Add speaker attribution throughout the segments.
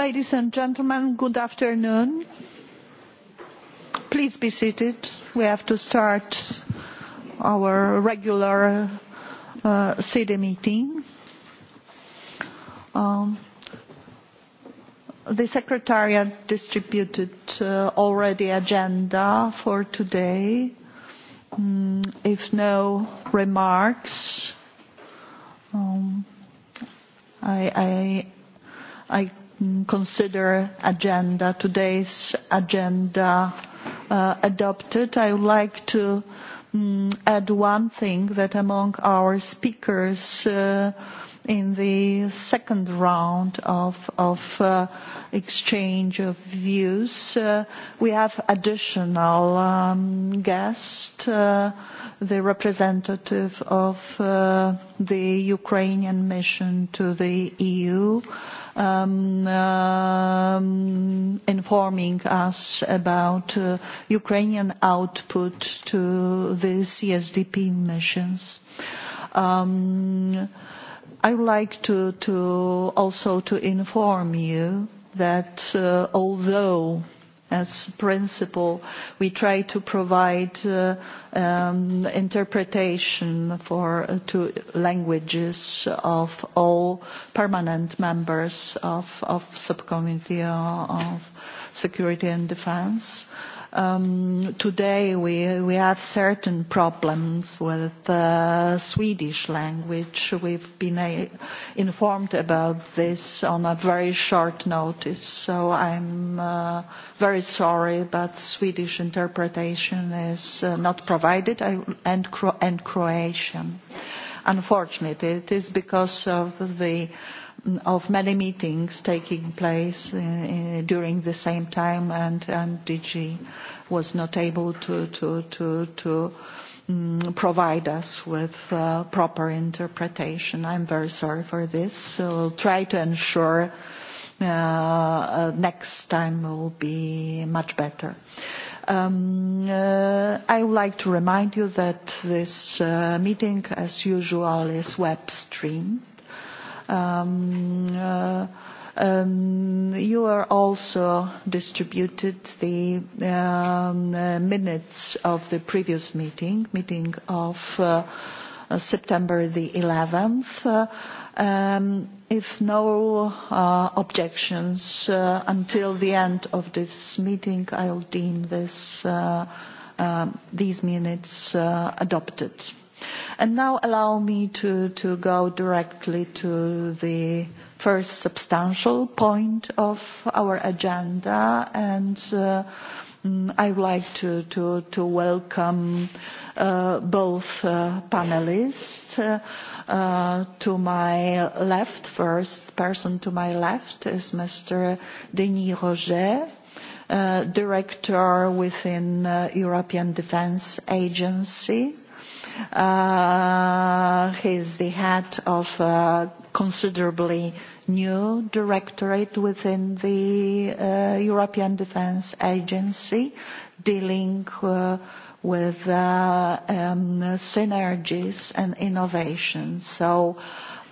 Speaker 1: Ladies and gentlemen, good afternoon. Please be seated. We have to start our regular uh, city meeting. Um, the secretariat distributed uh, already agenda for today. Mm, if no remarks, um, I consider agenda today's agenda uh, adopted i would like to um, add one thing that among our speakers uh, in the second round of, of uh, exchange of views. Uh, we have additional um, guest, uh, the representative of uh, the Ukrainian mission to the EU, um, um, informing us about uh, Ukrainian output to the CSDP missions. Um, I would like to, to also to inform you that uh, although as principle, we try to provide uh, um, interpretation for uh, to languages of all permanent members of, of subcommittee of security and defense. Uh, um, today we, we have certain problems with the uh, Swedish language. We've been a- uh, informed about this on a very short notice, so I'm uh, very sorry, but Swedish interpretation is uh, not provided, I, and, Cro- and Croatian. Unfortunately, it is because of the uh, of many meetings taking place uh, uh, during the same time and, and DG was not able to, to, to, to um, provide us with uh, proper interpretation. I'm very sorry for this. So we'll try to ensure uh, uh, next time will be much better. Um, uh, I would like to remind you that this uh, meeting, as usual, is web-streamed um, uh, um, you are also distributed the um, uh, minutes of the previous meeting, meeting of uh, uh, September the 11th. Uh, um, if no uh, objections uh, until the end of this meeting, I'll deem this, uh, uh, these minutes uh, adopted. Now allow me to go directly to the first substantial point of our agenda. Uh, mm, I would like to welcome uh, both uh, panelists. To my left, first person to my left is Mr. Denis Rogé, Director within European Defence Agency uh, he is the head of a considerably new directorate within the uh, European Defence Agency, dealing uh, with uh, um, synergies and innovation. So,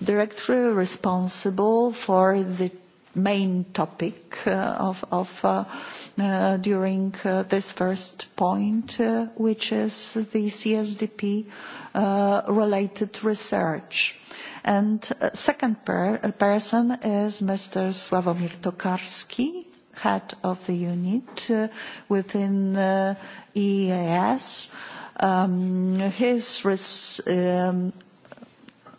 Speaker 1: directly responsible for the main topic uh, of, of uh, uh, during uh, this first point, uh, which is the CSDP uh, related research. And uh, second per uh, person is Mr. Sławomir Tokarski, head of the unit uh, within uh, EAS. Um, his res um,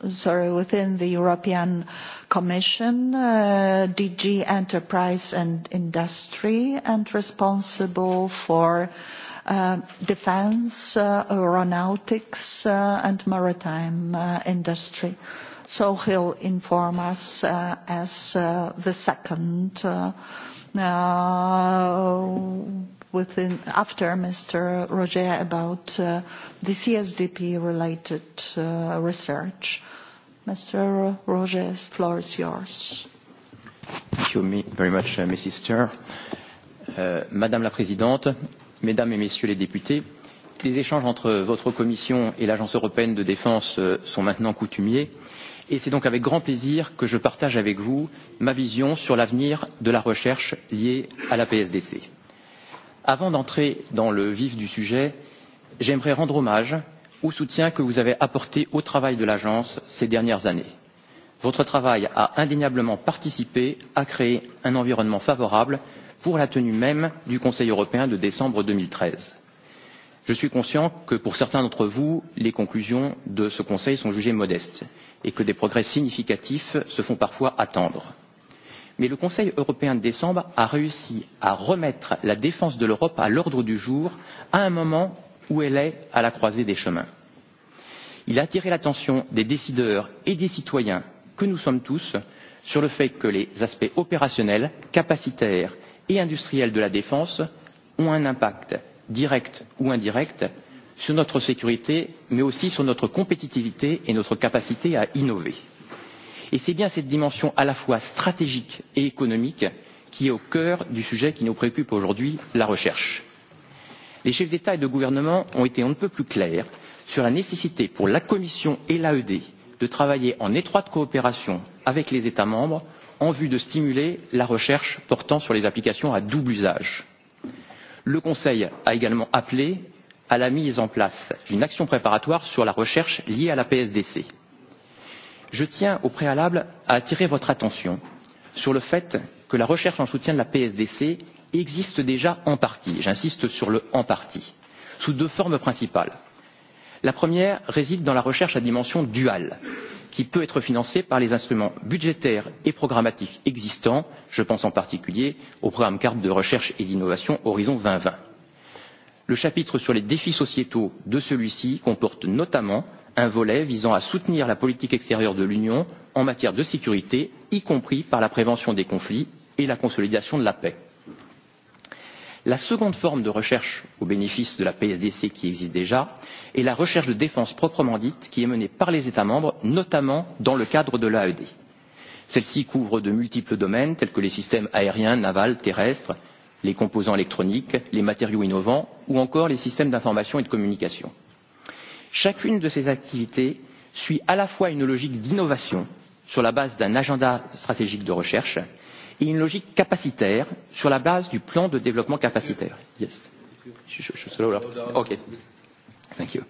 Speaker 1: sorry, within the European Commission, uh, DG Enterprise and Industry, and responsible for uh, defense, uh, aeronautics, and maritime industry. So he'll inform us as the second within, after Mr. Roger about uh, the CSDP related uh, research. Mr. Roger, the
Speaker 2: floor is yours. Thank you very much, uh, Mrs. Chair. Uh, Madame la Présidente, Mesdames et Messieurs les députés, les échanges entre votre Commission et l'Agence européenne de défense euh, sont maintenant coutumiers et c'est donc avec grand plaisir que je partage avec vous ma vision sur l'avenir de la recherche liée à la PSDC avant d'entrer dans le vif du sujet j'aimerais rendre hommage au soutien que vous avez apporté au travail de l'agence ces dernières années. votre travail a indéniablement participé à créer un environnement favorable pour la tenue même du conseil européen de décembre. deux mille treize je suis conscient que pour certains d'entre vous les conclusions de ce conseil sont jugées modestes et que des progrès significatifs se font parfois attendre mais le conseil européen de décembre a réussi à remettre la défense de l'europe à l'ordre du jour à un moment où elle est à la croisée des chemins. il a attiré l'attention des décideurs et des citoyens que nous sommes tous sur le fait que les aspects opérationnels capacitaires et industriels de la défense ont un impact direct ou indirect sur notre sécurité mais aussi sur notre compétitivité et notre capacité à innover et c'est bien cette dimension à la fois stratégique et économique qui est au cœur du sujet qui nous préoccupe aujourd'hui la recherche. les chefs d'état et de gouvernement ont été on ne peut plus clairs sur la nécessité pour la commission et l'aed de travailler en étroite coopération avec les états membres en vue de stimuler la recherche portant sur les applications à double usage. le conseil a également appelé à la mise en place d'une action préparatoire sur la recherche liée à la psdc je tiens au préalable à attirer votre attention sur le fait que la recherche en soutien de la PSDC existe déjà en partie, j'insiste sur le en partie, sous deux formes principales. La première réside dans la recherche à dimension duale, qui peut être financée par les instruments budgétaires et programmatiques existants, je pense en particulier au programme carte de recherche et d'innovation Horizon 2020. Le chapitre sur les défis sociétaux de celui-ci comporte notamment un volet visant à soutenir la politique extérieure de l'union en matière de sécurité y compris par la prévention des conflits et la consolidation de la paix. la seconde forme de recherche au bénéfice de la psdc qui existe déjà est la recherche de défense proprement dite qui est menée par les états membres notamment dans le cadre de l'aed. celle ci couvre de multiples domaines tels que les systèmes aériens navals terrestres les composants électroniques les matériaux innovants ou encore les systèmes d'information et de communication chacune de ces activités suit à la fois une logique d'innovation sur la base d'un agenda stratégique de recherche et une logique capacitaire sur la base du plan de développement capacitaire. Yes. Okay. Thank you.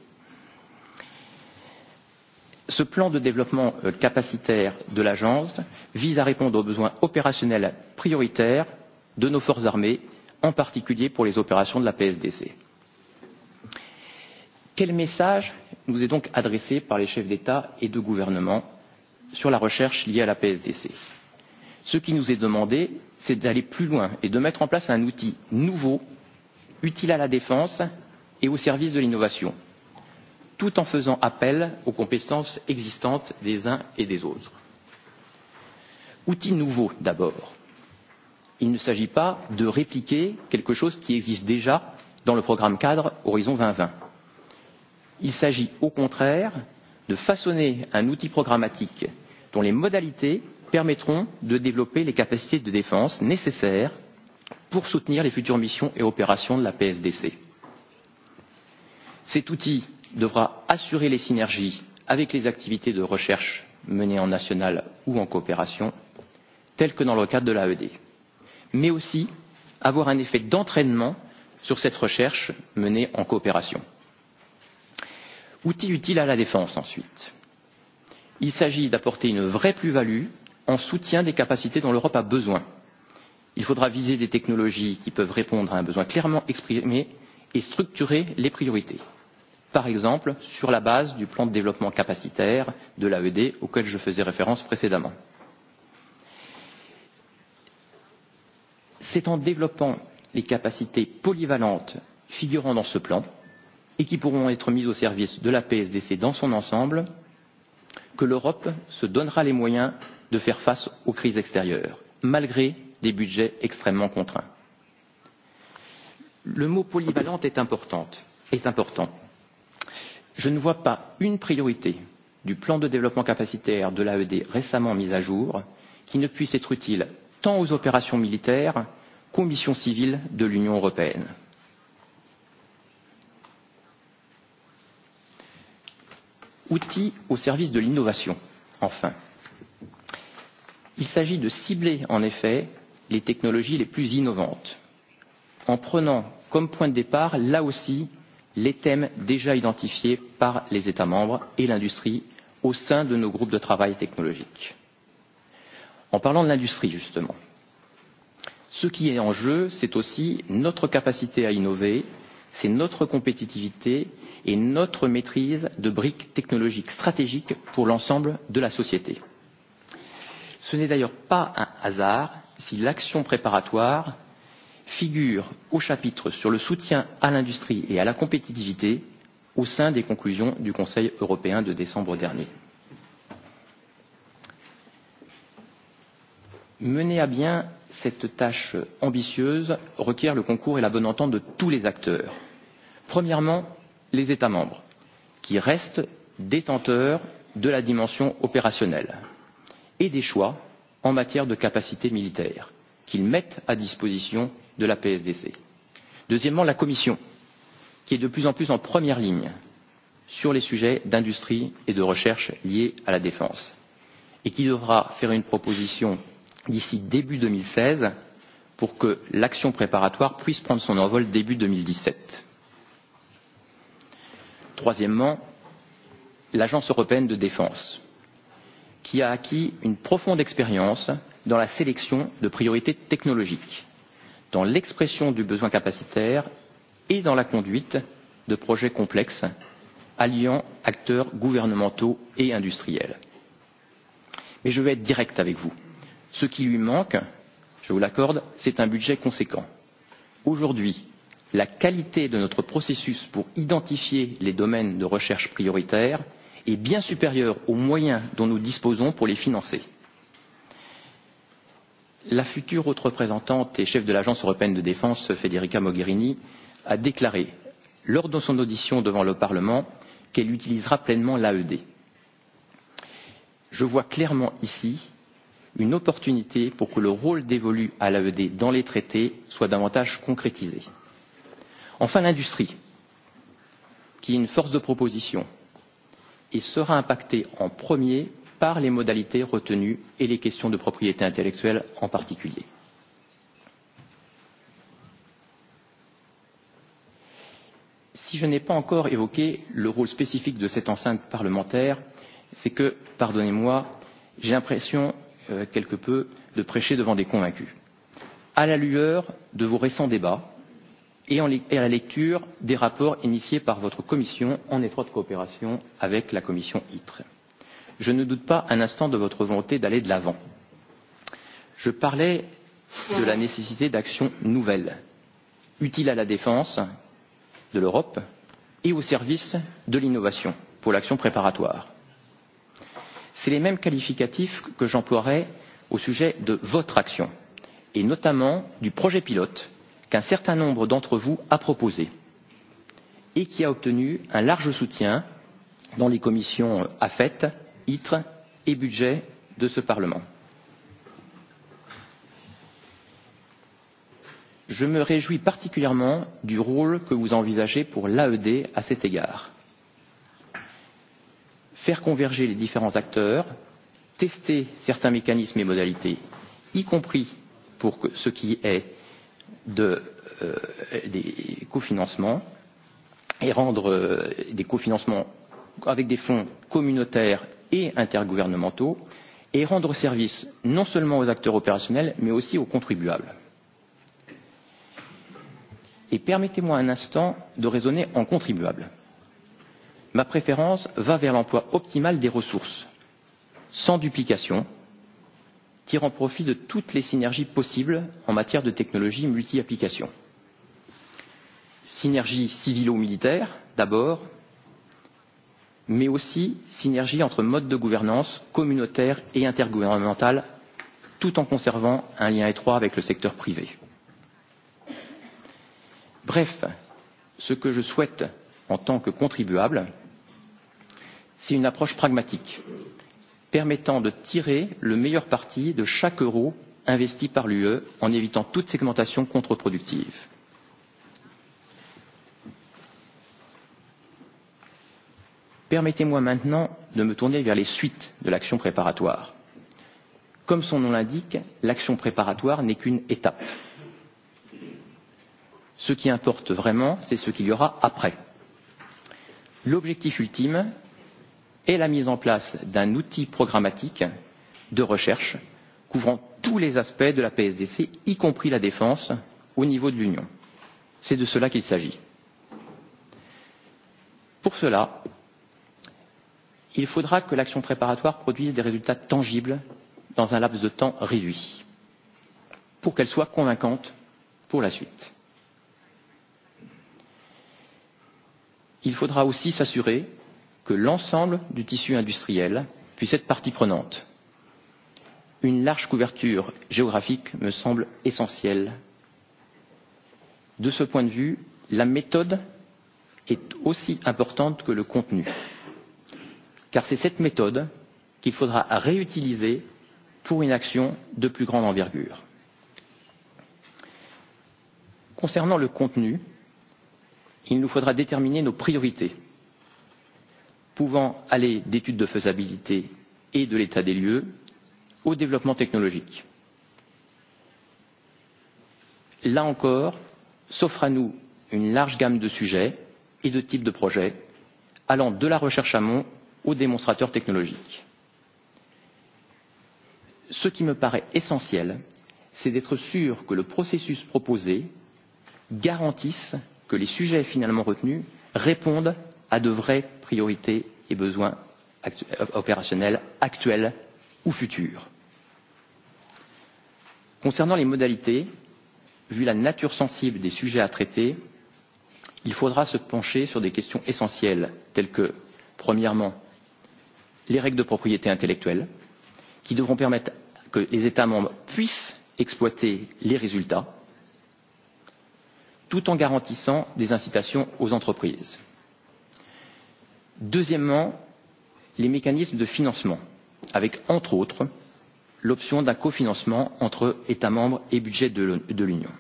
Speaker 2: Ce plan de développement euh, capacitaire de l'agence vise à répondre aux besoins opérationnels prioritaires de nos forces armées, en particulier pour les opérations de la PSDC quel message nous est donc adressé par les chefs d'état et de gouvernement sur la recherche liée à la psdc? ce qui nous est demandé c'est d'aller plus loin et de mettre en place un outil nouveau utile à la défense et au service de l'innovation tout en faisant appel aux compétences existantes des uns et des autres. outil nouveau d'abord il ne s'agit pas de répliquer quelque chose qui existe déjà dans le programme cadre horizon deux mille vingt il s'agit au contraire de façonner un outil programmatique dont les modalités permettront de développer les capacités de défense nécessaires pour soutenir les futures missions et opérations de la psdc. cet outil devra assurer les synergies avec les activités de recherche menées en national ou en coopération telles que dans le cadre de l'aed mais aussi avoir un effet d'entraînement sur cette recherche menée en coopération outil utile à la défense ensuite. Il s'agit d'apporter une vraie plus value en soutien des capacités dont l'Europe a besoin. Il faudra viser des technologies qui peuvent répondre à un besoin clairement exprimé et structurer les priorités, par exemple sur la base du plan de développement capacitaire de l'AED auquel je faisais référence précédemment. C'est en développant les capacités polyvalentes figurant dans ce plan et qui pourront être mises au service de la PSDC dans son ensemble, que l'Europe se donnera les moyens de faire face aux crises extérieures, malgré des budgets extrêmement contraints. Le mot polyvalente est important, est important. Je ne vois pas une priorité du plan de développement capacitaire de l'AED récemment mis à jour qui ne puisse être utile tant aux opérations militaires qu'aux missions civiles de l'Union européenne. outil au service de l'innovation. Enfin, il s'agit de cibler en effet les technologies les plus innovantes en prenant comme point de départ là aussi les thèmes déjà identifiés par les États membres et l'industrie au sein de nos groupes de travail technologiques. En parlant de l'industrie justement, ce qui est en jeu, c'est aussi notre capacité à innover c'est notre compétitivité et notre maîtrise de briques technologiques stratégiques pour l'ensemble de la société. Ce n'est d'ailleurs pas un hasard si l'action préparatoire figure au chapitre sur le soutien à l'industrie et à la compétitivité au sein des conclusions du Conseil européen de décembre dernier. Mener à bien cette tâche ambitieuse requiert le concours et la bonne entente de tous les acteurs. Premièrement, les États membres, qui restent détenteurs de la dimension opérationnelle et des choix en matière de capacité militaire qu'ils mettent à disposition de la PSDC. Deuxièmement, la Commission, qui est de plus en plus en première ligne sur les sujets d'industrie et de recherche liés à la défense et qui devra faire une proposition d'ici début deux mille seize pour que l'action préparatoire puisse prendre son envol début deux mille dix sept. troisièmement l'agence européenne de défense qui a acquis une profonde expérience dans la sélection de priorités technologiques dans l'expression du besoin capacitaire et dans la conduite de projets complexes alliant acteurs gouvernementaux et industriels. Mais je vais être direct avec vous. Ce qui lui manque, je vous l'accorde, c'est un budget conséquent. Aujourd'hui, la qualité de notre processus pour identifier les domaines de recherche prioritaires est bien supérieure aux moyens dont nous disposons pour les financer. La future haute représentante et chef de l'Agence européenne de défense, Federica Mogherini, a déclaré lors de son audition devant le Parlement qu'elle utilisera pleinement l'AED. Je vois clairement ici une opportunité pour que le rôle dévolu à l'aed dans les traités soit davantage concrétisé. enfin l'industrie qui est une force de proposition et sera impactée en premier par les modalités retenues et les questions de propriété intellectuelle en particulier. Si je n'ai pas encore évoqué le rôle spécifique de cette enceinte parlementaire, c'est que, pardonnez-moi, j'ai l'impression Euh, quelque peu de prêcher devant des convaincus. À la lueur de vos récents débats et, en, et à la lecture des rapports initiés par votre commission en étroite coopération avec la commission ITRE, je ne doute pas un instant de votre volonté d'aller de l'avant. Je parlais de la nécessité d'actions nouvelles, utiles à la défense de l'Europe et au service de l'innovation pour l'action préparatoire c'est les mêmes qualificatifs que j'emploierai au sujet de votre action et notamment du projet pilote qu'un certain nombre d'entre vous a proposé et qui a obtenu un large soutien dans les commissions euh, AFET, ITRE et Budget de ce Parlement. Je me réjouis particulièrement du rôle que vous envisagez pour l'AED à cet égard faire converger les différents acteurs, tester certains mécanismes et modalités, y compris pour ce qui est de, euh, des cofinancements, et rendre euh, des cofinancements avec des fonds communautaires et intergouvernementaux, et rendre service non seulement aux acteurs opérationnels, mais aussi aux contribuables. Et permettez-moi un instant de raisonner en contribuables ma préférence va vers l'emploi optimal des ressources, sans duplication, tirant profit de toutes les synergies possibles en matière de technologie multi-application. Synergie civilo-militaire, d'abord, mais aussi synergie entre modes de gouvernance communautaire et intergouvernemental, tout en conservant un lien étroit avec le secteur privé. Bref, ce que je souhaite en tant que contribuable, c'est une approche pragmatique permettant de tirer le meilleur parti de chaque euro investi par l'ue en évitant toute segmentation contreproductive. permettez moi maintenant de me tourner vers les suites de l'action préparatoire. comme son nom l'indique l'action préparatoire n'est qu'une étape. ce qui importe vraiment c'est ce qu'il y aura après. l'objectif ultime et la mise en place d'un outil programmatique de recherche couvrant tous les aspects de la PSDC, y compris la défense, au niveau de l'Union. C'est de cela qu'il s'agit. Pour cela, il faudra que l'action préparatoire produise des résultats tangibles dans un laps de temps réduit, pour qu'elle soit convaincante pour la suite. Il faudra aussi s'assurer que l'ensemble du tissu industriel puisse être partie prenante. Une large couverture géographique me semble essentielle. De ce point de vue, la méthode est aussi importante que le contenu, car c'est cette méthode qu'il faudra réutiliser pour une action de plus grande envergure. Concernant le contenu, il nous faudra déterminer nos priorités pouvant aller d'études de faisabilité et de l'état des lieux au développement technologique. Là encore, s'offre à nous une large gamme de sujets et de types de projets allant de la recherche amont aux démonstrateurs technologiques. Ce qui me paraît essentiel, c'est d'être sûr que le processus proposé garantisse que les sujets finalement retenus répondent à de vraies priorités et besoins euh, opérationnels actuels ou futurs. concernant les modalités vu la nature sensible des sujets à traiter il faudra se pencher sur des questions essentielles telles que premièrement les règles de propriété intellectuelle qui devront permettre que les états membres puissent exploiter les résultats tout en garantissant des incitations aux entreprises deuxièmement les mécanismes de financement avec entre autres l'option d'un cofinancement entre états membres et budget de l'union.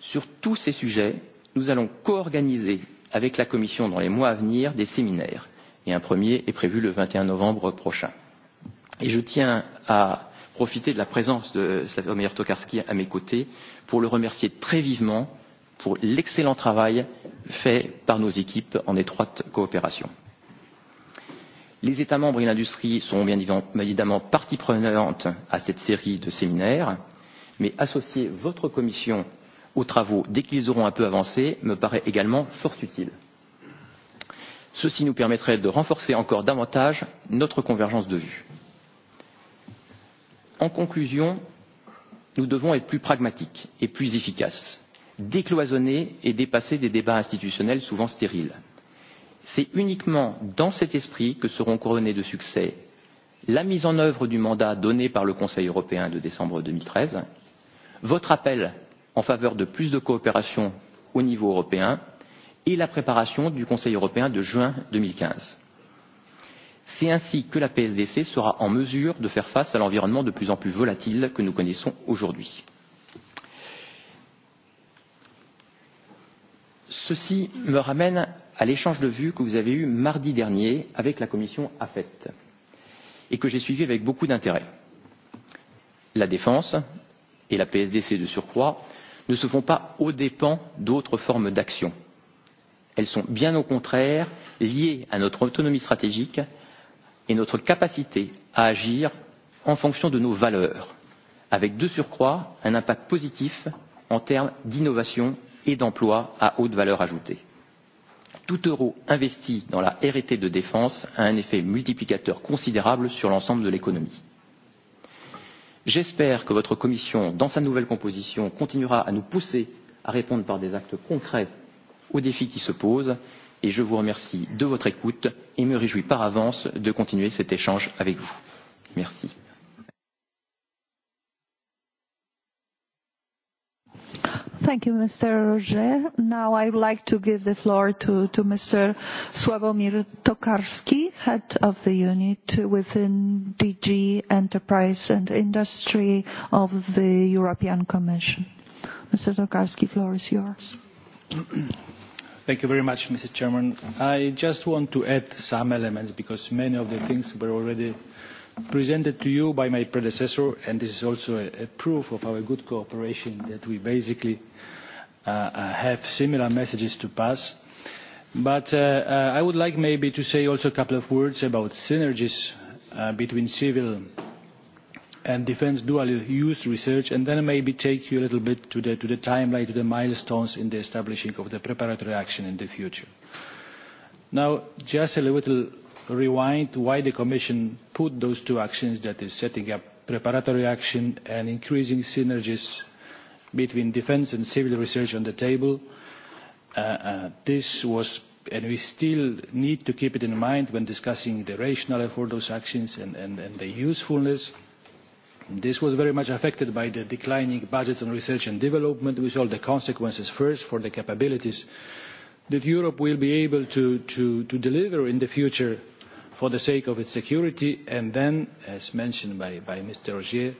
Speaker 2: sur tous ces sujets nous allons coorganiser avec la commission dans les mois à venir des séminaires et un premier est prévu le vingt et un novembre prochain. Et je tiens à profiter de la présence de Slavomir Tokarski à mes côtés pour le remercier très vivement pour l'excellent travail fait par nos équipes en étroite coopération. Les États membres et l'industrie sont bien évidemment partie prenante à cette série de séminaires, mais associer votre commission aux travaux dès qu'ils auront un peu avancé me paraît également fort utile. Ceci nous permettrait de renforcer encore davantage notre convergence de vues. En conclusion, nous devons être plus pragmatiques et plus efficaces décloisonner et dépasser des débats institutionnels souvent stériles. C'est uniquement dans cet esprit que seront couronnées de succès la mise en œuvre du mandat donné par le Conseil européen de décembre 2013, votre appel en faveur de plus de coopération au niveau européen et la préparation du Conseil européen de juin 2015. C'est ainsi que la PSDC sera en mesure de faire face à l'environnement de plus en plus volatile que nous connaissons aujourd'hui. ceci me ramène à l'échange de vues que vous avez eu mardi dernier avec la commission AFET et que j'ai suivi avec beaucoup d'intérêt. La défense et la PSDC de surcroît ne se font pas aux dépens d'autres formes d'action. Elles sont bien au contraire liées à notre autonomie stratégique et notre capacité à agir en fonction de nos valeurs, avec de surcroît un impact positif en termes d'innovation et d'emplois à haute valeur ajoutée. tout euro investi dans la rd de défense a un effet multiplicateur considérable sur l'ensemble de l'économie. j'espère que votre commission dans sa nouvelle composition continuera à nous pousser à répondre par des actes concrets aux défis qui se posent et je vous remercie de votre écoute et me réjouis par avance de continuer cet échange avec vous. merci.
Speaker 1: Thank you, Mr. Roger. Now I would like to give the floor to Mr. Sławomir Tokarski, Head of the Unit within DG Enterprise and Industry of the European Commission. Mr. Tokarski, floor is yours.
Speaker 3: Thank you very much, Mrs. Chairman. I just want to add some elements because many of the things were already presented to you by my predecessor, and this is also a, a proof of our good cooperation that we basically uh, uh, have similar messages to pass. But uh, uh, I would like maybe to say also a couple of words about synergies uh, between civil and defense dual use research, and then maybe take you a little bit to the, to the timeline, to the milestones in the establishing of the preparatory action in the future. Now, just a little rewind why the Commission put those two actions, that is, setting up preparatory action and increasing synergies between defence and civil research on the table. Uh, uh, this was, and we still need to keep it in mind when discussing the rationale for those actions and, and, and the usefulness. This was very much affected by the declining budgets on research and development, with all the consequences first for the capabilities that Europe will be able to, to, to deliver in the future for the sake of its security and then as mentioned by, by Mr Rogier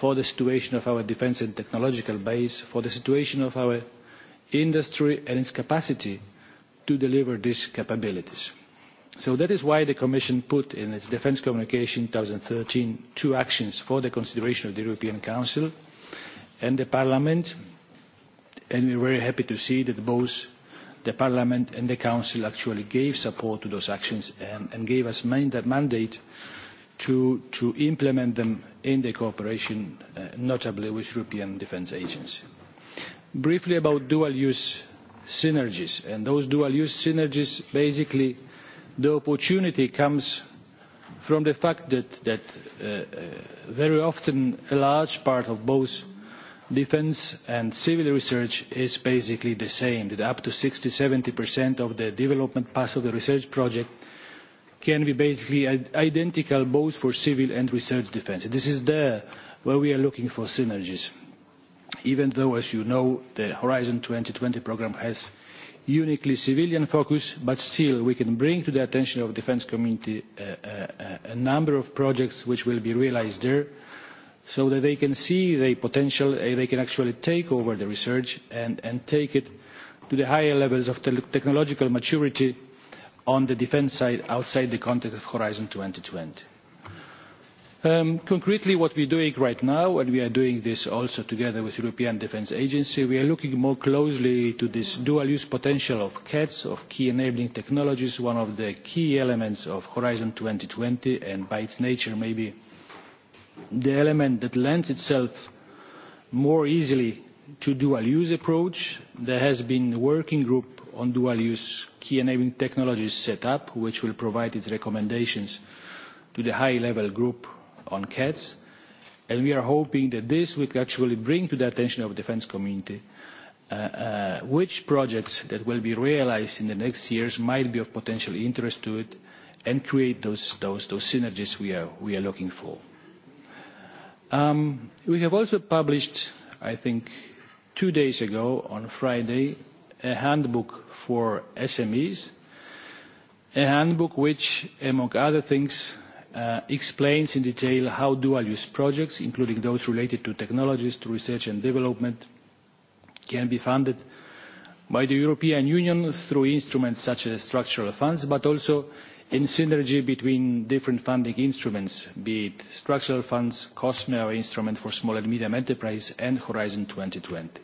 Speaker 3: for the situation of our defence and technological base, for the situation of our industry and its capacity to deliver these capabilities. So that is why the Commission put in its Defence Communication 2013 two actions for the consideration of the European Council and the Parliament, and we are very happy to see that both the parliament and the council actually gave support to those actions and, and gave us main, the mandate to, to implement them in the cooperation, uh, notably with European Defence Agency. Briefly about dual-use synergies, and those dual-use synergies, basically, the opportunity comes from the fact that, that uh, uh, very often a large part of both defence and civil research is basically the same that up to 60 70 of the development part of the research project can be basically identical both for civil and research defence. This is there where we are looking for synergies, even though, as you know, the Horizon 2020 programme has uniquely civilian focus, but still we can bring to the attention of the defence community a, a, a number of projects which will be realised there so that they can see the potential and eh, they can actually take over the research and, and take it to the higher levels of te technological maturity on the defence side outside the context of Horizon 2020. Um, concretely, what we're doing right now, and we are doing this also together with the European Defence Agency, we are looking more closely to this dual-use potential of CATS, of key enabling technologies, one of the key elements of Horizon 2020, and by its nature maybe uh, the element that lends itself more easily to dual use approach there has been a working group on dual use key enabling technologies set up which will provide its recommendations to the high level group on cats and we are hoping that this will actually bring to the attention of the defence community uh, uh, which projects that will be realised in the next years might be of potential interest to it and create those, those, those synergies we are, we are looking for. Um, we have also published i think two days ago on friday a handbook for smes a handbook which among other things uh, explains in detail how dual use projects including those related to technologies to research and development can be funded by the european union through instruments such as structural funds but also in synergy between different funding instruments be it structural funds COSME or instrument for small and medium enterprise and Horizon 2020.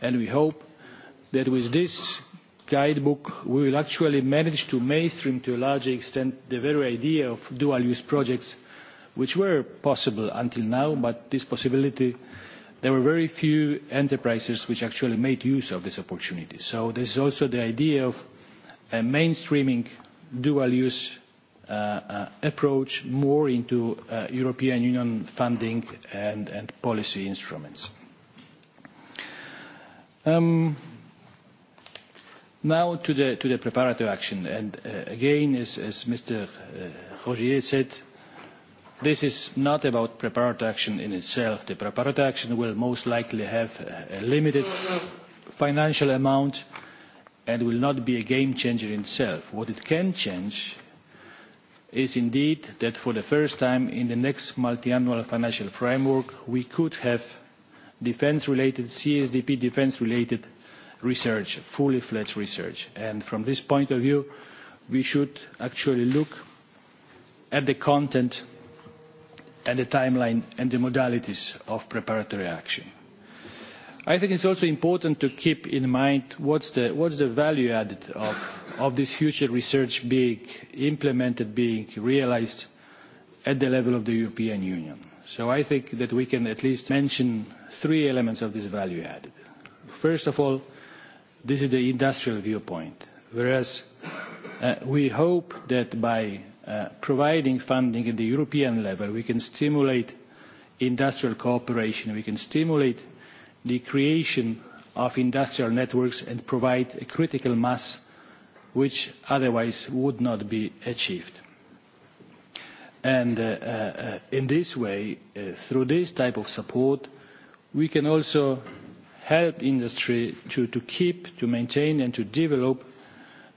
Speaker 3: And we hope that with this guidebook we will actually manage to mainstream to a large extent the very idea of dual use projects which were possible until now but this possibility there were very few enterprises which actually made use of this opportunity. So this is also the idea of a uh, mainstreaming dual use uh, uh, approach more into uh, European Union funding and, and policy instruments. Um, now to the, to the preparatory action. And uh, again, as, as Mr. Uh, Rogier said, this is not about preparatory action in itself. The preparatory action will most likely have a limited financial amount and will not be a game changer in itself. what it can change is indeed that for the first time in the next multiannual financial framework we could have defence related csdp defence related research fully fledged research and from this point of view we should actually look at the content and the timeline and the modalities of preparatory action. I think it's also important to keep in mind what's the, what's the value added of, of this future research being implemented, being realized at the level of the European Union. So I think that we can at least mention three elements of this value added. First of all, this is the industrial viewpoint, whereas uh, we hope that by uh, providing funding at the European level, we can stimulate industrial cooperation, we can stimulate the creation of industrial networks and provide a critical mass which otherwise would not be achieved. And uh, uh, in this way, uh, through this type of support, we can also help industry to, to keep, to maintain and to develop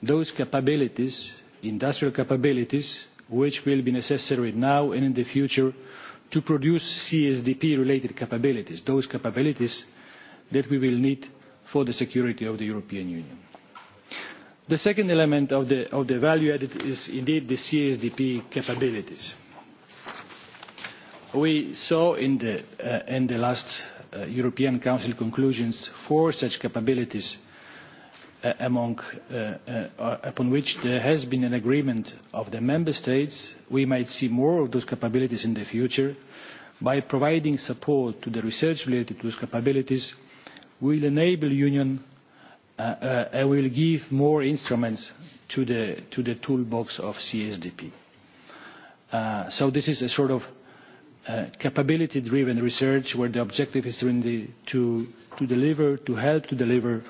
Speaker 3: those capabilities, industrial capabilities, which will be necessary now and in the future to produce CSDP-related capabilities, those capabilities that we will need for the security of the European Union. The second element of the, of the value added is indeed the CSDP capabilities. We saw in the, uh, in the last uh, European Council conclusions four such capabilities uh, among, uh, uh, uh, upon which there has been an agreement of the Member States. We might see more of those capabilities in the future by providing support to the research related to those capabilities will enable the union uh, uh, and will give more instruments to the, to the toolbox of CSDP. Uh, so this is a sort of uh, capability-driven research where the objective is really to, to deliver, to help to deliver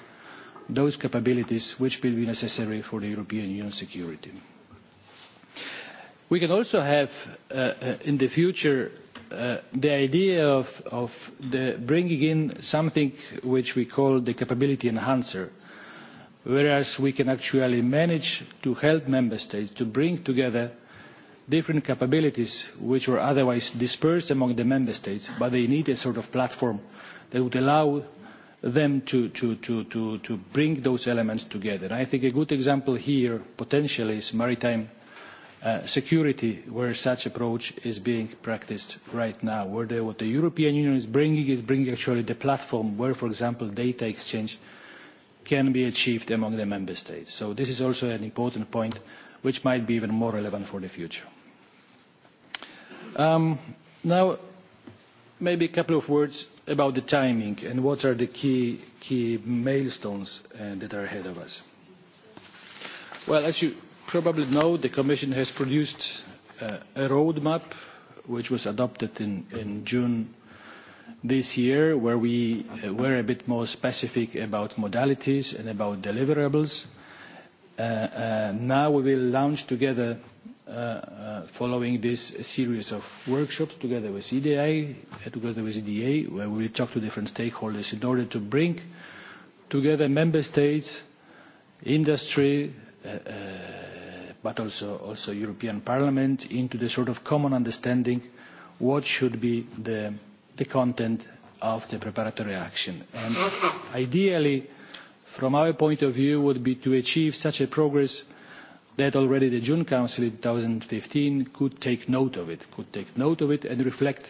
Speaker 3: those capabilities which will be necessary for the European Union security. We can also have uh, uh in the future Uh, the idea of, of the bringing in something which we call the capability enhancer, whereas we can actually manage to help member states to bring together different capabilities which were otherwise dispersed among the member states, but they need a sort of platform that would allow them to, to, to, to, to bring those elements together. And I think a good example here potentially is maritime Uh, security where such approach is being practiced right now. Where the, what the European Union is bringing is bringing actually the platform where, for example, data exchange can be achieved among the member states. So this is also an important point which might be even more relevant for the future. Um, now, maybe a couple of words about the timing and what are the key, key milestones uh, that are ahead of us. Well, as you, probably know the commission has produced uh, a roadmap which was adopted in, in June this year where we uh, were a bit more specific about modalities and about deliverables. Uh, uh, now we will launch together uh, uh, following this series of workshops together with EDA, uh, together with EDA, where we will talk to different stakeholders in order to bring together member states, industry, uh, uh, but also also European Parliament into the sort of common understanding what should be the the content of the preparatory action. And ideally, from our point of view, would be to achieve such a progress that already the June Council in 2015 could take note of it, could take note of it and reflect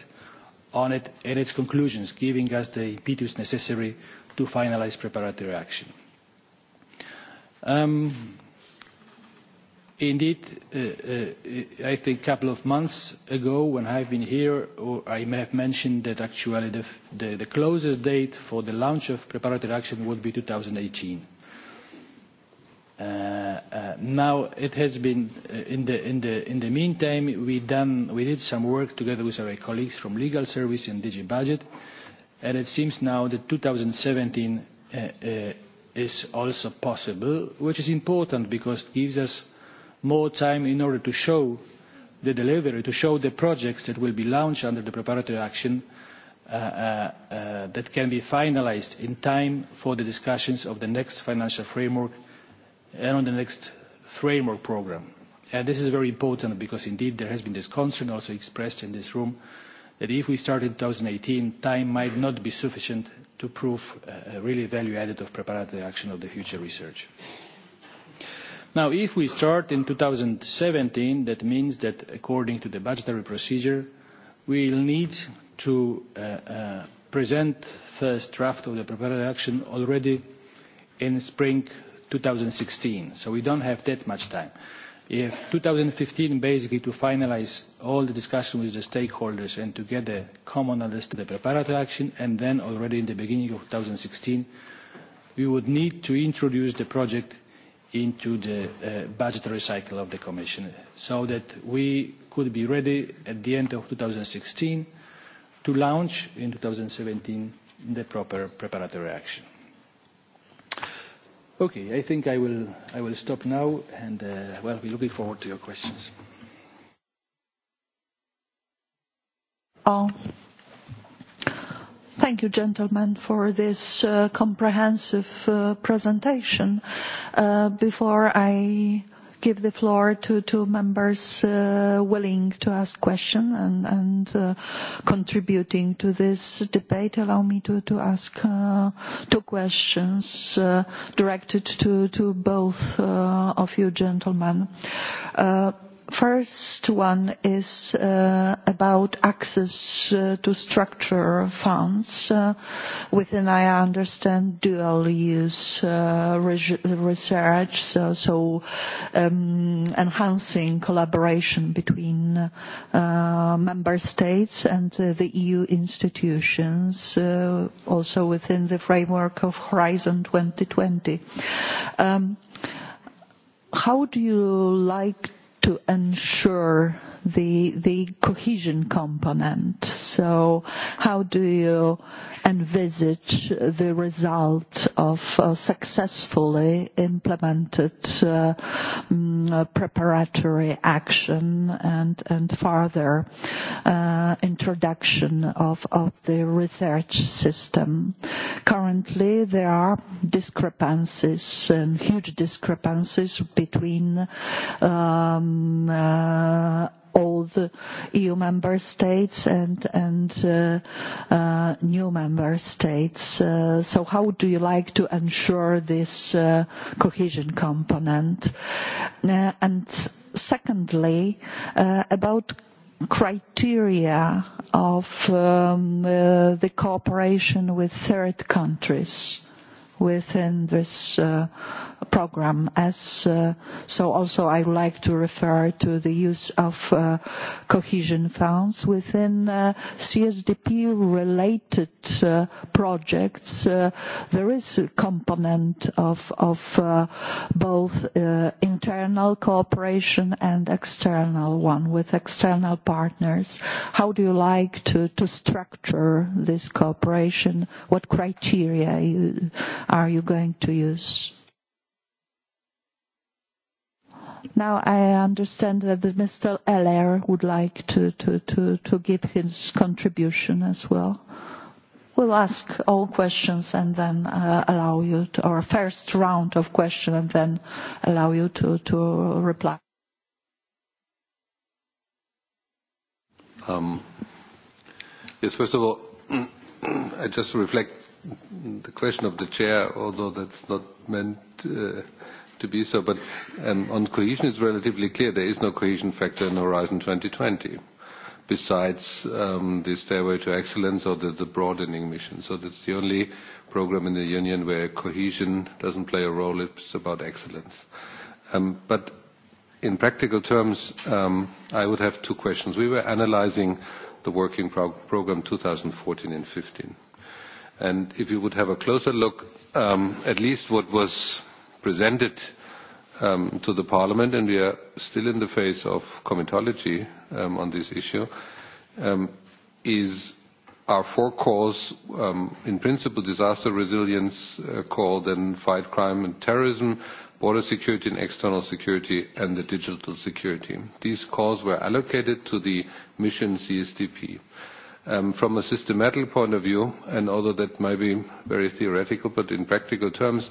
Speaker 3: on it and its conclusions, giving us the impetus necessary to finalise preparatory action. Um, indeed uh, uh, i think a couple of months ago when i was here i may have mentioned that actually the closest date for the launch of preparatory action would be. two thousand and eighteen uh, now it has been in the meantime we did some work together with our colleagues from the legal service and dg budget and it seems now that two thousand and seventeen is also possible which is important because it gives us more time in order to show the delivery, to show the projects that will be launched under the preparatory action uh, uh, uh that can be finalised in time for the discussions of the next financial framework and on the next framework programme. And this is very important because indeed there has been this concern also expressed in this room that if we start in 2018, time might not be sufficient to prove uh, uh, really value added of preparatory action of the future research. Now, if we start in 2017, that means that according to the budgetary procedure, we'll need to uh, uh, present first draft of the preparatory action already in spring 2016. We don't have that much time. If 2015, basically to finalize all the discussion with the stakeholders and to get a common understanding of the preparatory action, and then already in the beginning of 2016, we would need to introduce the project into the uh, budgetary cycle of the Commission so that we could be ready at the end of 2016 to launch in 2017 the proper preparatory action. Okay, I think I will, I will stop now and uh, well, we're looking forward to your questions.
Speaker 1: Oh. Thank you, gentlemen, for this uh, comprehensive uh, presentation. Uh, before I give the floor to members willing to ask question and contributing to this debate, allow me to ask two questions directed to both of you gentlemen. First one is uh, about access uh, to structure funds uh, within, I understand, dual use uh, research, so, so um, enhancing collaboration between uh, member states and uh, the EU institutions, uh, also within the framework of Horizon 2020. Um, how do you like to ensure the the cohesion component. So, how do you envisage the result of uh, successfully implemented uh, um, preparatory action and and further uh, introduction of of the research system? Currently, there are discrepancies and huge discrepancies between. Um, uh, all the EU member states and, and uh, uh, new member states. Uh, so how do you like to ensure this uh, cohesion component? Uh, and secondly, uh, about criteria of um, uh, the cooperation with third countries within this uh, program, as uh, so also I would like to refer to the use of uh, cohesion funds within uh, CSDP related uh, projects. Uh, there is a component of, of uh, both uh, internal cooperation and external one with external partners. How do you like to, to structure this cooperation? What criteria you, are you going to use? Now I understand that Mr. Eller would like to, to, to, to give his contribution as well. We'll ask all questions and then uh, allow you to, or first round of questions and then allow you to, to reply.
Speaker 4: Um, yes, first of all, I just reflect the question of the chair, although that's not meant. Uh, to be so, but um, on cohesion, it's relatively clear there is no cohesion factor in Horizon 2020, besides um, the Stairway to Excellence or the, the broadening mission. So that's the only program in the Union where cohesion doesn't play a role, it's about excellence. Um, but in practical terms, um, I would have two questions. We were analyzing the working prog- program 2014 and 15. And if you would have a closer look, um, at least what was presented um, to the Parliament, and we are still in the phase of comitology um, on this issue, um, is our four calls, um, in principle disaster resilience uh, call, then fight crime and terrorism, border security and external security, and the digital security. These calls were allocated to the mission CSDP. Um, from a systematic point of view, and although that might be very theoretical, but in practical terms,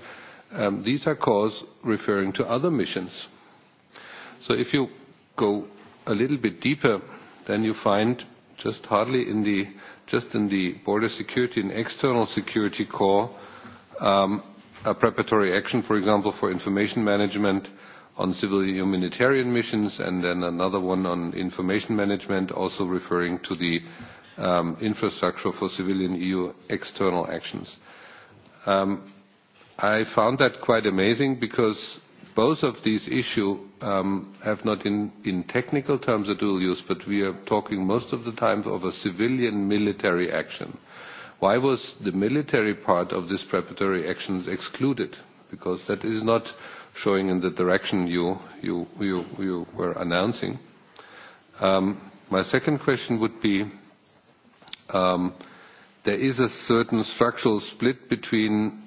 Speaker 4: Um, these are calls referring to other missions. So if you go a little bit deeper, then you find just hardly in the, just in the border security and external security core, um, a preparatory action, for example, for information management on civil humanitarian missions, and then another one on information management, also referring to the um, infrastructure for civilian EU external actions. Um, I found that quite amazing because both of these issues um, have not in, in technical terms a dual use, but we are talking most of the time of a civilian military action. Why was the military part of this preparatory actions excluded? Because that is not showing in the direction you, you, you, you were announcing. Um, my second question would be, um, there is a certain structural split between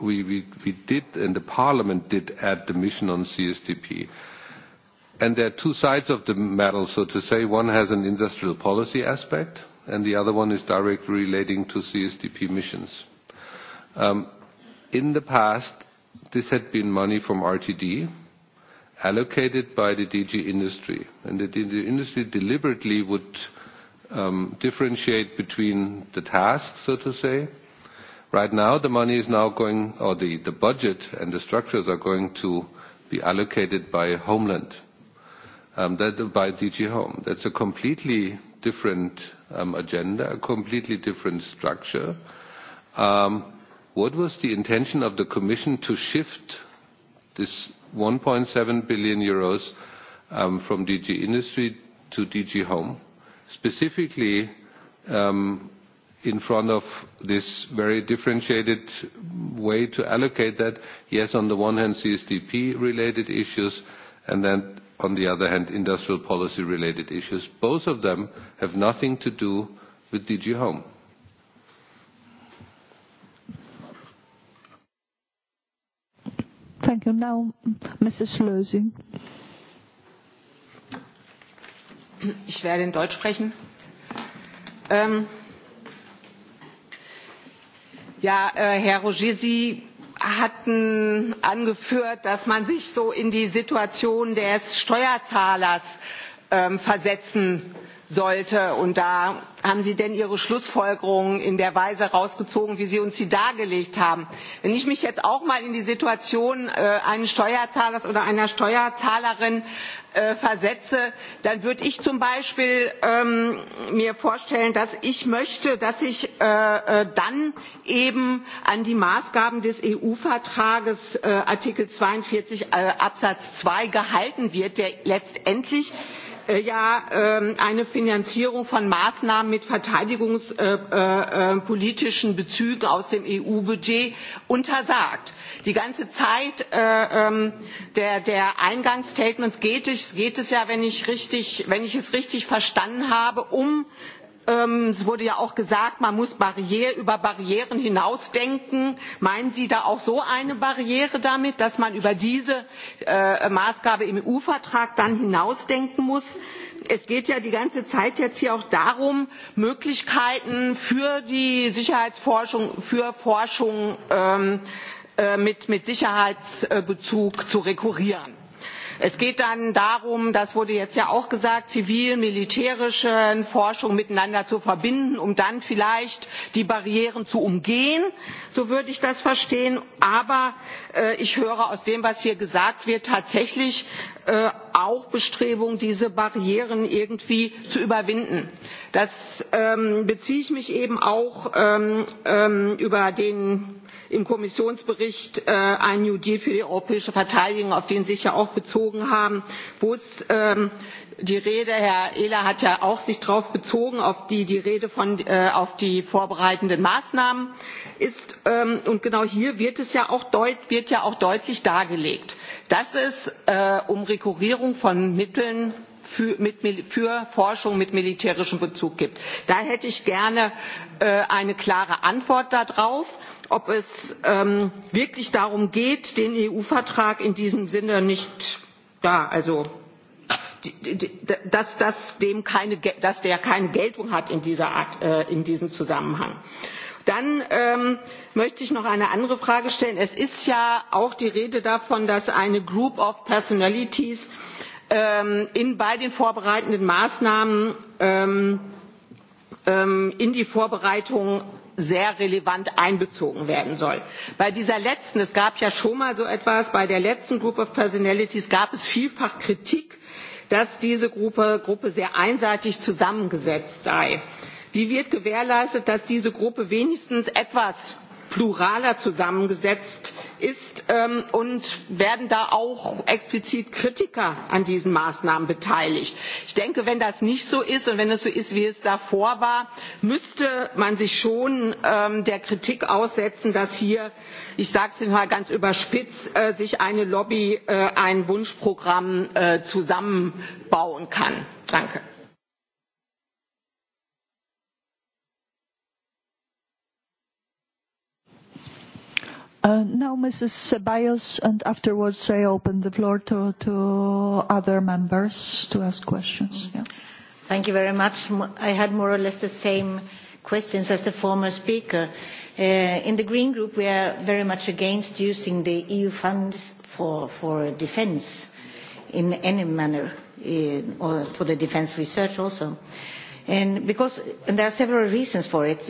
Speaker 4: we, we, we did and the parliament did add the mission on CSDP. And there are two sides of the medal, so to say. One has an industrial policy aspect and the other one is directly relating to CSDP missions. Um, in the past, this had been money from RTD allocated by the DG industry. And the, the industry deliberately would um, differentiate between the tasks, so to say, Right now, the money is now going, or the budget and the structures are going to be allocated by Homeland, um, by DG Home. That's a completely different um, agenda, a completely different structure. Um, what was the intention of the commission to shift this 1.7 billion euros from DG Industry to DG Home? Specifically, in front of this very differentiated way to allocate that. Yes, on the one hand, CSDP related issues, and then on the other hand, industrial policy related issues. Both of them have nothing to do with DG Home.
Speaker 1: Thank you. Now, Mrs. Lösing.
Speaker 5: Ich werde in Deutsch sprechen. Ähm Ja, äh, herr rouget sie hatten angeführt dass man sich so in die situation des steuerzahlers ähm, versetzen müsse sollte und da haben sie denn ihre schlussfolgerungen in der weise herausgezogen wie sie uns sie dargelegt haben. wenn ich mich jetzt auch mal in die situation äh, eines steuerzahlers oder einer steuerzahlerin äh, versetze dann würde ich mir zum beispiel ähm, vorstellen dass ich möchte dass ich äh, dann eben an die maßgaben des eu vertrags artikel zweiundvierzig absatz zwei gehalten wird der letztendlich Äh, ja ähm, eine finanzierung von maßnahmen mit verteidigungspolitischen bezügen aus dem eu budget untersagt. die ganze zeit äh, ähm, der eingangsstatements geht es ja wenn ich es richtig verstanden habe um Ähm, es wurde ja auch gesagt man muss über barrieren hinausdenken meinen sie da auch so eine barriere damit dass man über diese äh, maßgabe im eu vertrag dann hinausdenken muss? es geht ja die ganze zeit jetzt hier auch darum möglichkeiten für die sicherheitsforschung für forschung ähm, äh, mit sicherheitsbezug zu rekurrieren es geht dann darum das wurde jetzt ja auch gesagt zivil militärische forschung miteinander zu verbinden um dann vielleicht die barrieren zu umgehen so würde ich das verstehen aber äh, ich höre aus dem was hier gesagt wird tatsächlich äh, auch bestrebungen diese barrieren irgendwie zu überwinden. das ähm, beziehe ich mich eben auch auf ähm, ähm, den im kommissionsbericht äh, ein new deal für die europäische verteidigung auf den sie sich ja auch bezogen haben wo sich ähm, die rede herr ehler hat ja auch sich darauf bezogen äh, auf die vorbereitenden maßnahmen ist ähm, und genau hier ja wird ja auch deutlich dargelegt dass es äh, um rekurrierung von mitteln für forschung mit militärischem bezug geht. da hätte ich gerne eine klare antwort darauf ob es ähm, wirklich darum geht den eu vertrag in diesem sinne nicht ja also dass, dass, dem keine, dass der keine geltung hat in, dieser Art, äh, in diesem zusammenhang. dann ähm, möchte ich noch eine andere frage stellen es ist ja auch die rede davon dass eine group of personalities ähm, in, bei den vorbereitenden Maßnahmen ähm, ähm, in die Vorbereitung sehr relevant einbezogen werden soll. bei dieser letzten es gab ja schon mal so etwas bei der letzten group of personalities gab es vielfach kritik dass diese gruppe sehr einseitig zusammengesetzt sei. wie wird gewährleistet dass diese gruppe wenigstens etwas pluraler zusammengesetzt ist ähm, und werden da auch explizit kritiker an diesen maßnahmen beteiligt? ich denke wenn das nicht so ist und wenn es so ist wie es davor war müsste man sich schon ähm, der kritik aussetzen dass sich hier ich sage es mal ganz überspitzt äh, eine lobby äh, ein wunschprogramm äh, zusammenbauen kann. danke.
Speaker 1: Uh, now, Mrs. Ceballos, and afterwards, I open the floor to other members to ask questions. Yeah.
Speaker 6: Thank you very much. I had more or less the same questions as the former speaker. Uh, in the Green Group, we are very much against using the EU funds for defense in any manner, uh, or for the defense research also. There are several reasons for it.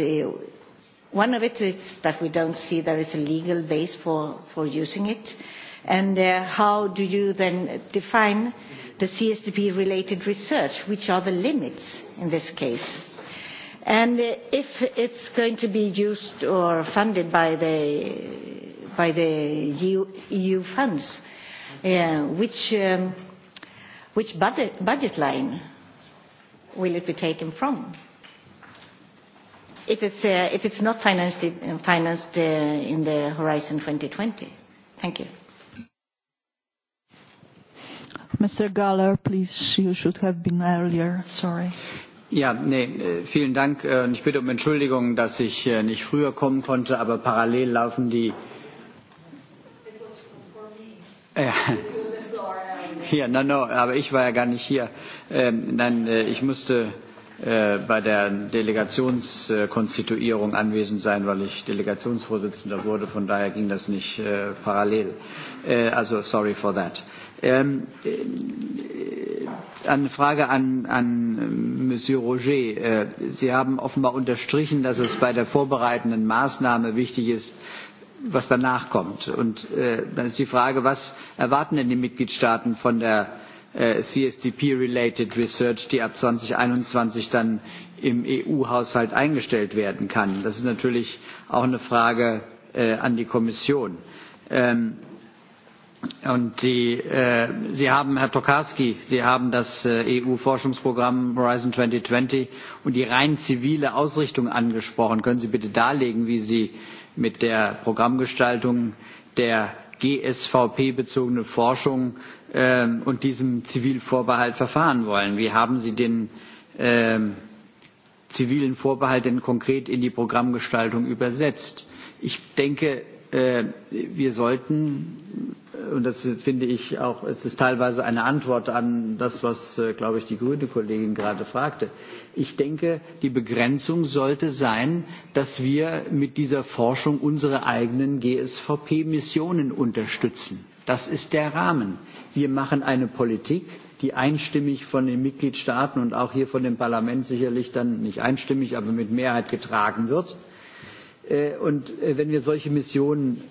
Speaker 6: One of it is that we don't see there is a legal base for, for using it. And uh, how do you then define the CSDP-related research? Which are the limits in this case? And uh, if it's going to be used or funded by the, by the EU, EU funds, uh, which, um, which budget, budget line will it be taken from? Uh, if it's not financed uh, uh, in the Horizon 2020? Thank
Speaker 1: you. Mr. Galler, please, you should have been earlier. Sorry.
Speaker 7: Ja, nee, äh, vielen Dank. Äh, ich bitte um Entschuldigung, dass ich äh, nicht früher kommen konnte, aber parallel laufen die. It was for me. Ja. You were there. Ja, no, no, aber ich war ja gar nicht hier. Ähm, nein, ich musste Äh, bei der Delegationskonstituierung anwesend sein, weil ich Delegationsvorsitzender wurde. Von daher ging das nicht äh, parallel. Äh, also sorry for that. Ähm, äh, eine Frage an, an Monsieur Roger. Äh, Sie haben offenbar unterstrichen, dass es bei der vorbereitenden Maßnahme wichtig ist, was danach kommt. Und äh, dann ist die Frage, was erwarten denn die Mitgliedstaaten von der äh, Äh, csdp related research die ab zweitausendeinundzwanzig dann im eu haushalt eingestellt werden kann. das ist natürlich auch eine frage äh, an die kommission. Ähm, äh, sie haben herr tokarski das eu forschungsprogramm horizont zweitausendzwanzig und die rein zivile ausrichtung angesprochen. können sie bitte darlegen wie sie mit der programmgestaltung der gsvp bezogenen forschung äh, und diesem Zivilvorbehalt verfahren wollen. Wie haben Sie den äh, zivilen Vorbehalt denn konkret in die Programmgestaltung übersetzt? Ich denke, äh, wir sollten, und das finde ich auch, es ist teilweise eine Antwort an das, was, äh, glaube ich, die grüne Kollegin gerade fragte, äh, ich denke die begrenzung sollte sein dass wir mit dieser forschung unsere eigenen gsvp missionen unterstützen. das ist der rahmen. wir machen eine politik die einstimmig von den mitgliedstaaten und auch hier von dem parlament sicherlich dann nicht einstimmig aber mit mehrheit getragen wird. Äh, und äh, wenn wir solche missionen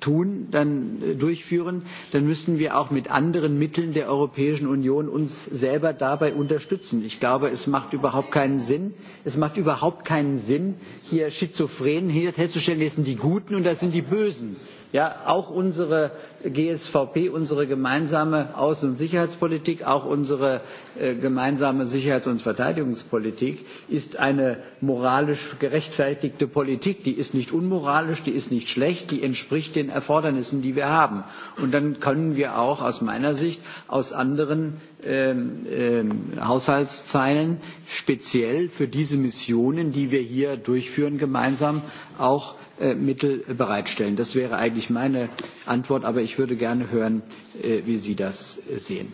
Speaker 7: tun, dann äh, durchführen, dann müssen wir auch mit anderen Mitteln der Europäischen Union uns selber dabei unterstützen. Ich glaube, es macht überhaupt keinen Sinn, es macht überhaupt keinen Sinn, hier Schizophrenen herzustellen, das sind die Guten und das sind die Bösen ja auch unsere gsvp unsere gemeinsame außen und sicherheitspolitik auch unsere äh, gemeinsame sicherheits und verteidigungspolitik ist eine moralisch gerechtfertigte politik die ist nicht unmoralisch die ist nicht schlecht die entspricht den erfordernissen die wir haben und dann können wir auch aus meiner sicht aus anderen ähm, ähm, haushaltszeilen speziell für diese missionen die wir hier durchführen gemeinsam auch Äh, Mittel bereitstellen. Das wäre eigentlich meine Antwort, aber ich würde gerne hören, äh, wie Sie das äh, sehen.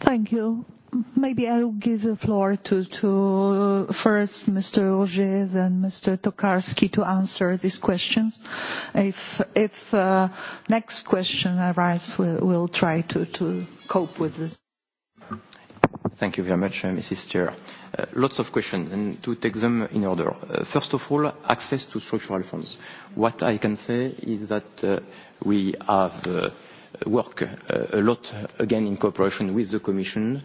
Speaker 1: Thank you. Maybe I will give the floor to, to uh, first Mr. Roger, then Mr. Tokarski to answer these questions. If, if uh, next question arises, we'll, we'll try to, to cope with this.
Speaker 2: Thank you very much, uh, Mrs. Chair. Uh, lots of questions, and to take them in order. Uh, first of all, access to structural funds. What I can say is that we have worked a lot, again, in cooperation with the Commission,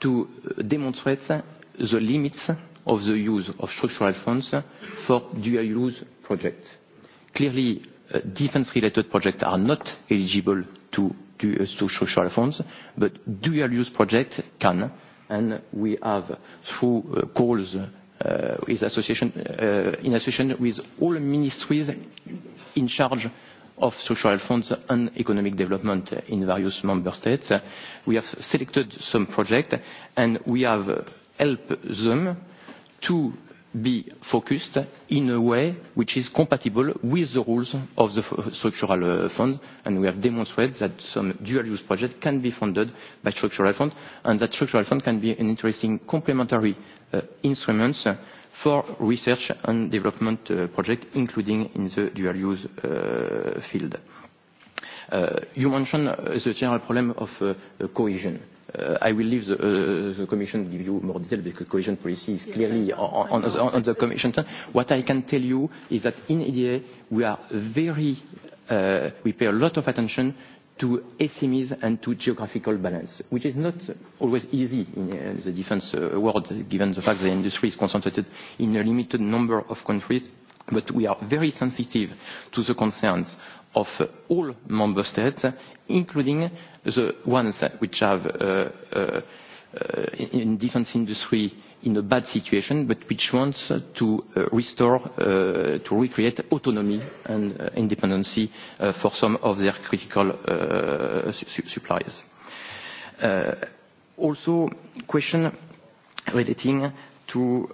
Speaker 2: to demonstrate the limits of the use of structural funds for dual-use projects. Clearly, defense-related projects are not eligible to to uh, social funds, but dual use project can, and we have through uh, calls with uh, association in association with all ministries in charge of social funds and economic development in various member states. We have selected some project, and we have helped them to be focused in a way which is compatible with the rules of the structural uh, funds and we have demonstrated that some dual use projects can be funded by structural funds and that structural funds can be an interesting complementary uh, instrument for research and development uh, projects including in the dual use uh, field. Uh, you mentioned uh, the general problem of uh, uh cohesion. Uh, Uh, I will leave the, uh, the Commission give you more detail because cohesion policy is clearly on, on, on, the, on the Commission. What I can tell you is that in EDA we are very, uh, we pay a lot of attention to SMEs and to geographical balance, which is not always easy in uh, the defense uh, world given the fact the industry is concentrated in a limited number of countries, but we are very sensitive to the concerns of all member states including the ones which have the uh, uh, uh, defence industry in a bad situation but which want to restore to recreate autonomy and independence for some of their critical supplies. also a question relating to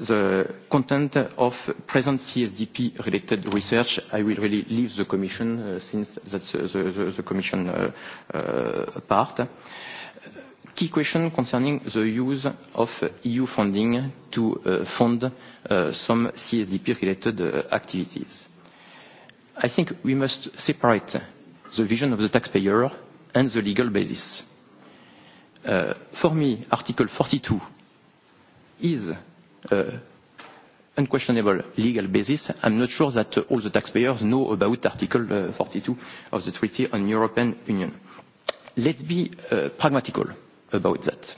Speaker 2: the content of present CSDP related research, I will really leave the Commission uh, since that's uh, the, the, the Commission uh, uh, part. Key question concerning the use of EU funding to uh, fund uh, some CSDP related uh, activities. I think we must separate the vision of the taxpayer and the legal basis. Uh, for me, Article 42 is uh, unquestionable legal basis, I'm not sure that uh, all the taxpayers know about Article uh, 42 of the Treaty on European Union. Let's be uh, pragmatical about that.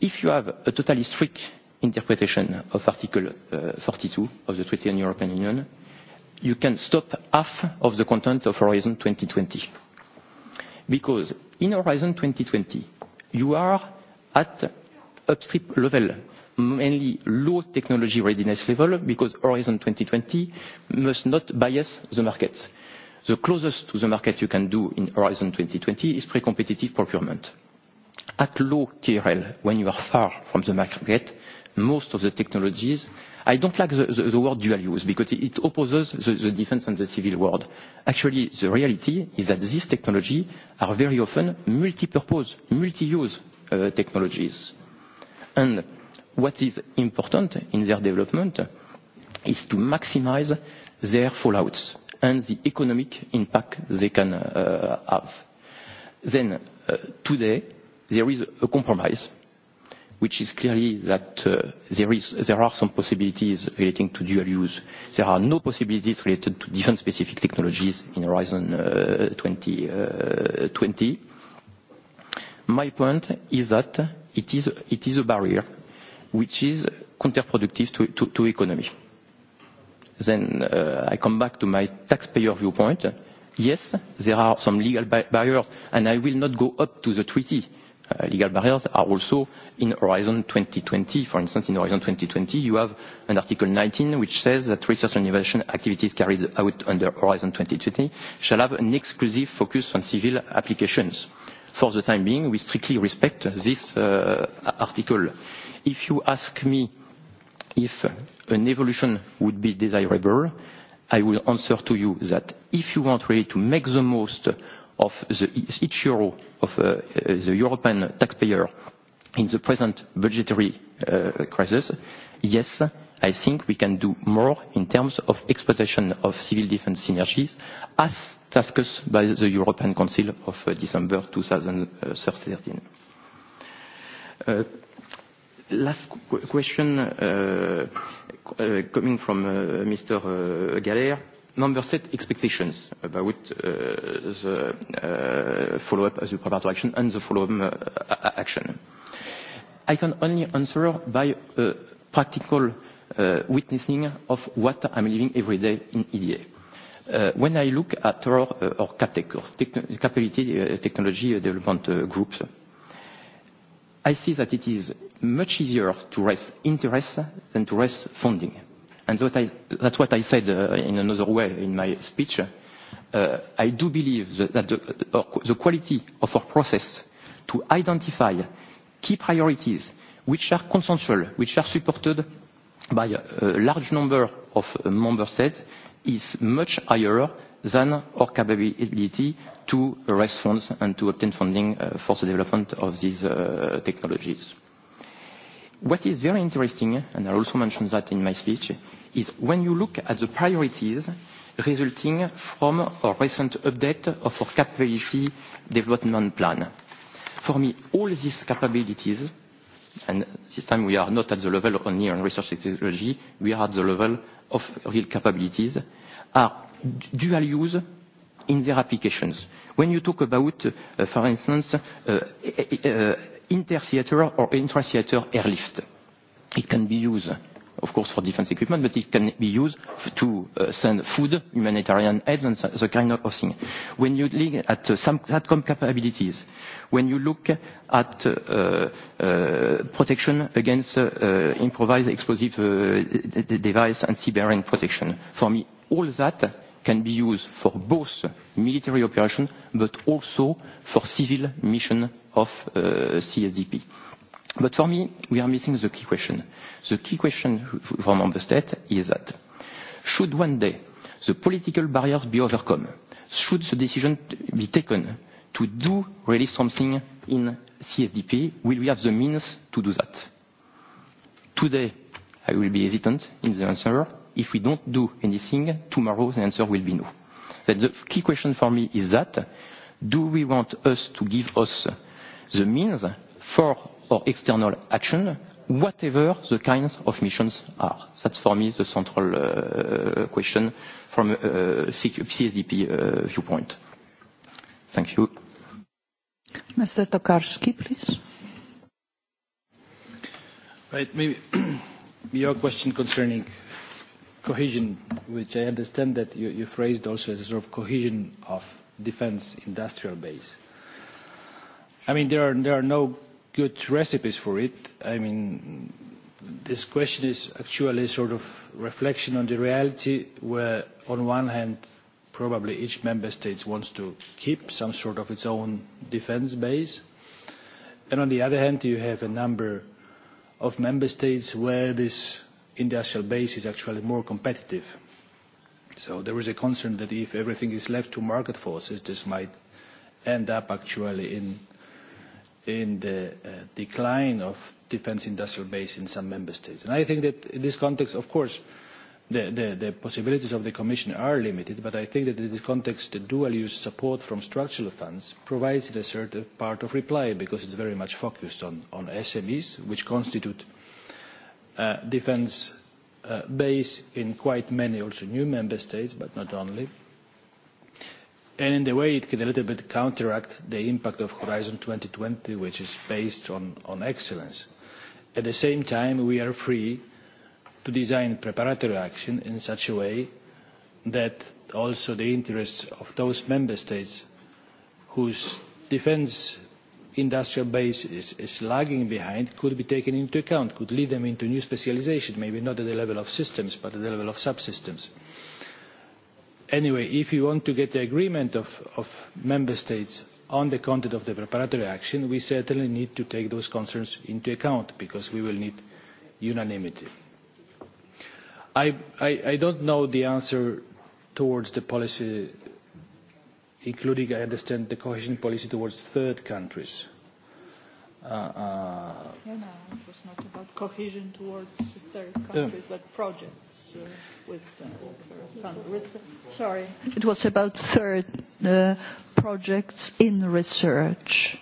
Speaker 2: If you have a totally strict interpretation of Article uh, 42 of the Treaty on European Union, you can stop half of the content of Horizon 2020. Because in Horizon 2020, you are at upstream level mainly low technology readiness level because Horizon 2020 must not bias the market. The closest to the market you can do in Horizon 2020 is pre-competitive procurement. At low TRL, when you are far from the market, most of the technologies, I don't like the word dual use because it opposes the defense and the civil world. Actually, the reality is that these technologies are very often multipurpose, multi-use uh, technologies. And what is important in their development is to maximize their fallouts and the economic impact they can uh, have. Then, uh, today, there is a compromise which is clearly that uh, there, is, there are some possibilities relating to dual use. There are no possibilities related to different specific technologies in Horizon uh, 2020. Uh, 20. My point is that it is, it is a barrier which is counterproductive to, to, to economy. Then uh, I come back to my taxpayer viewpoint. Yes, there are some legal barriers, and I will not go up to the treaty. Uh, legal barriers are also in Horizon 2020. For instance, in Horizon 2020, you have an Article 19 which says that research and innovation activities carried out under Horizon 2020 shall have an exclusive focus on civil applications. For the time being, we strictly respect this uh, article. Uh, If you ask me if an evolution would be desirable, I will answer to you that if you want really to make the most of the each euro of uh, uh, the European taxpayer in the present budgetary uh, crisis, yes, I think we can do more in terms of exploitation of civil defense synergies as tasked us by the European Council of December 2013. Last question uh, uh, coming from uh, Mr. Galler. Number set expectations about the follow-up as a preparatory action and the follow-up action. I can only answer by practical witnessing of what I'm living every day in EDA. When I look at our CapTech, Capability Technology Development Groups, I see that it is much easier to raise interest than to raise funding. And that I, that's what I said uh, in another way in my speech. Uh, I do believe that the, uh, the quality of our process to identify key priorities which are consensual, which are supported by a, a large number of uh, member states is much higher than our capability to raise funds and to obtain funding uh, for the development of these uh, technologies. What is very interesting, and I also mentioned that in my speech, is when you look at the priorities resulting from a recent update of our capability development plan. For me, all these capabilities, and this time we are not at the level only on research technology, we are at the level of real capabilities, are dual use in their applications. When you talk about, uh, for instance, uh, e, e, e, uh, inter-theater or intra-theater airlift, it can be used, of course, for defense equipment, but it can be used to uh, send food, humanitarian aid, and the kind of thing. When you look at uh, some SATCOM capabilities, when you look at uh, uh, protection against uh, improvised explosive uh, d- d- device and cyber protection, for me, all that can be used for both military operation but also for civil mission of uh, CSDP. But for me, we are missing the key question. The key question for member states is that should one day the political barriers be overcome, should the decision be taken to do really something in CSDP, will we have the means to do that? Today, I will be hesitant in the answer. If we don't do anything, tomorrow the answer will be no. The key question for me is that, do we want us to give us the means for our external action, whatever the kinds of missions are? That's for me the central uh, question from a uh, CSDP uh, viewpoint. Thank you.
Speaker 1: Mr. Tokarski, please.
Speaker 3: Right. Maybe your question concerning cohesion, which I understand that you, you phrased also as a sort of cohesion of defense industrial base. I mean, there are, there are no good recipes for it. I mean, this question is actually a sort of reflection on the reality where, on one hand, probably each member state wants to keep some sort of its own defense base. And on the other hand, you have a number of member states where this industrial base is actually more competitive. So there is a concern that if everything is left to market forces, this might end up actually in, in the uh, decline of defense industrial base in some member states. And I think that in this context, of course, the, the, the possibilities of the Commission are limited, but I think that in this context, the dual-use support from structural funds provides it a certain part of reply because it's very much focused on, on SMEs, which constitute Uh, defence uh, base in quite many also new member states but not only and in a way it could a little bit counteract the impact of horizon two thousand and twenty which is based on, on excellence. at the same time we are free to design preparatory action in such a way that also the interests of those member states whose defence industrial base is, is lagging behind could be taken into account, could lead them into new specialisation, maybe not at the level of systems, but at the level of subsystems. Anyway, if you want to get the agreement of, of member states on the content of the preparatory action, we certainly need to take those concerns into account because we will need unanimity. I, I, I don't know the answer towards the policy including, I understand, the cohesion policy towards third countries. Uh, uh,
Speaker 1: yeah, no, it was not about cohesion towards third countries, uh, but projects uh, with uh, third countries. Sorry. It was about third uh, projects in research.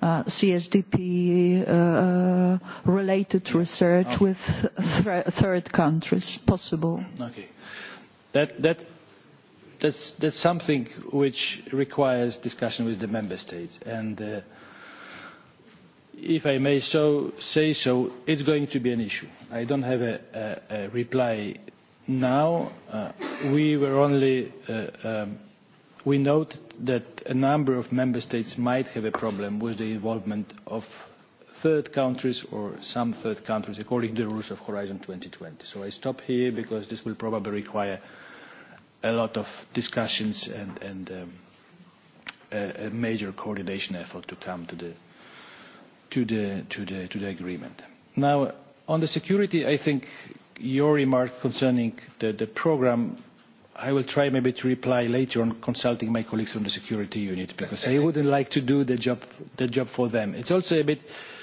Speaker 1: Uh, CSDP uh, uh, related research okay. with th third countries possible.
Speaker 3: Okay, that that that is something which requires discussion with the member states and uh, if i may say so it is going to be an issue. i do not have a reply now. Uh, uh, um, we note that a number of member states might have a problem with the involvement of third countries or some third countries according to the rules of horizon two thousand and twenty so i stop here because this will probably require a lot of discussions and, and um, a, a major coordination effort to come to the, to, the, to, the, to the agreement. Now, on the security, I think your remark concerning the, the program, I will try maybe to reply later on consulting my colleagues from the security unit because I wouldn't like to do the job, the job for them. It's also a bit... Uh,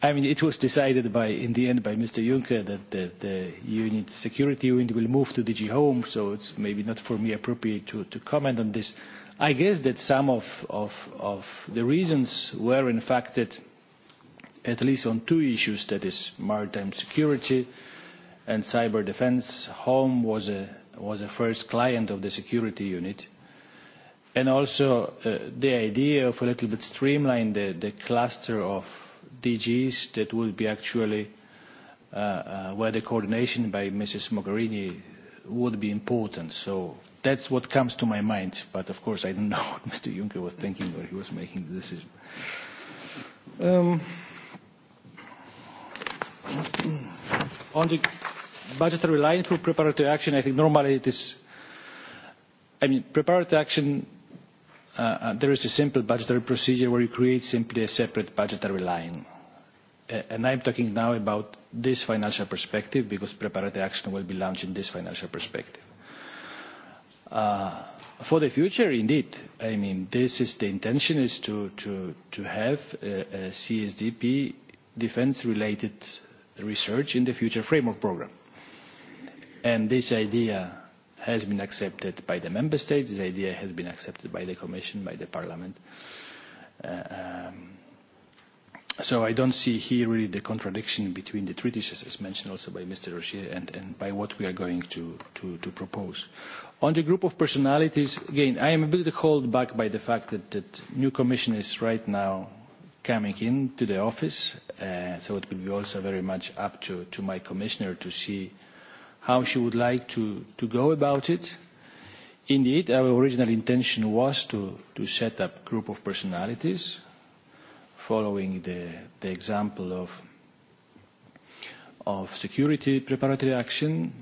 Speaker 3: I mean, it was decided by, in the end by Mr. Juncker that the, the union, security unit will move to DG Home, so it's maybe not for me appropriate to, to comment on this. I guess that some of, of, of the reasons were in fact that at least on two issues, that is maritime security and cyber defense, Home was a, was a first client of the security unit. And also uh, the idea of a little bit streamline the, the cluster of DGs that will be actually uh, uh, where the coordination by Mrs. Mogherini would be important. So that's what comes to my mind. But of course, I don't know what Mr. Juncker was thinking when he was making the decision. Um, on the budgetary line for preparatory action, I think normally it is, I mean, preparatory action Uh, uh, there is a simple budgetary procedure where you create simply a separate budgetary line. Uh, and I'm talking now about this financial perspective because preparatory action will be launched in this financial perspective. Uh, for the future, indeed, I mean, this is the intention is to, to, to have a, a CSDP defense-related research in the future framework program. And this idea has been accepted by the member states, this idea has been accepted by the commission, by the parliament. Uh, um, so I don't see here really the contradiction between the treaties, as mentioned also by Mr. Rocher, and, and by what we are going to, to, to propose. On the group of personalities, again, I am a bit held back by the fact that the new commission is right now coming into the office, uh, so it will be also very much up to, to my commissioner to see uh, how she would like to, to go about it. Indeed, our original intention was to, to set up a group of personalities following the, the example of, of security preparatory action.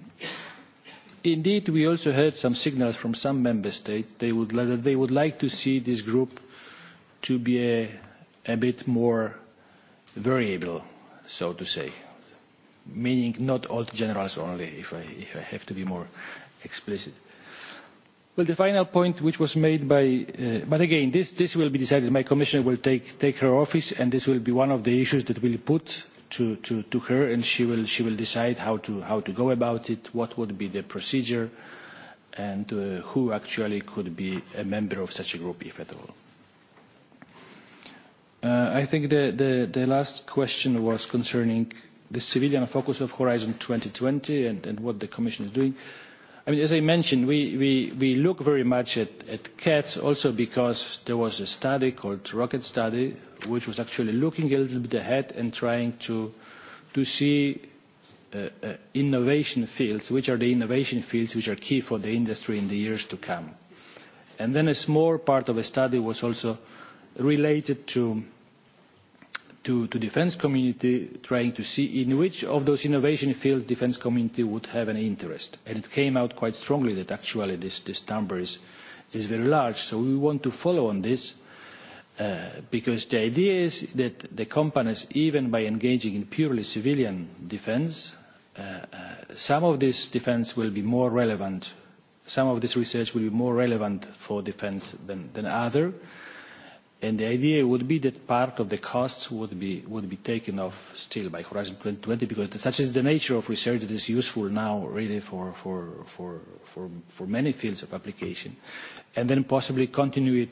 Speaker 3: Indeed, we also heard some signals from some member states they would, that they would like to see this group to be a, a bit more variable, so to say meaning not old generals only, if I, if I have to be more explicit. Well, the final point which was made by... Uh, but again, this, this will be decided. My commissioner will take, take her office and this will be one of the issues that we'll put to, to, to her and she will, she will decide how to, how to go about it, what would be the procedure and uh, who actually could be a member of such a group, if at all. Uh, I think the, the, the last question was concerning the civilian focus of Horizon 2020 and, and what the Commission is doing. I mean, as I mentioned, we, we, we look very much at, at cats also because there was a study called Rocket Study, which was actually looking a little bit ahead and trying to, to see uh, uh, innovation fields, which are the innovation fields which are key for the industry in the years to come. And then a small part of a study was also related to uh, to, to defence community trying to see in which of those innovation fields defence community would have an interest. And it came out quite strongly that actually this, this number is, is very large. So we want to follow on this uh, because the idea is that the companies, even by engaging in purely civilian defence, uh, uh, some of this defence will be more relevant, some of this research will be more relevant for defence than, than others and the idea would be that part of the costs would be would be taken off still by horizon 2020 because such is the nature of research that is useful now really for for for for, for many fields of application and then possibly continue it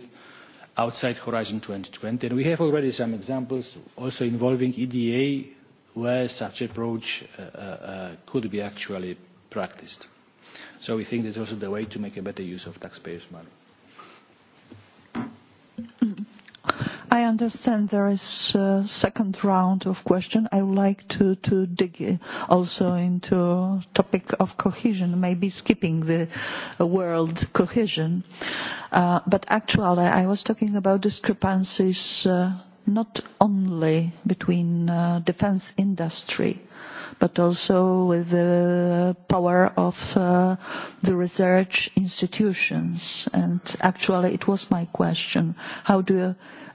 Speaker 3: outside horizon 2020 and we have already some examples also involving eda where such approach uh, uh, uh, could be actually practiced so we think that's also the way to make a better use of taxpayers money
Speaker 1: mm -hmm. I understand there is a second round of question. I would like to dig also into topic of cohesion, maybe skipping the uh, word cohesion. Uh, actually, I was talking about discrepancies, uh, not only between defense industry, but also with the power of the research institutions. Actually, it was my question, how do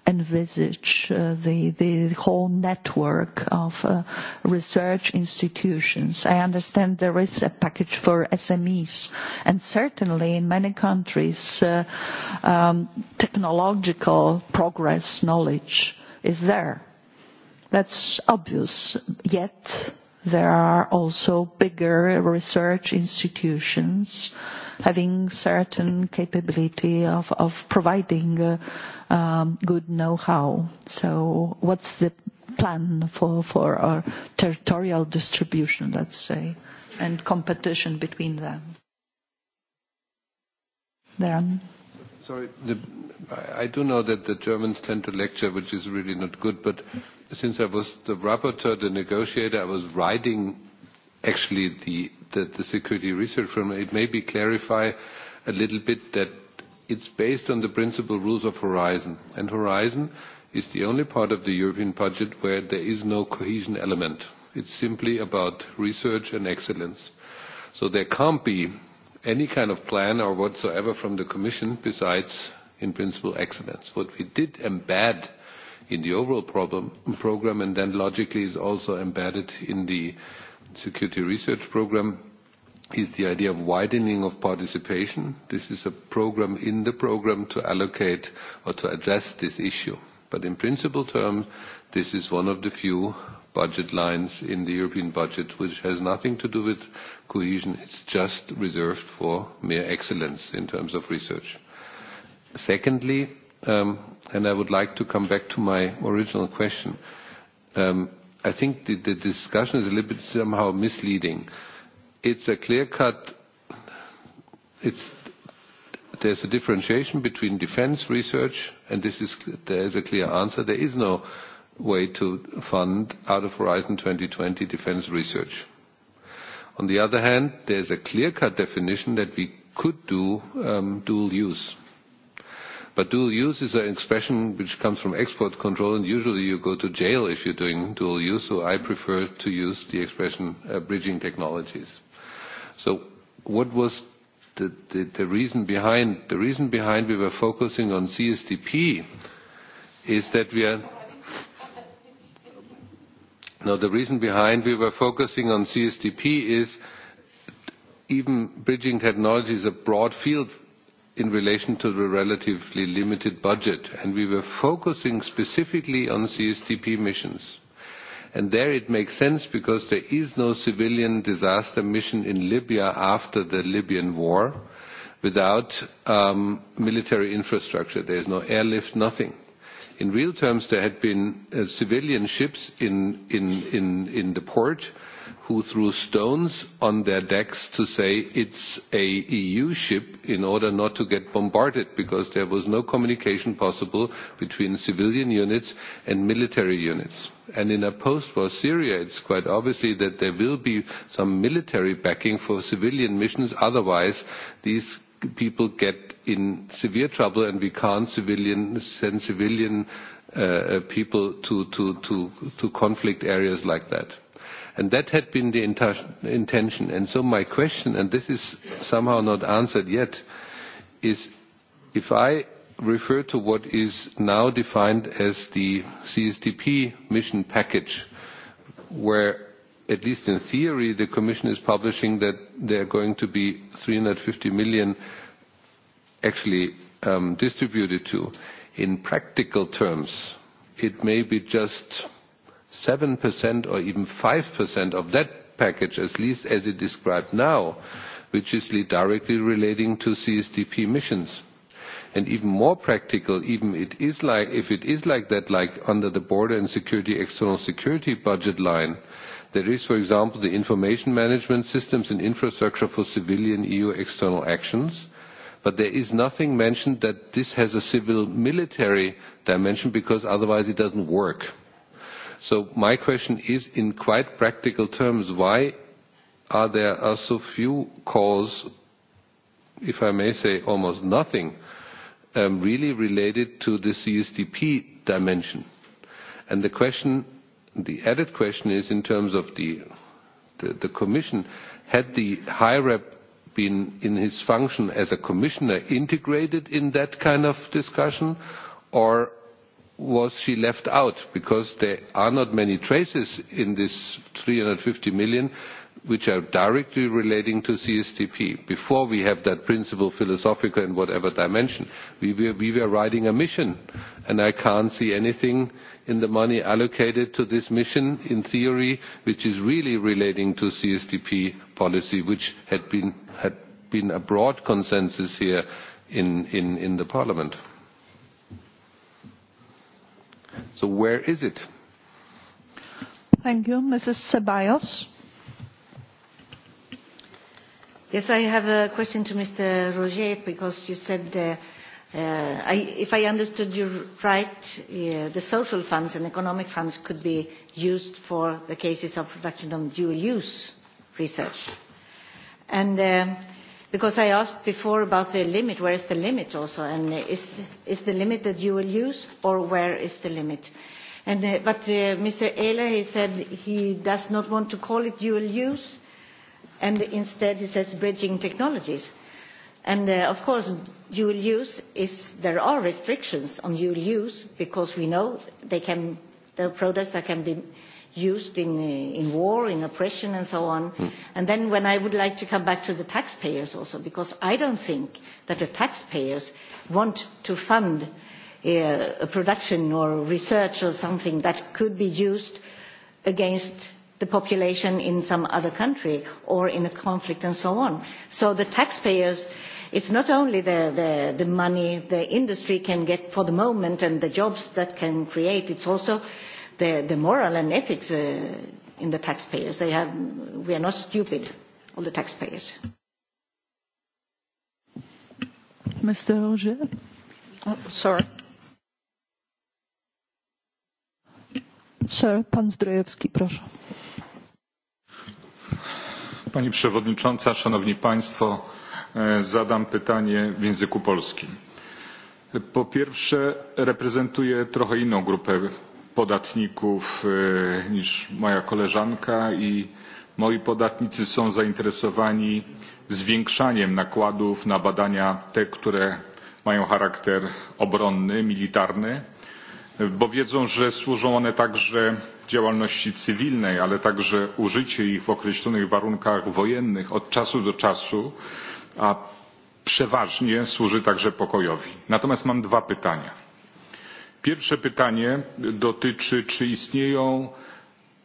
Speaker 1: envisage uh, the, the whole network of uh, research institutions. I understand there is a package for SMEs, and certainly in many countries, uh, um, technological progress knowledge is there. That's obvious, yet there are also bigger research institutions uh, having certain capability of providing uh, um, good know-how. What's the plan for our territorial distribution, let's say, and competition between them? Bernd?
Speaker 4: Sorry. I do know that the Germans tend to lecture, which is really not good, but since I was the rapporteur, the negotiator, I was writing actually the the security research firm, it maybe clarify a little bit that it's based on the principle rules of Horizon. Horizon is the only part of the European budget where there is no cohesion element. It's simply about research and excellence. There can't be any kind of plan or whatsoever from the Commission besides, in principle, excellence. What we did embed in the overall program, and then logically is also embedded in the security research program is the idea of widening of participation. This is a program in the program to allocate or to address this issue. But in principle term, this is one of the few budget lines in the European budget which has nothing to do with cohesion. It's just reserved for mere excellence in terms of research. Secondly, um, and I would like to come back to my original question, um, I think the, the discussion is a little bit somehow misleading. It's a clear cut, it's, there's a differentiation between defense research, and this is, there is a clear answer. There is no way to fund out of Horizon 2020 defense research. On the other hand, there's a clear cut definition that we could do um, dual use. But dual use is an expression which comes from export control, and usually you go to jail if you're doing dual use, so I prefer to use the expression uh, bridging technologies. So what was the, the, the reason behind? The reason behind we were focusing on CSDP is that we are... No, the reason behind we were focusing on CSDP is even bridging technology is a broad field in relation to the relatively limited budget and we were focusing specifically on CSTP missions. And there it makes sense because there is no civilian disaster mission in Libya after the Libyan war without um, military infrastructure. There is no airlift, nothing in real terms, there had been uh, civilian ships in, in, in, in the port who threw stones on their decks to say it's a EU ship in order not to get bombarded because there was no communication possible between civilian units and military units. And in a post-war Syria, it's quite obviously that there will be some military backing for civilian missions. Otherwise, these people get in severe trouble and we can't civilian, send civilian uh, uh, people to, to, to, to conflict areas like that. And that had been the intention. And so my question, and this is somehow not answered yet, is if I refer to what is now defined as the CSDP mission package, where at least in theory, the Commission is publishing that there are going to be 350 million actually um, distributed to. In practical terms, it may be just 7% or even 5% of that package, at least as it is described now, which is directly relating to CSDP missions. And even more practical, even it is like, if it is like that, like under the border and security, external security budget line, There is, for example, the information management systems and infrastructure for civilian EU external actions. But there is nothing mentioned that this has a civil military dimension because otherwise it doesn't work. So my question is, in quite practical terms, why are there are so few calls, if I may say almost nothing, um, really related to the CSDP dimension? And the question the added question is in terms of the, the, the commission, had the high rep been in his function as a commissioner integrated in that kind of discussion, or was she left out? because there are not many traces in this 350 million which are directly relating to CSTP. Before we have that principle, philosophical in whatever dimension, we were, we were riding a mission, and I can't see anything in the money allocated to this mission, in theory, which is really relating to CSTP policy, which had been, had been a broad consensus here in, in, in the parliament. So where is it?
Speaker 6: Thank you. Mrs. Ceballos. Yes, I have a question to Mr. Roger because you said, uh, uh, I, if I understood you right, uh, the social funds and economic funds could be used for the cases of reduction of dual use research. And uh, because I asked before about the limit, where is the limit also? And is, is the limit the dual use or where is the limit? And, uh, but uh, Mr. Ehler, he said he does not want to call it dual use. Uh, and instead it says bridging technologies. And uh, of course, dual use is, there are restrictions on dual use because we know they can, there are products that can be used in, uh, in war, in oppression and so on. Mm. And then when I would like to come back to the taxpayers also, because I don't think that the taxpayers want to fund a, uh, a production or research or something that could be used against the population in some other country or in a conflict and so on. So the taxpayers, it's not only the, the, the money the industry can get for the moment and the jobs that can create, it's also the, the moral and ethics uh, in the taxpayers. They have, we are not stupid, all the taxpayers.
Speaker 1: Mr. Roger? Oh, sorry. Sir, pan Zdrojewski, proszę
Speaker 8: pani przewodnicząca! szanowni państwo! E, zadam pytanie w języku polskim. po pierwsze reprezentuję trochę inną grupę podatników e, niż moja koleżanka i moi podatnicy są zainteresowani zwiększaniem nakładów na badania te które mają charakter obronny militarny bo wiedzą że służą one także działalności cywilnej, ale także użycie ich w określonych warunkach wojennych od czasu do czasu, a przeważnie służy także pokojowi. Natomiast mam dwa pytania. Pierwsze pytanie dotyczy, czy istnieją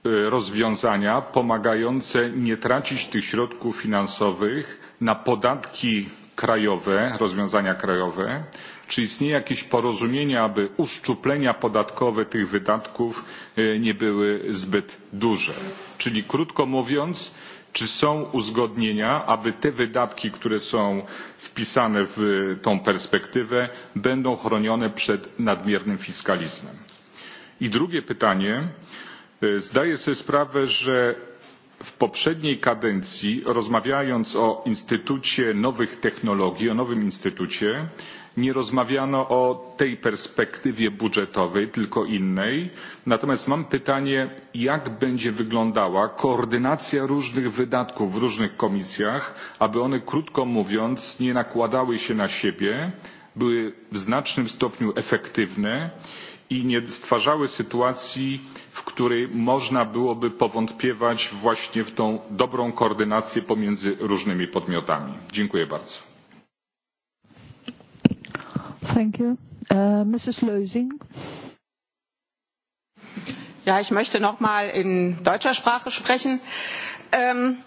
Speaker 8: rozwiązania pomagające nie tracić tych środków finansowych na podatki krajowe, rozwiązania krajowe, czy istnieje jakieś porozumienie aby uszczuplenia podatkowe tych wydatków e, nie były zbyt duże czyli krótko mówiąc czy są uzgodnienia aby te wydatki które są wpisane w tą perspektywę będą chronione przed nadmiernym fiskalizmem i drugie pytanie e, zdaję sobie sprawę że w poprzedniej kadencji rozmawiając o instytucie nowych technologii o nowym instytucie nie rozmawiano o tej perspektywie budżetowej tylko innej natomiast mam pytanie jak będzie wyglądała koordynacja różnych wydatków w różnych komisjach aby one krótko mówiąc nie nakładały się na siebie były w znacznym stopniu efektywne i nie stwarzały sytuacji w której można byłoby powątpiewać właśnie w tą dobrą koordynację pomiędzy różnymi podmiotami dziękuję bardzo
Speaker 1: Thank you. Uh, Mrs. Lösing.
Speaker 5: Ja, ich möchte noch mal in deutscher Sprache sprechen. Ähm,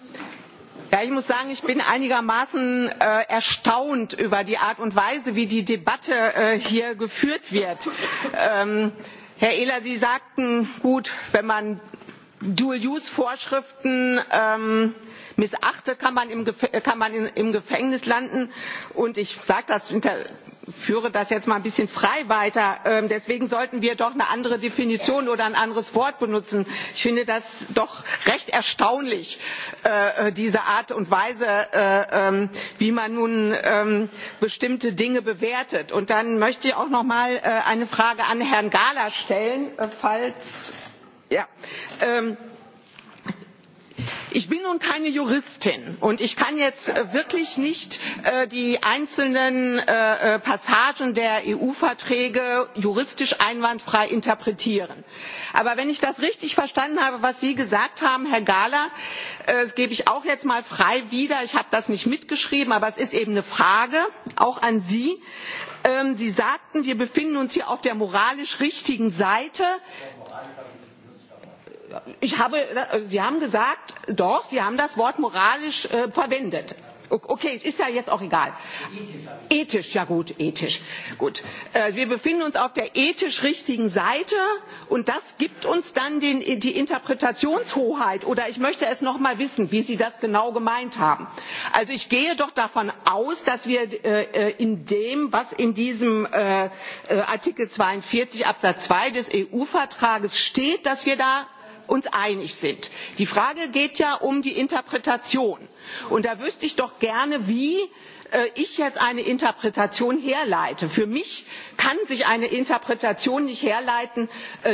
Speaker 5: ja, ich muss sagen, ich bin einigermaßen äh, erstaunt über die Art und Weise, wie die Debatte äh, hier geführt wird. Ähm, Herr Ehler, Sie sagten, gut, wenn man Dual-Use-Vorschriften ähm, missachtet, kann man, im kann man in, im Gefängnis landen. Und ich sage das führe das jetzt mal ein bisschen frei weiter ähm, deswegen sollten wir doch eine andere definition oder ein anderes wort benutzen. ich finde das doch recht erstaunlich äh, äh, diese art und weise äh, ähm, wie man nun ähm, bestimmte dinge bewertet. und dann möchte ich auch noch mal eine frage an herrn gahler stellen falls ja, ich bin nun keine juristin und ich kann jetzt äh, wirklich nicht äh, die einzelnen äh, passagen der eu verträge juristisch einwandfrei interpretieren. aber wenn ich das richtig verstanden habe was sie gesagt haben herr gahler das gebe ich auch jetzt mal frei wieder ich habe das nicht mitgeschrieben aber es ist eben eine frage auch an sie ähm, sie sagten wir befinden uns hier auf der moralisch richtigen seite. Äh, sie haben gesagt doch sie haben das wort moralisch äh, verwendet. okay ist ja jetzt auch egal. ethisch ja gut ethisch. gut äh, wir befinden uns auf der ethisch richtigen seite und das gibt uns dann den, die interpretationshoheit oder ich möchte es noch mal wissen wie sie das genau gemeint haben. also ich gehe doch davon aus dass wir in dem was in diesem artikel zweiundvierzig absatz zwei des eu vertrages steht dass wir da uns einig sind. die frage geht ja um die interpretation und da wüsste ich doch gerne wie äh, ich jetzt eine interpretation herleite. für mich kann sich eine interpretation nicht äh,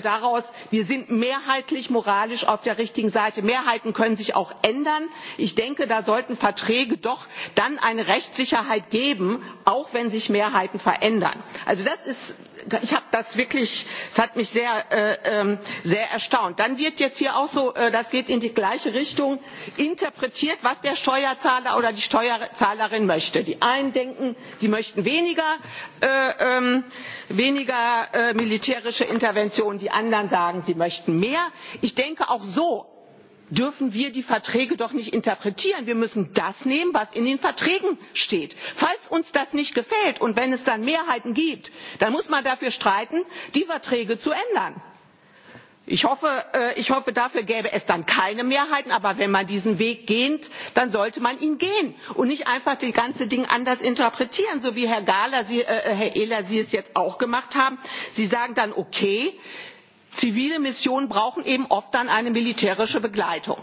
Speaker 5: daraus herleiten wir sind mehrheitlich moralisch auf der richtigen seite. mehrheiten können sich auch ändern. ich denke da sollten verträge doch dann eine rechtssicherheit geben auch wenn sich mehrheiten verändern. also das ich habe das wirklich es hat mich äh, ähm, sehr erstaunt. dann wird jetzt hier auch so äh, das geht in die gleiche richtung interpretiert was der steuerzahler oder die steuerzahlerin möchte. die einen denken sie möchten weniger äh, ähm, militärische intervention die anderen sagen sie möchten mehr. ich denke auch dürfen wir die verträge doch nicht interpretieren wir müssen das nehmen was in den verträgen steht. falls uns das nicht gefällt und wenn es dann mehrheiten gibt dann muss man dafür streiten die verträge zu ändern. ich hoffe äh, dafür gäbe es dann keine mehrheiten aber wenn man diesen weg geht dann sollte man ihn gehen und nicht einfach das ganze ding anders interpretieren so wie äh, herr ehler sie es jetzt auch gemacht haben. sie sagen dann okay zivile missionen brauchen eben oft dann eine militärische begleitung.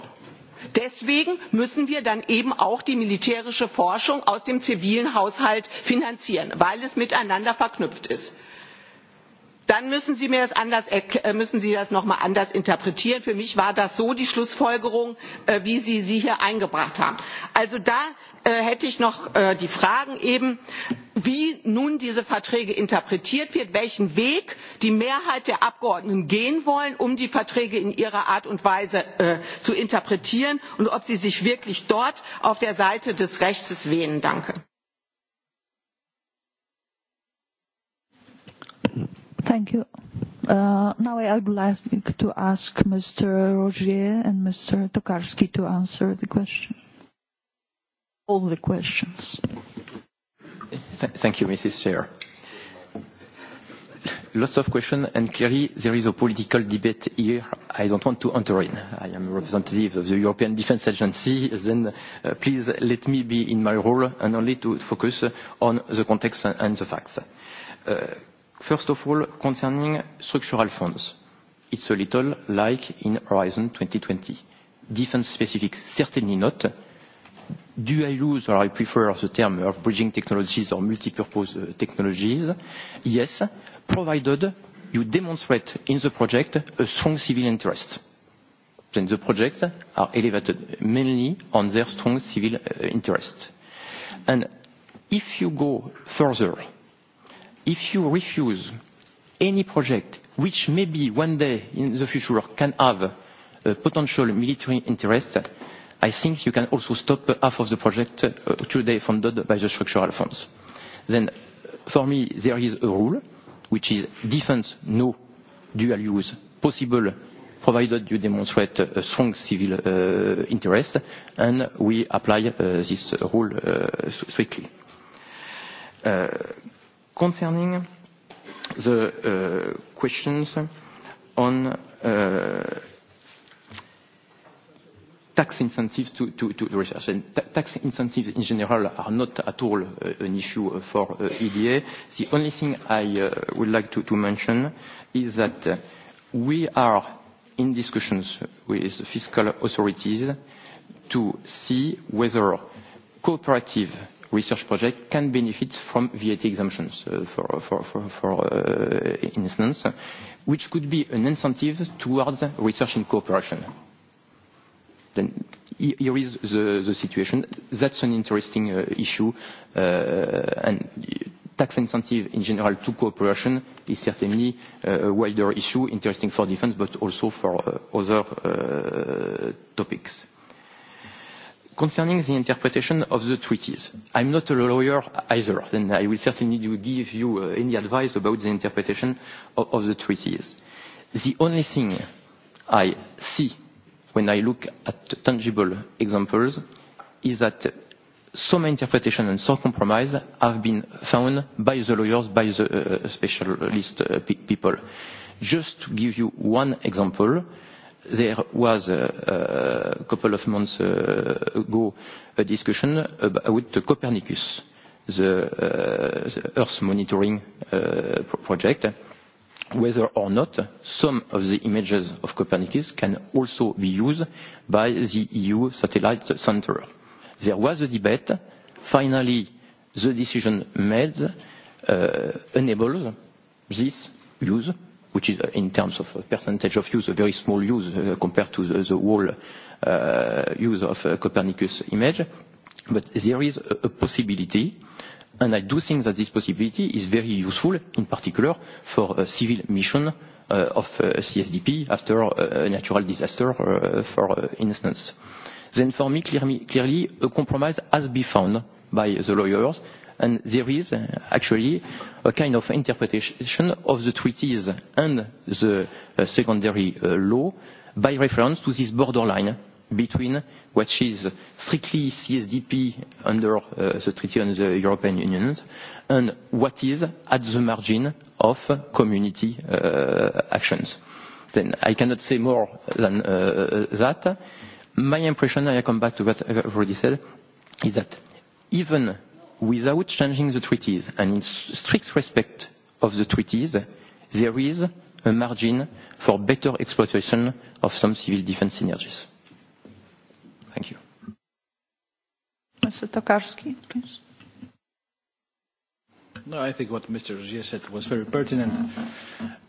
Speaker 5: deswegen müssen wir dann eben auch die militärische forschung aus dem zivilen haushalt finanzieren weil es miteinander verknüpft ist dann äh, müssen sie das noch mal anders interpretieren. für mich war das so die schlussfolgerung äh, wie sie sie hier eingebracht haben. also da äh, hätte ich noch die fragen eben wie nun diese verträge interpretiert werden welchen weg die mehrheit der abgeordneten gehen wollen um die verträge in ihrer art und weise zu interpretieren und ob sie sich wirklich dort auf der seite des rechts wähnen.
Speaker 1: Thank you. Uh, now I would like to ask Mr. Rogier and Mr. Tokarski to answer the question. All the questions.
Speaker 2: Thank you, Mrs. Chair. Lots of question, and clearly there is a political debate here I don't want to enter in. I am a representative of the European Defence Agency, then uh, please let me be in my role and only to focus on the context and the facts. Uh, First of all, concerning structural funds, it's a little like in Horizon 2020. Defense specific, certainly not. Do I use or I prefer the term of bridging technologies or multipurpose uh, technologies? Yes, provided you demonstrate in the project a strong civil interest. Then the projects are elevated mainly on their strong civil uh, interest. If you go further, if you refuse any project which maybe one day in the future can have a potential military interest, I think you can also stop half of the project uh, today funded by the structural funds. Then, uh, for me, there is a rule which is defense, no dual use possible provided you demonstrate a strong civil uh, interest and we apply uh, this rule uh, strictly. Uh, concerning the uh, questions on uh, tax incentives to research. Tax incentives in general are not at all uh, an issue for EDA. The only thing I would like to mention is that we are in discussions with fiscal authorities to see whether cooperative research projects can benefit from VAT exemptions, uh, for, for, for, for uh, instance, which could be an incentive towards research in cooperation. Then here is the, the situation. That's an interesting uh, issue. Uh, and tax incentive in general to cooperation is certainly uh, a wider issue, interesting for defense, but also for uh, other uh, topics. Concerning the interpretation of the treaties, I'm not a lawyer either, and I will certainly give you uh, any advice about the interpretation of, of the treaties. The only thing I see when I look at tangible examples is that some interpretation and some compromise have been found by the lawyers, by the uh, specialist uh, pe people. Just to give you one example, uh, there was a couple of months uh, ago a discussion about Copernicus, the uh, Earth monitoring uh, project, whether or not some of the images of Copernicus can also be used by the EU Satellite Center. There was a debate. Finally, the decision made enables this use which is uh, in terms of uh, percentage of use, a very small use uh, compared to the whole use of Copernicus image. There is a possibility, and I do think that this possibility is very useful, in particular for a civil mission of CSDP after a natural disaster, for instance. For me, clearly, a compromise has been found by the lawyers and there is uh, actually a kind of interpretation of the treaties and the uh, secondary uh, law by reference to this borderline between what is strictly CSDP under uh, the Treaty on the European Union and what is at the margin of community uh, actions. Then I cannot say more than uh, that. My impression, I come back to what I've already said, is that even without changing the treaties and in strict respect of the treaties, there is a margin for better exploitation of some civil defense synergies. Thank you.
Speaker 1: Mr. Tokarski, please.
Speaker 3: No, I think what Mr. Rozier said was very pertinent.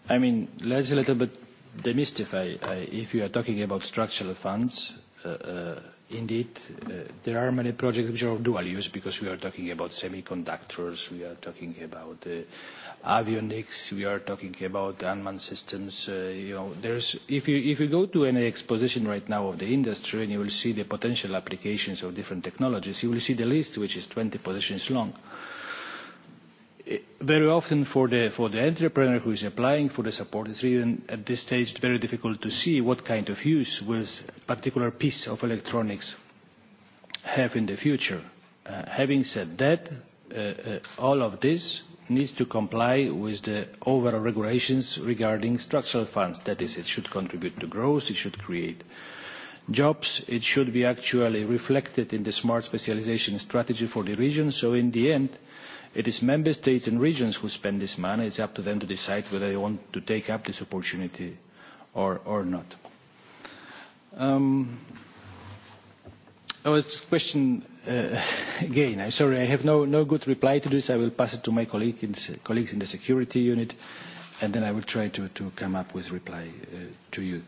Speaker 3: I mean, let's a little bit demystify. Uh, if you are talking about structural funds, uh, uh, indeed, uh, there are many projects which are of dual use because we are talking about semiconductors, we are talking about uh, avionics, we are talking about unmanned systems. Uh, you know, there's, if, you, if you go to any exposition right now of the industry and you will see the potential applications of different technologies, you will see the list which is 20 positions long. Uh, very often for the, for the entrepreneur who is applying for the support, it's even at this stage very difficult to see what kind of use will a particular piece of electronics have in the future. Uh, having said that, uh, uh, all of this needs to comply with the overall regulations regarding structural funds. That is, it should contribute to growth, it should create jobs, it should be actually reflected in the smart specialisation strategy for the region. So in the end, it is member states and regions who spend this money. it is up to them to decide whether they want to take up this opportunity or, or not. Um, Oh, it's a question uh, again. I'm sorry, I have no, no good reply to this. I will pass it to my colleague in, colleagues in the security unit, and then I will try to, to come up with reply uh, to you.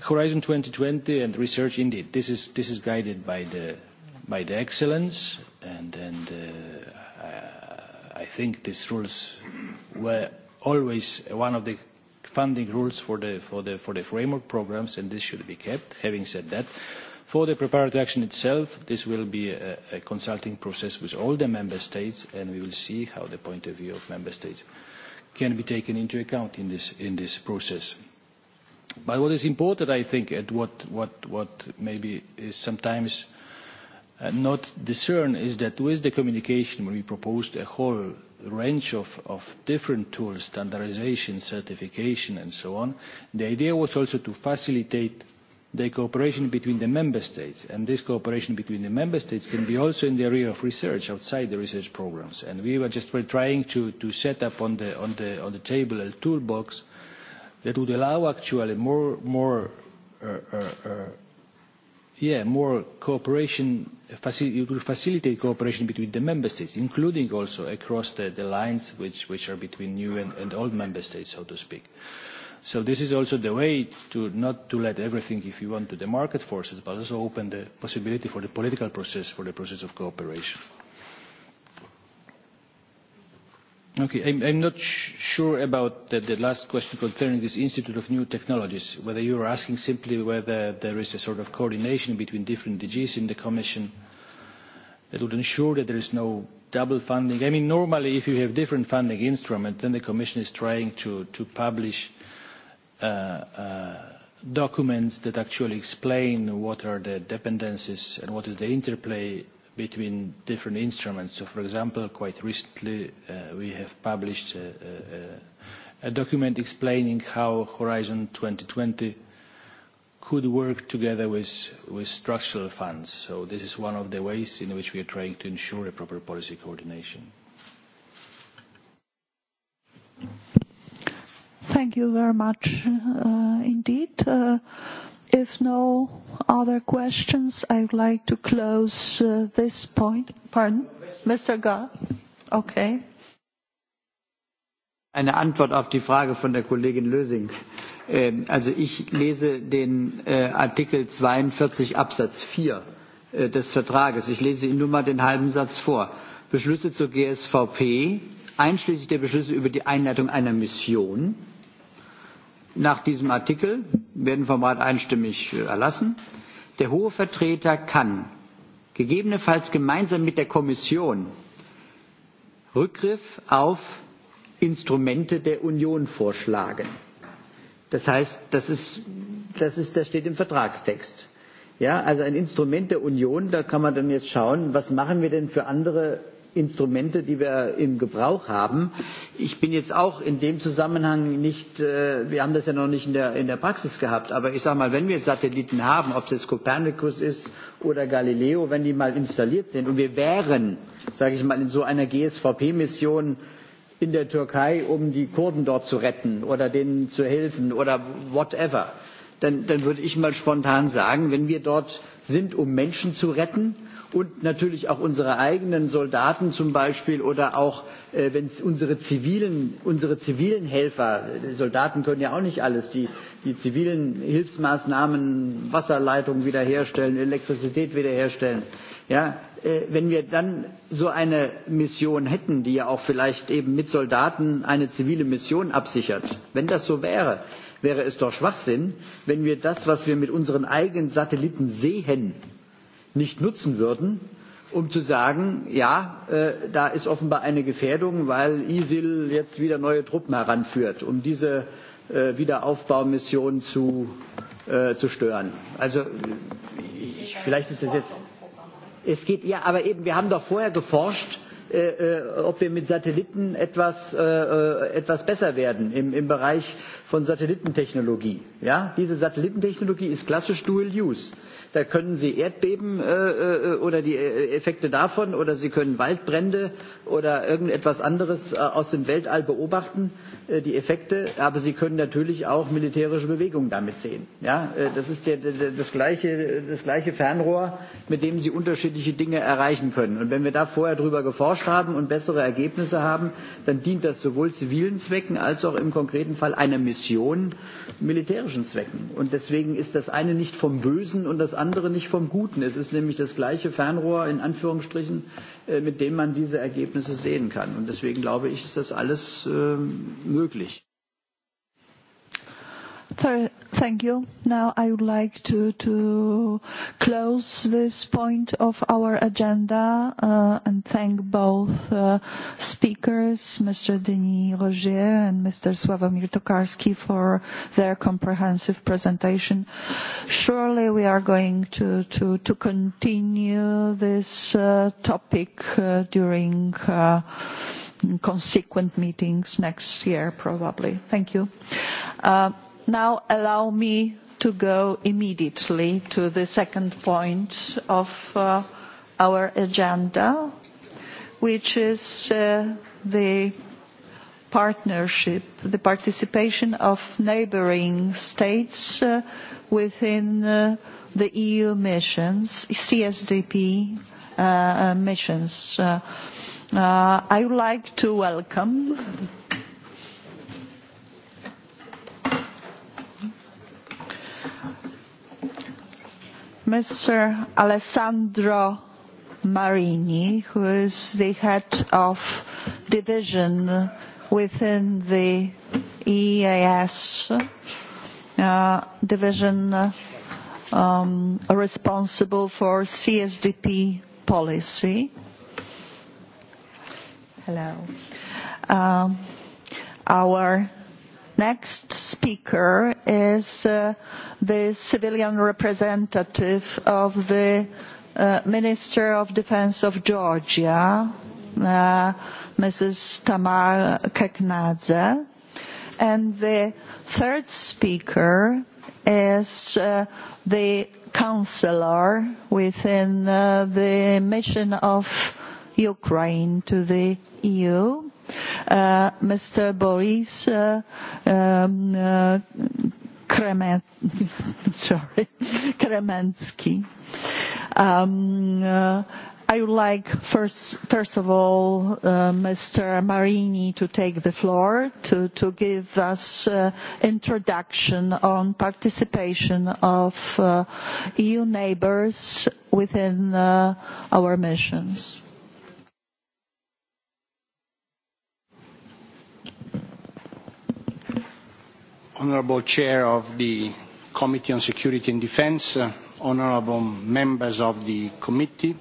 Speaker 3: Horizon 2020 and research, indeed, this is, this is guided by the, by the excellence, and, and uh, I think these rules were always one of the funding rules for the, for the, for the framework programmes and this should be kept. Having said that, for the preparatory action itself, this will be a, a consulting process with all the Member States and we will see how the point of view of Member States can be taken into account in this, in this process. But what is important, I think, and what, what, what maybe is sometimes uh, Uh, not discern is that with the communication we proposed a whole range of different tools standardisation certification and so on. the idea was also to facilitate the cooperation between the member states and this cooperation between the member states can be also in the area of research outside the research programmes and we were just trying to, to set up on the, on, the, on the table a toolbox that would allow actually more, more uh, uh, uh, yeah more cooperation would facilitate cooperation between the member states including also across the lines which are between new and old member states so to speak. so this is also the way not to let everything if you want to the market forces but also open the possibility for the political process for the process of cooperation. I am not sure about the, the last question concerning this Institute of New Technologies, whether you are asking simply whether there is a sort of coordination between different DGs in the Commission that would ensure that there is no double funding. I mean, normally, if you have different funding instruments, then the Commission is trying to, to publish uh, uh, documents that actually explain what are the dependencies and what is the interplay between different instruments. So, for example, quite recently uh, we have published a, uh, uh, a, a document explaining how Horizon 2020 could work together with, with structural funds. So this is one of the ways in which we are trying to ensure a proper policy coordination.
Speaker 1: Thank you very much uh, indeed. Uh, If no other questions, I would like to close uh, this point. Pardon? Mr. Garr. Okay.
Speaker 7: Eine Antwort auf die Frage von der Kollegin Lösing. Ähm, also ich lese den äh, Artikel 42 Absatz 4 äh, des Vertrages. Ich lese Ihnen nur mal den halben Satz vor. Beschlüsse zur GSVP, einschließlich der Beschlüsse über die Einleitung einer Mission, nach diesem Artikel werden vom Rat einstimmig äh, erlassen. Der Hohe Vertreter kann gegebenenfalls gemeinsam mit der Kommission Rückgriff auf Instrumente der Union vorschlagen. Das heißt, das, ist, das, ist, das steht im Vertragstext. Ja, also ein Instrument der Union, da kann man dann jetzt schauen, was machen wir denn für andere instrumente die wir im gebrauch haben. ich bin jetzt auch in dem zusammenhang nicht äh, wir haben das ja noch nicht in der, in der praxis gehabt aber ich sage mal wenn wir satelliten haben ob es jetzt copernicus ist oder galileo wenn die mal installiert sind und wir wären sage ich mal in so einer gsvp mission in der türkei um die kurden dort zu retten oder denen zu helfen oder whatever dann, dann würde ich mal spontan sagen wenn wir dort sind um menschen zu retten und natürlich auch unsere eigenen Soldaten zum Beispiel oder auch äh, wenn unsere zivilen, unsere zivilen Helfer, die äh, Soldaten können ja auch nicht alles, die, die zivilen Hilfsmaßnahmen, Wasserleitungen wiederherstellen, Elektrizität wiederherstellen. Ja, äh, wenn wir dann so eine Mission hätten, die ja auch vielleicht eben mit Soldaten eine zivile Mission absichert, wenn das so wäre, wäre es doch Schwachsinn, wenn wir das, was wir mit unseren eigenen Satelliten sehen, nicht nutzen würden, um zu sagen, ja, äh, da ist offenbar eine Gefährdung, weil ISIL jetzt wieder neue Truppen heranführt, um diese äh, Wiederaufbaumission zu, äh, zu stören. Also ich, vielleicht ist das jetzt. Es geht ja, aber eben, wir haben doch vorher geforscht, äh, äh ob wir mit Satelliten etwas, äh, äh, etwas besser werden im, im Bereich von Satellitentechnologie. Ja? Diese Satellitentechnologie ist klassisch Dual Use. Äh, da können sie erdbeben äh, äh oder die äh, effekte davon oder sie können waldbrände oder irgendetwas anderes äh, aus dem weltall beobachten äh, die effekte aber sie können natürlich auch militärische bewegungen damit sehen. Ja? das ist der, der, das, gleiche, das gleiche fernrohr mit dem sie unterschiedliche dinge erreichen können. und wenn wir da vorher darüber geforscht haben und bessere ergebnisse haben dann dient das sowohl zivilen zwecken als auch im konkreten fall einer mission militärischen zwecken. und deswegen ist das eine nicht vom bösen und das andere nicht vom Guten. Es ist nämlich das gleiche Fernrohr, in Anführungsstrichen, äh, mit dem man diese Ergebnisse sehen kann. Und deswegen glaube ich, ist das alles ähm, möglich.
Speaker 1: Thank you. Now I would like to close this point of our agenda uh, and thank both uh, speakers, Mr. Denis Rogier and Mr. Sławomir Tokarski, for their comprehensive presentation. Surely, we are going to continue this uh, topic during consequent meetings next year, probably. Thank you now allow me to go immediately to the second point of uh, our agenda, which is uh, the partnership, the participation of neighboring states uh, within uh, the EU missions, CSDP uh, uh, missions. Uh, uh, I would like to welcome Mr. Alessandro Marini, who is the head of division within the EAS uh, division um, responsible for CSDP policy. Hello. Um, our next speaker is uh, the civilian representative of the uh, minister of defense of georgia uh, mrs tamar keknadze and the third speaker is uh, the counselor within uh, the mission of ukraine to the eu uh, Uh, Mr. Boris uh, um, uh, Kremensky. Um, uh, I would like first, first of all uh, Mr. Marini to take the floor to, to give us uh, introduction on participation of uh, EU neighbors within uh, our missions. Uh,
Speaker 9: honourable chair of the committee on security and defence uh, honourable members of the committee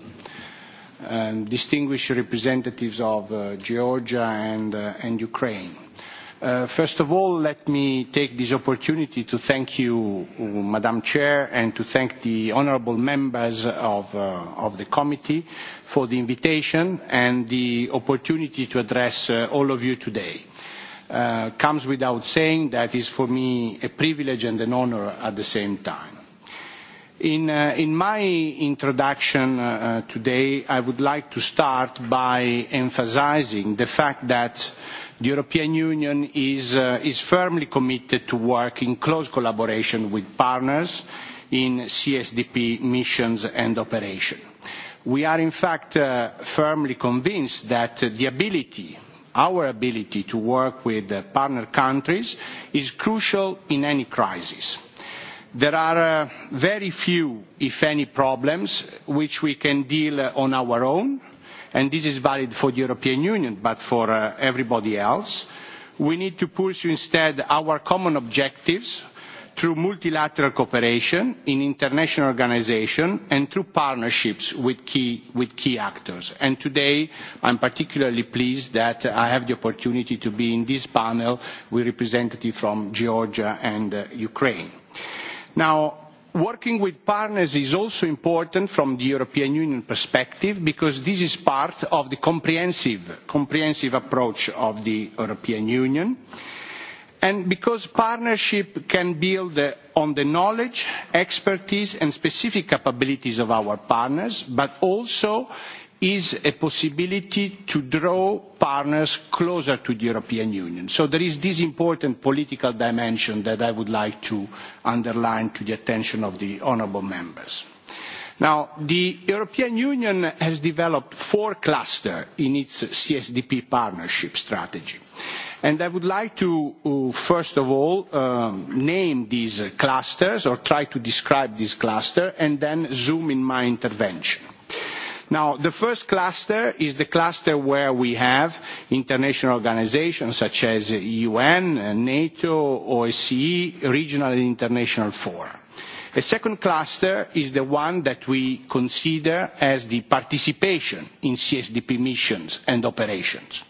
Speaker 9: and uh, distinguished representatives of uh, georgia and, uh, and ukraine uh, first of all, let me take this opportunity to thank you, Madam Chair, and to thank the honourable members of, uh, of the committee for the invitation and the opportunity to address uh, all of you today. Uh, comes without saying that is for me a privilege and an honor at the same time. In, uh, in my introduction uh, uh, today, I would like to start by emphasizing the fact that the European Union is, uh, is firmly committed to work in close collaboration with partners in CSDP missions and operations. We are in fact uh, firmly convinced that uh, the ability our ability to work with uh, partner countries is crucial in any crisis. There are uh, very few, if any, problems which we can deal uh, on our own, and this is valid for the European Union, but for uh, everybody else. We need to pursue instead our common objectives, through multilateral cooperation in international organization and through partnerships with key, with key actors. And today, I'm particularly pleased that I have the opportunity to be in this panel with representatives from Georgia and uh, Ukraine. Now, working with partners is also important from the European Union perspective because this is part of the comprehensive, comprehensive approach of the European Union and because partnership can build uh, on the knowledge expertise and specific capabilities of our partners but also is a possibility to draw partners closer to the european union. so there is this important political dimension that i would like to underline to the attention of the honourable members. now the european union has developed four clusters in its csdp partnership strategy. And I would like to, uh, first of all, um, name these uh, clusters or try to describe this cluster and then zoom in my intervention. Now, the first cluster is the cluster where we have international organizations such as UN, NATO, OSCE, regional and international forum. The second cluster is the one that we consider as the participation in CSDP missions and operations.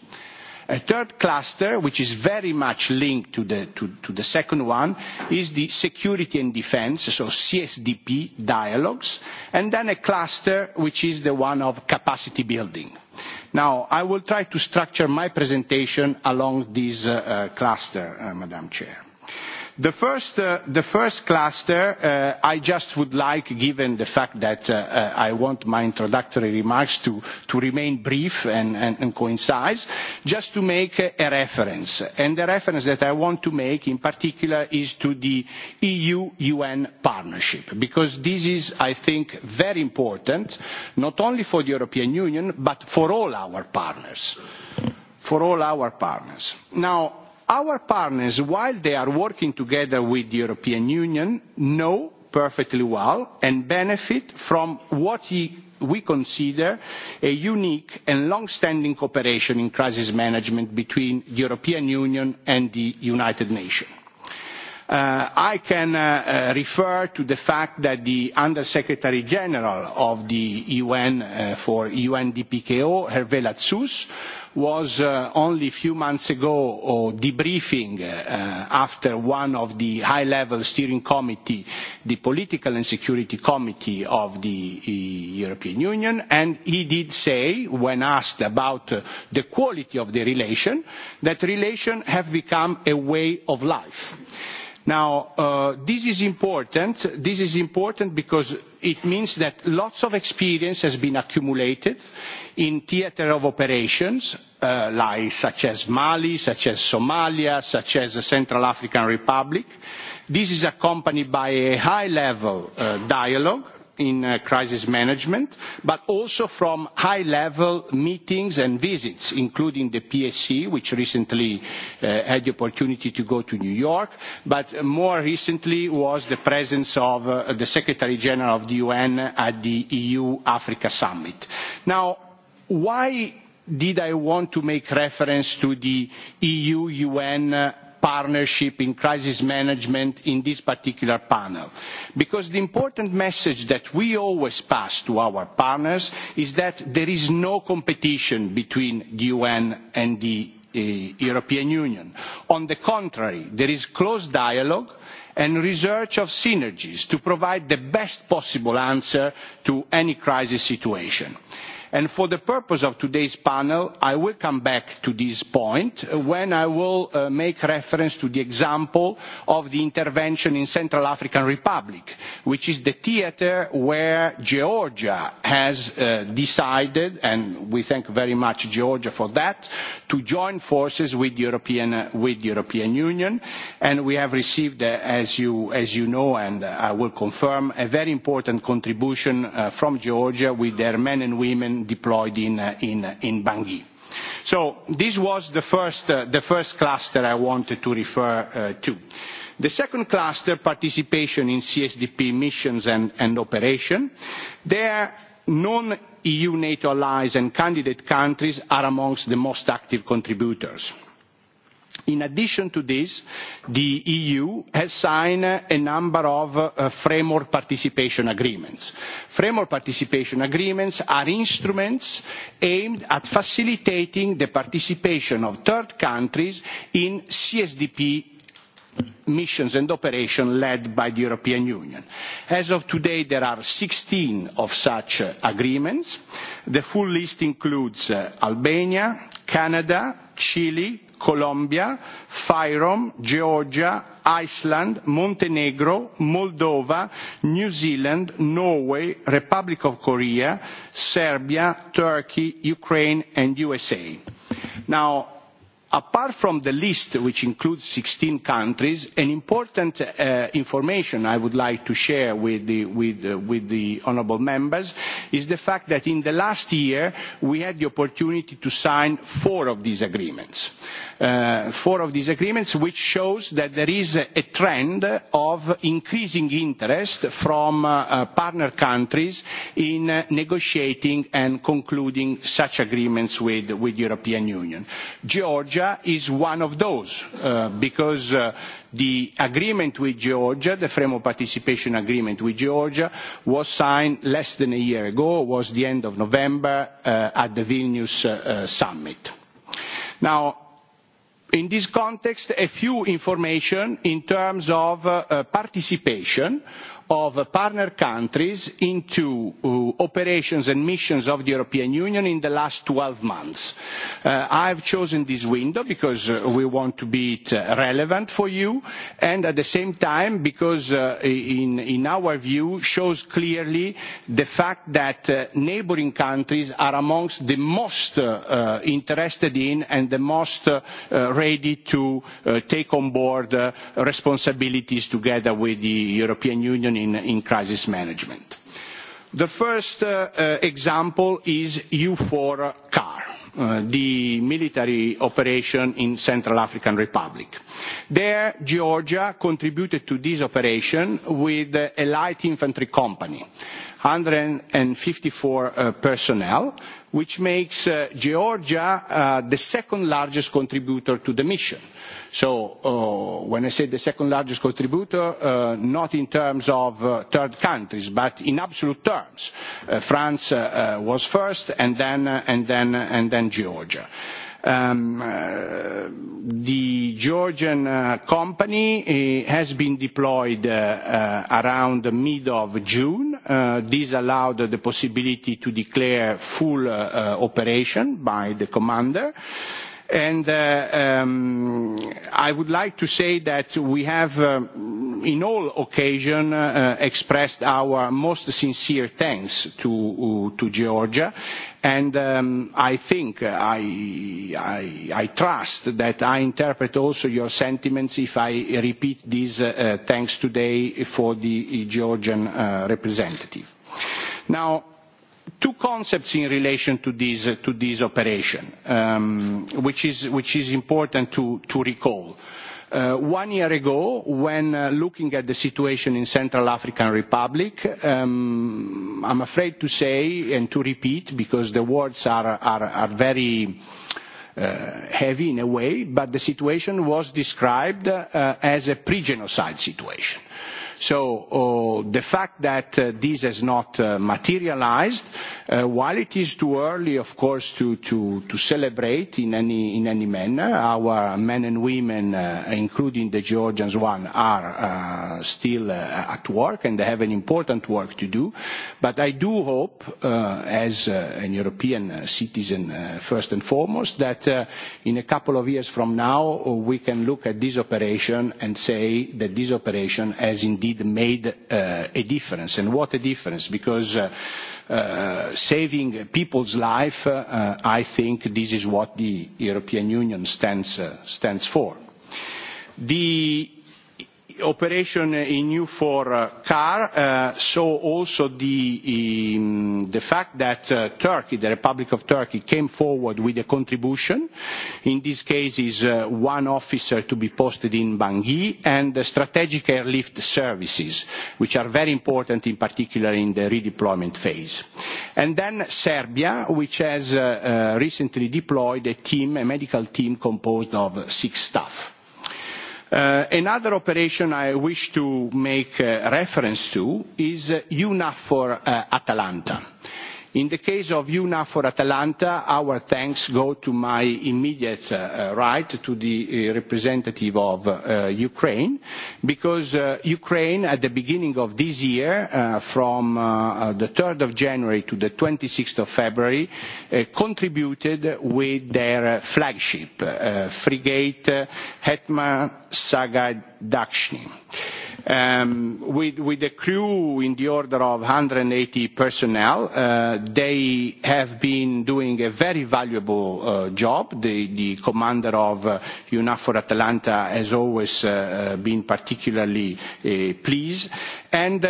Speaker 9: A third cluster, which is very much linked to the, to, to the second one, is the security and defense, so CSDP dialogues, and then a cluster which is the one of capacity building. Now, I will try to structure my presentation along this uh, uh, cluster, uh, Madam Chair. Uh, the first cluster, uh, I just would like, given the fact that uh, I want my introductory remarks to remain brief and concise, just to make a reference. The reference that I want to make in particular is to the EU-UN partnership, because this is, I think, very important, not only for the European Union, but for all our partners. For all our partners. Now, Our partners, while they are working together with the European Union, know perfectly well and benefit from what we consider a unique and long-standing cooperation in crisis management between the European Union and the United Nations. Uh, I can uh, uh, refer to the fact that the Under Secretary General of the UN uh, for UNDPKO, Hervé Latsous, was uh, only a few months ago oh, debriefing uh, after one of the high-level steering committee, the Political and Security Committee of the uh, European Union, and he did say, when asked about uh, the quality of the relation, that relations have become a way of life now uh, this is important this is important because it means that lots of experience has been accumulated in theatre of operations uh, like such as mali such as somalia such as the central african republic this is accompanied by a high level uh, dialogue in uh, crisis management, but also from high-level meetings and visits, including the PSC, which recently uh, had the opportunity to go to New York, but more recently was the presence of uh, the Secretary General of the UN at the EU-Africa Summit. Now, why did I want to make reference to the EU-UN uh, partnership in crisis management in this particular panel. Because the important message that we always pass to our partners is that there is no competition between the UN and the uh, European Union. On the contrary, there is close dialogue and research of synergies to provide the best possible answer to any crisis situation. And for the purpose of today's panel, I will come back to this point uh, when I will uh, make reference to the example of the intervention in Central African Republic, which is the theater where Georgia has uh, decided, and we thank very much Georgia for that, to join forces with the European, uh, with the European Union. And we have received, uh, as, you, as you know, and uh, I will confirm, a very important contribution uh, from Georgia with their men and women been deployed in Bangui. This was uh, the first cluster I wanted to refer uh, to. The second cluster, participation in CSDP missions and operation. There, non-EU NATO allies and candidate countries are amongst the most active contributors. In addition to this, the EU has signed a number of uh, framework participation agreements. Framework participation agreements are instruments aimed at facilitating the participation of third countries in CSDP missions and operations led by the European Union. As of today, there are 16 of such uh, agreements. The full list includes uh, Albania, Canada, Chile, Colombia, Fyrom, Georgia, Iceland, Montenegro, Moldova, New Zealand, Norway, Republic of Korea, Serbia, Turkey, Ukraine and USA. Now, apart from the list which includes 16 countries, an important uh, information I would like to share with the, with, the, uh, with the honourable members is the fact that in the last year we had the opportunity to sign four of these agreements. Uh, four of these agreements which shows that there is a, a trend of increasing interest from uh, uh, partner countries in uh, negotiating and concluding such agreements with, with the European Union. Georgia georgia is one of those uh, because uh, the agreement with georgia the framework participation agreement with georgia was signed less than a year ago was the end of november uh, at the vilnius uh, uh, summit now in this context a few information in terms of uh, uh, participation uh, of uh, partner countries into uh, operations and missions of the European Union in the last 12 months. Uh, I have chosen this window because uh, we want to be it, uh, relevant for you and at the same time because uh, in, in our view shows clearly the fact that uh, neighboring countries are amongst the most uh, uh, interested in and the most uh, uh, ready to uh, take on board uh, responsibilities together with the European Union in crisis management. The first uh, uh, example is U4 CAR, uh, the military operation in Central African Republic. There, Georgia contributed to this operation with uh, a light infantry company, 154 uh, personnel, which makes uh, Georgia uh, the second largest contributor to the mission. So uh, when I say the second largest contributor, uh, not in terms of uh, third countries, but in absolute terms. Uh, France uh, uh, was first and then, uh, and then, uh, and then Georgia. Uh, Um, uh, the Georgian uh, company eh, has been deployed uh, around mid of June. This allowed the possibility to declare full operation by the commander. And um, I would like to say that we have um, in all occasion expressed our most sincere thanks to Georgia, And um, I think, uh, I, I, I trust that I interpret also your sentiments if I repeat these uh, uh thanks today for the Georgian uh, representative. Now, two concepts in relation to this, uh, to this operation, um, which, is, which is important to, to recall. Uh, Uh, one year ago, when uh, looking at the situation in Central African Republic, um, I'm afraid to say and to repeat, because the words are very uh, heavy in a way, but the situation was described as a pre-genocide situation. So oh, the fact that uh, this has not uh, materialized, uh, while it is too early, of course, to celebrate in any manner, our men and women, including the Georgians one, are still at work, and they have an important work to do. But I do hope, as a European citizen, first and foremost, that in a couple of years from now, we can look at this operation and say that this operation has indeed indeed made uh, a difference. And what a difference, because uh, uh, saving people's life, uh, I think this is what the European Union stands, uh, stands for. The operation in EU4 uh, car uh, saw also um, the fact that uh, Turkey, the Republic of Turkey, came forward with a contribution. In this case, is one officer to be posted in Bangui, and the strategic airlift services, which are very important, in particular in the redeployment phase. And then Serbia, which has recently deployed a team, a medical team composed of six staff. Uh, another operation I wish to make uh, reference to is EUNAVFOR uh, Atalanta. In the case of EUNAVFOR Atalanta, our thanks go to my immediate uh, right, to the uh, representative of uh, Ukraine, because Ukraine, at the beginning of this year, from the 3rd of January to the 26th of February, contributed with their flagship frigate, Hetman Saga Dakhshin. Um, with a crew in the order of 180 personnel. Uh, they have been doing a very valuable uh, job. The commander of EUNAVFOR uh, ATALANTA has always been particularly pleased. And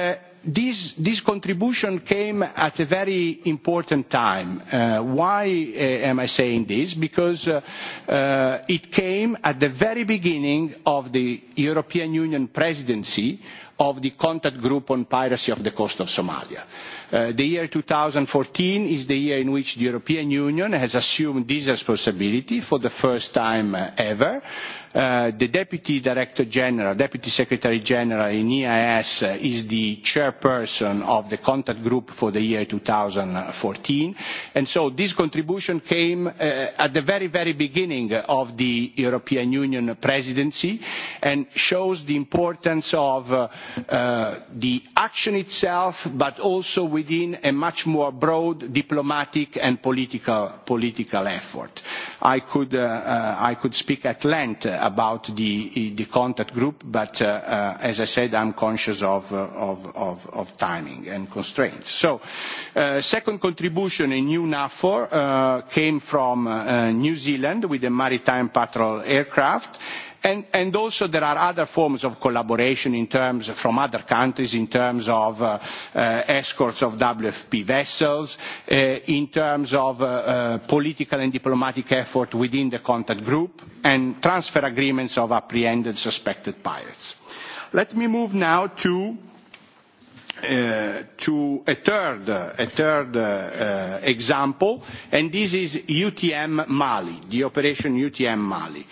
Speaker 9: this, this contribution came at a very important time. Uh, why uh, am I saying this? Because uh, uh, it came at the very beginning of the European Union presidency of the contact group on piracy of the coast of Somalia. Uh, the year 2014 is the year in which the European Union has assumed this responsibility for the first time uh, ever. Uh, Uh, the deputy director general deputy secretary general in eas uh, is the chairperson of the contact group for the year 2014 and so this contribution came uh, at the very very beginning of the european union presidency and shows the importance of uh, uh, the action itself but also within a much more broad diplomatic and political political effort i could uh, uh, i could speak at length uh, Uh, about the the contact group but uh, uh, as i said i'm conscious of uh, of of of timing and constraints so uh, second contribution in new nafor uh, came from uh, new zealand with a maritime patrol aircraft and, and also there are other forms of collaboration in terms of, from other countries in terms of uh, uh, escorts of WFP vessels, uh, in terms of uh, uh, political and diplomatic effort within the contact group, and transfer agreements of apprehended suspected pirates. Let me move now to, uh, to a third, a third uh, uh, example, and this is UTM Mali, the operation UTM Mali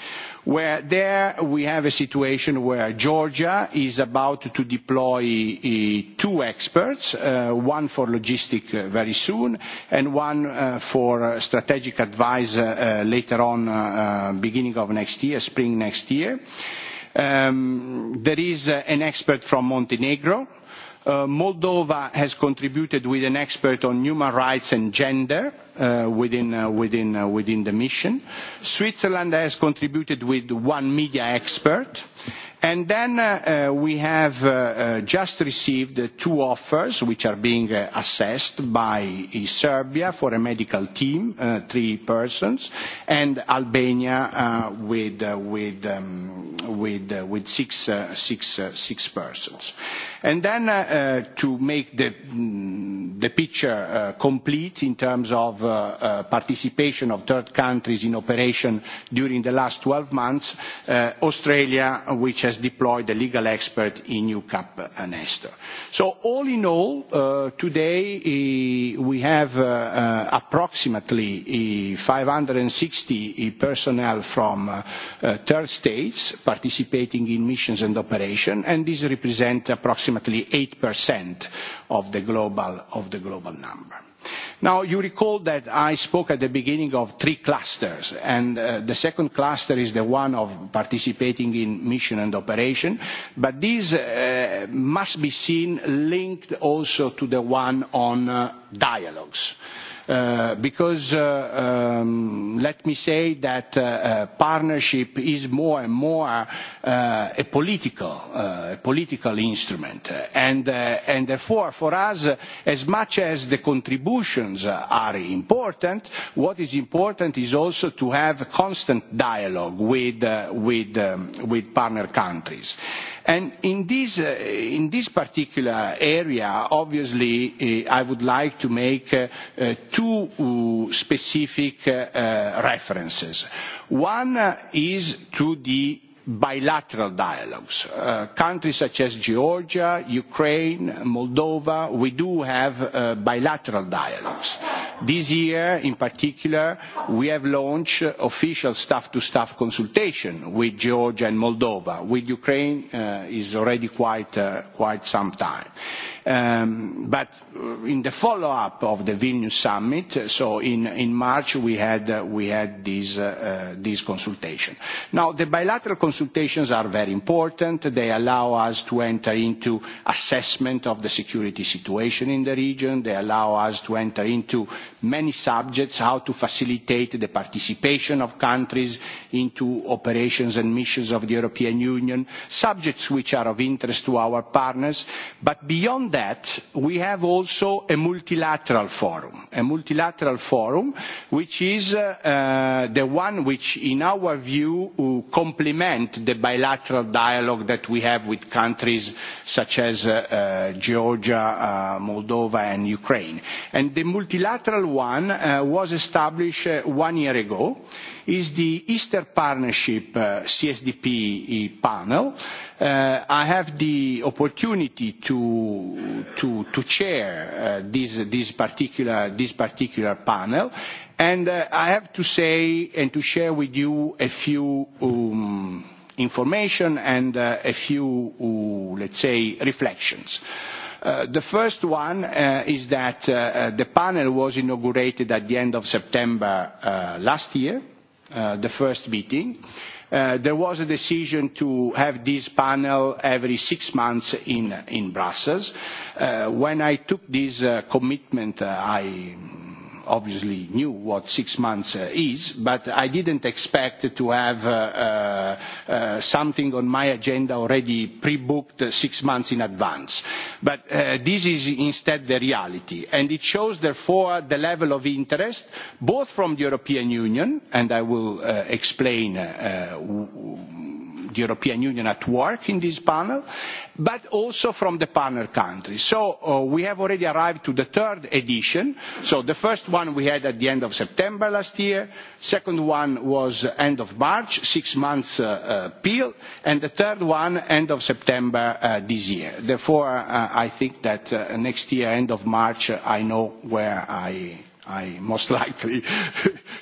Speaker 9: where there we have a situation where Georgia is about to deploy uh, two experts, uh, one for logistics uh, eh, very soon and one uh, for strategic advice uh, uh, later on, uh, uh, beginning of next year, spring next year. Um, there is uh, an expert from Montenegro. Uh, Moldova has contributed with an expert on human rights and gender uh, within, uh, within, uh, within the mission. Switzerland has contributed with one media expert. Then uh, uh, we have uh, just received two offers, which are being assessed by Serbia for a medical team, three persons, and Albania um, with six persons. Then to make the mm, the picture uh, complete in terms of uh, uh, participation of third countries in operation during the last 12 months, uh, Australia, which has deployed a legal expert in UCAP and Esther. So all in all, uh, today we have uh, uh, approximately 560 personnel from uh, third states participating in missions and operation, and this represents approximately 8% of the global of of the global number. Now, you recall that I spoke at the beginning of three clusters, and uh, the second cluster is the one of participating in mission and operation, but this uh, must be seen linked also to the one on uh, dialogues. Uh, because uh, um, let me say that uh, uh, partnership is more and more uh, a political uh, a political instrument and uh, and therefore for us uh, as much as the contributions uh, are important what is important is also to have constant dialogue with uh, with um, with partner countries And in this, uh, in this particular area, obviously, uh, I would like to make uh, uh two uh, specific uh, uh, references. One uh, is to the bilateral dialogues. Uh, countries such as Georgia, Ukraine, Moldova, we do have uh, bilateral dialogues. This year, in particular, we have launched uh, official staff-to-staff consultation with Georgia and Moldova. With Ukraine, uh, is already quite, uh, quite some time. Um, but uh, in the follow-up of the Vilnius summit, uh, so in, in March we had, uh, we had this, uh, uh, this consultation. Now, the bilateral consultations are very important. They allow us to enter into assessment of the security situation in the region. They allow us to enter into many subjects, how to facilitate the participation of countries into operations and missions of the European Union, subjects which are of interest to our partners. But beyond that, that, we have also a multilateral forum, a multilateral forum which is uh, uh, the one which, in our view, uh, complement the bilateral dialogue that we have with countries such as uh, uh, Georgia, uh, Moldova and Ukraine. And the multilateral one uh, was established uh, one year ago is the Easter Partnership uh, CSDP panel. Uh, I have the opportunity to, to, to chair uh, this, this, particular, this particular panel. And uh, I have to say and to share with you a few um, information and uh, a few, uh, let's say, reflections. Uh, the first one uh, is that uh, the panel was inaugurated at the end of September uh, last year. Uh, Uh, the first meeting. Uh, there was a decision to have this panel every six months in, in Brussels. Uh, when I took this uh, commitment, uh, I obviously knew what six months uh, is, but I didn't expect to have uh, uh, uh, something on my agenda already pre-booked six months in advance. But uh, this is instead the reality, and it shows therefore the level of interest, both from the European Union, and I will uh, explain uh, w- the European Union at work in this panel, but also from the partner countries. So uh, we have already arrived to the third edition. So the first one we had at the end of September last year, second one was end of March, six months uh, uh, peel, and the third one end of September uh, this year. Therefore, uh, I think that uh, next year, end of March, uh, I know where I I most likely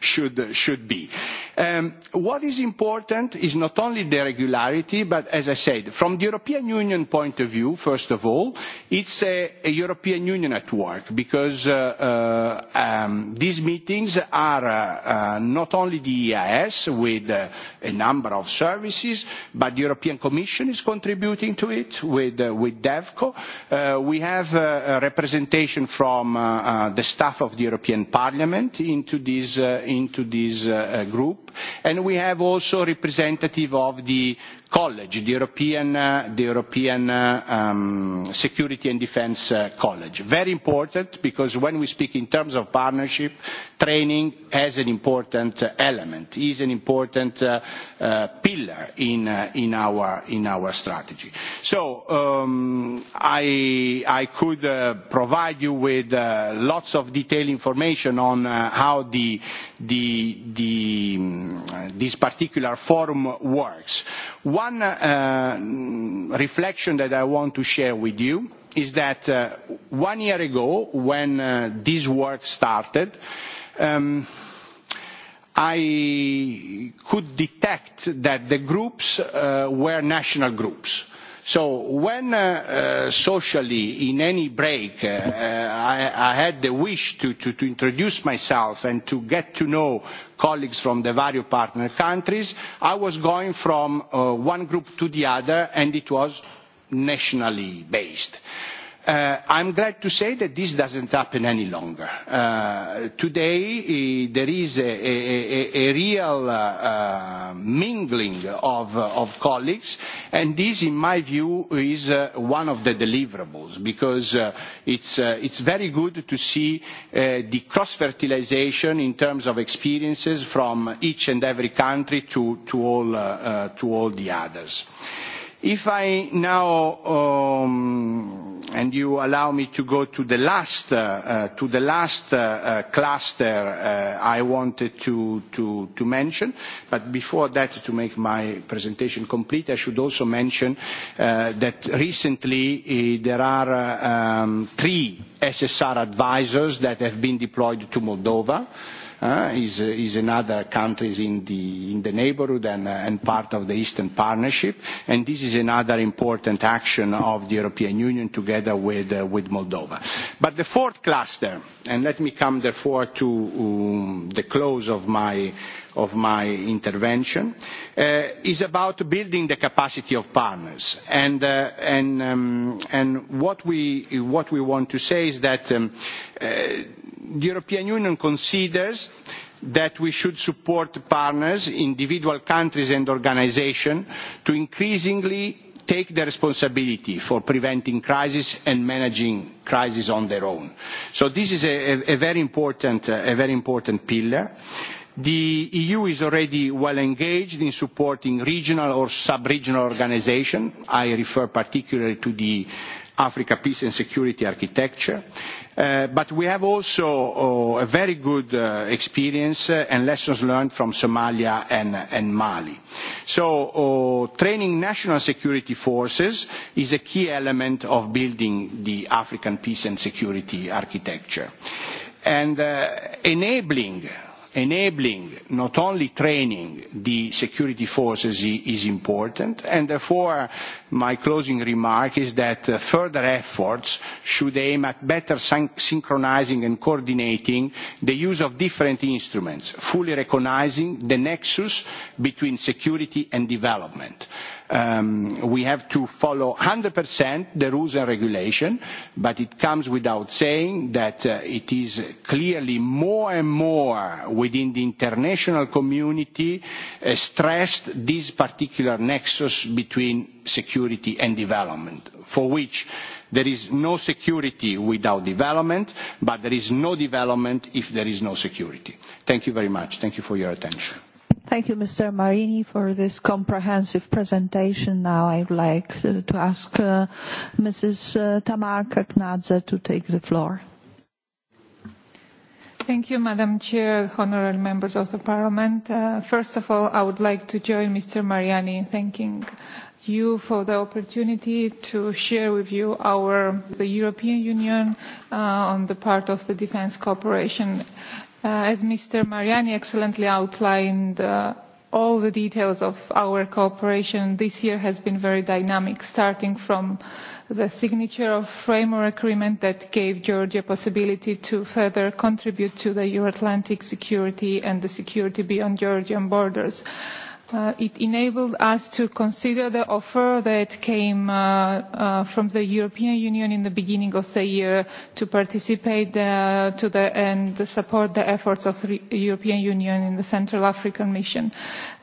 Speaker 9: should, should be. Um, what is important is not only the regularity, but as I said, from the European Union point of view, first of all, it's a, a European Union at work because uh, uh, um, these meetings are uh, uh, not only the EIS with uh, a number of services, but the European Commission is contributing to it with, uh, with DEVCO. Uh, we have uh, a representation from uh, uh, the staff of the European european parliament into this, uh, into this uh, uh group. and we have also a representative of the college, the European, uh, the European uh, um, Security and Defense uh, College. Very important because when we speak in terms of partnership, training has an important uh, element, is an important uh, uh, pillar in, uh, in, our, in our strategy. So um, I, I could uh, provide you with uh, lots of detailed information on uh, how the, the, the, um, this particular forum works. One one uh, reflection that I want to share with you is that uh, one year ago, when uh, this work started, um, I could detect that the groups uh, were national groups. Uh, so when uh, uh, socially in any break uh, i had the wish to introduce myself and to get to know colleagues from the various partner countries i was going from one group to the other and it was nationally based. Uh, I'm glad to say that this doesn't happen any longer. Uh, today, uh, there is a, a, a, a real uh, uh, mingling of, uh, of colleagues, and this, in my view, is uh, one of the deliverables, because uh, it's, uh, it's very good to see uh, the cross-fertilization in terms of experiences from each and every country to, to, all, uh, uh, to all the others. If I now, um, and you allow me to go to the last, uh, uh, to the last uh, cluster I wanted to mention. Before that, to make my presentation complete, I should also mention that recently eh, there are um, three SSR advisors that have been deployed to Moldova is, uh, is another countries in the, in the neighborhood and, uh, and part of the Eastern Partnership. And this is another important action of the European Union together with, uh, with Moldova. But the fourth cluster, and let me come therefore to um, the close of my, of my intervention uh, is about building the capacity of partners and uh, and um, and what we what we want to say is that um, uh, the european union considers that we should support partners individual countries and organizations to increasingly take the responsibility for preventing crises and managing crises on their own. So this is a, a, a, very, important, uh, a very important pillar. Uh, the eu is already well engaged in supporting regional or sub regional organisations i refer particularly to the africa peace and security architecture uh, but we have also oh, a very good uh, experience uh, and lessons learned from Somalia and, and Mali. So oh, training national security forces is a key element of building the African peace and security architecture. And uh, enabling enabling not only training the security forces is important and therefore my closing remark is that uh, further efforts should aim at better syn synchronizing and coordinating the use of different instruments fully recognizing the nexus between security and development. Um, we have to follow 100% the rules and regulation, but it comes without saying that uh, it is clearly more and more within the international community uh, stressed this particular nexus between security and development, for which there is no security without development, but there is no development if there is no security. Thank you very much. Thank you for your attention.
Speaker 1: Thank you, Mr. Marini, for this comprehensive presentation. Now I would like to, to ask uh, Mrs. Uh, Tamar Kaknadze to take the floor.
Speaker 10: Thank you, Madam Chair, honorable members of the Parliament. Uh, first of all, I would like to join Mr. Mariani in thanking you for the opportunity to share with you our, the European Union uh, on the part of the defense cooperation. Uh, as mr mariani excellently outlined uh, all the details of our cooperation this year has been very dynamic starting from the signature of the framework agreement that gave georgia the possibility to further contribute to euro atlantic security and the security beyond georgian borders. Uh, it enabled us to consider the offer that came uh, uh, from the European Union in the beginning of the year to participate uh, to the and support the efforts of the European Union in the Central African Mission.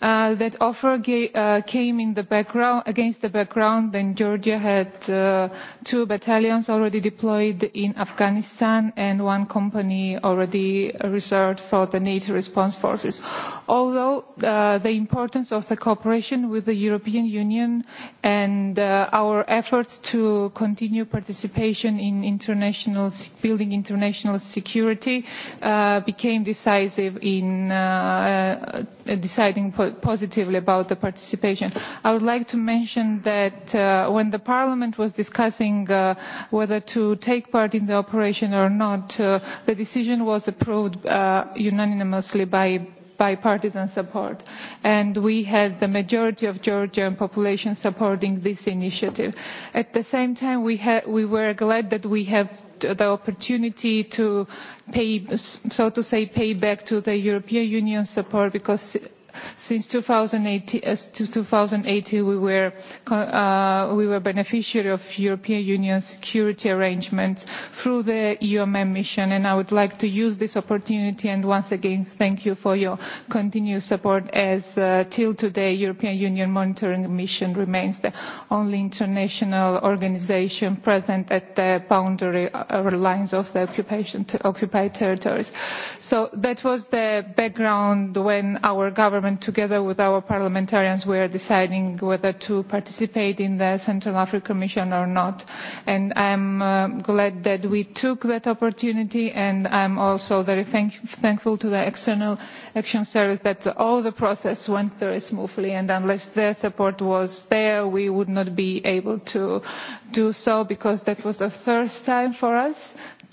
Speaker 10: Uh, that offer gave, uh, came in the background against the background that Georgia had uh, two battalions already deployed in Afghanistan and one company already reserved for the NATO response forces. Although uh, the important importance of the cooperation with the European Union and uh, our efforts to continue participation in international building international security uh, became decisive in uh, uh, deciding po positively about the participation. I would like to mention that uh, when the Parliament was discussing uh, whether to take part in the operation or not, uh, the decision was approved uh, unanimously by bipartisan support. And we had the majority of Georgian population supporting this initiative. At the same time, we, ha- we were glad that we have the opportunity to pay, so to say, pay back to the European Union support because since two thousand and eighteen uh, uh, we were beneficiary of european union security arrangements through the eumm mission and i would like to use this opportunity and once again thank you for your continued support as until uh, today the european union monitoring mission remains the only international organisation present at the boundary lines of the occupied territories. so that was the background when our government together with our parliamentarians we are deciding whether to participate in the Central African Mission or not and I'm uh, glad that we took that opportunity and I'm also very thank thankful to the External Action Service that all the process went very smoothly and unless their support was there we would not be able to do so because that was the first time for us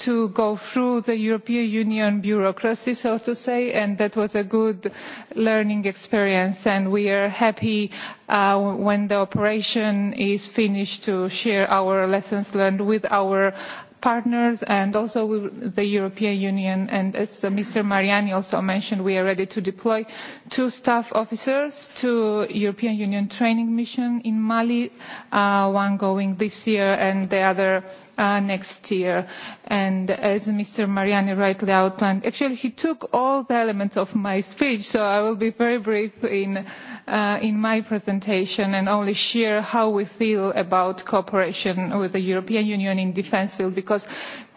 Speaker 10: to go through the european union bureaucracy so to say and that was a good learning experience and we are happy uh, when the operation is finished to share our lessons learned with our partners and also with the european union and as mr mariani also mentioned we are ready to deploy two staff officers to the european union training mission in mali uh, one going this year and the other Uh, next year. And as Mr. Mariani rightly outlined, actually he took all the elements of my speech, so I will be very brief in, uh, in my presentation and only share how we feel about cooperation with the European Union in defence field, because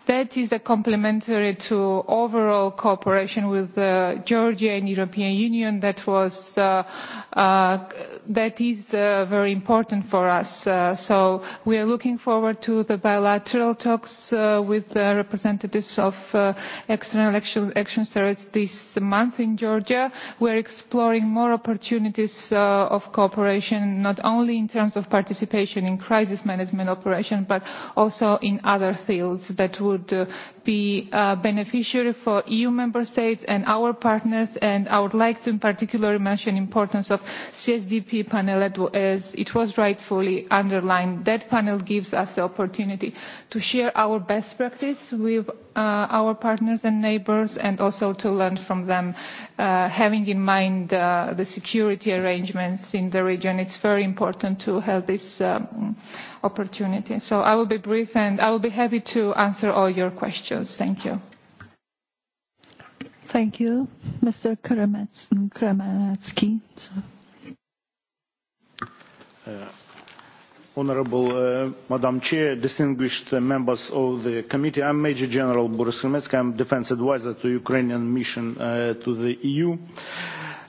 Speaker 10: That is a complementary to overall cooperation with uh, Georgia and European Union that was uh, uh, that is uh, very important for us. Uh, so we are looking forward to the bilateral talks uh, with the representatives of uh, external action, action service this month in Georgia. We are exploring more opportunities uh, of cooperation, not only in terms of participation in crisis management operation, but also in other fields that would could uh, be a beneficiary for eu member states and our partners and i would like to in particular mention the importance of the csdp panel as it was rightfully underlined. that panel gives us the opportunity to share our best practice with uh, our partners and neighbours and also to learn from them uh, having in mind the security arrangements in the region. it is very important to have this um, opportunity. I will be brief, and I will be happy to answer all your questions. Thank you.
Speaker 1: Thank you. Mr. Kremeneczki.
Speaker 11: Uh, Honorable uh, Madam Chair, distinguished members of the committee, I'm Major General Boris Kremeneczki. I'm defense advisor to Ukrainian mission uh, to the EU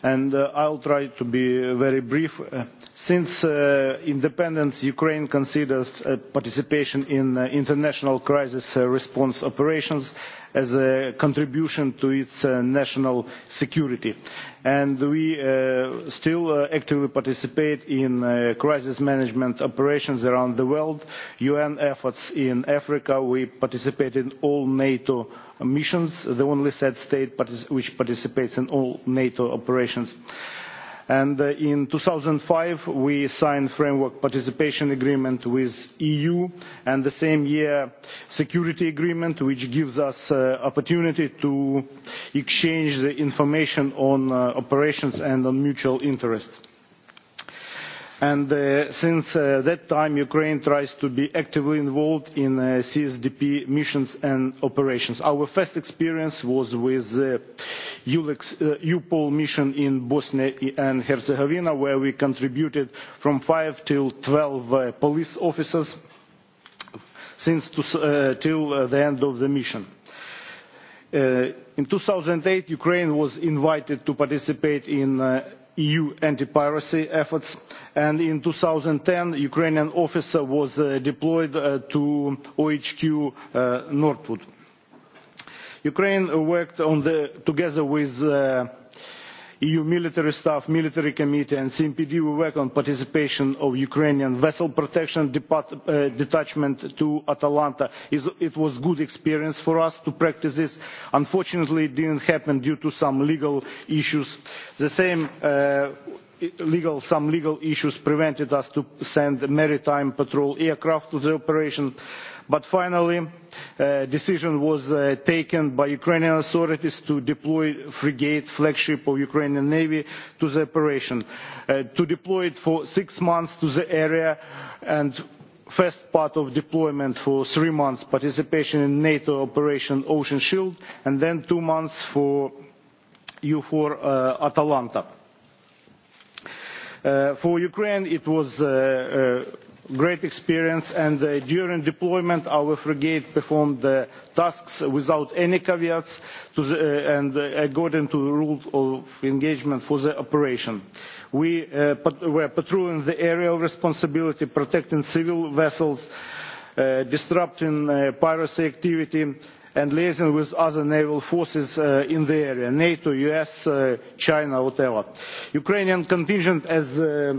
Speaker 11: and i uh, will try to be very brief. Uh, since uh, independence ukraine considers participation in international crisis response operations as as a contribution to its uh, national security and we uh, still uh, actively participate in crisis management operations around the world un efforts in africa we participate in all nato missions the only sad state which participates in all nato operations and uh, in two thousand and five we signed a framework participation agreement with the eu and the same year a security agreement which gives us the uh, opportunity to exchange information on uh, operations and on mutual interests and uh, since uh, that time ukraine tries to be actively involved in uh, csdp missions and operations. our first experience was with the uh, upol uh, mission in bosnia and herzegovina where we contributed from 5 to 12 uh, police officers since to, uh, till uh, the end of the mission. Uh, in 2008 ukraine was invited to participate in uh, eu anti piracy efforts and in two thousand and ten a ukrainian officer was uh, deployed uh, to ohq uh, nordput. ukraine worked together with eu military staff military committee and cmpd will work on the participation of ukrainian vessel protection uh, detachment to atalanta. it was a good experience for us to practise this. unfortunately it did not happen due to some legal issues. the same uh, legal issues prevented us from sending maritime patrol aircraft to the operation but finally a uh, decision was uh, taken by the ukrainian authorities to deploy a frigate flagship of the ukrainian navy to the operation uh, to deploy it for six months to the area and the first part of deployment for three months participation in nato operation ocean shield and then two months for eufor atalanta. for ukraine it was great experience and uh, during deployment our frigate performed the tasks without any caveats to the, uh, and uh, according to the rules of engagement for the operation. We uh, pat were patrolling the area of responsibility, protecting civil vessels, uh, disrupting uh, piracy activity and liaising with other naval forces uh, in the area, NATO, US, uh, China, whatever. Ukrainian contingent as uh,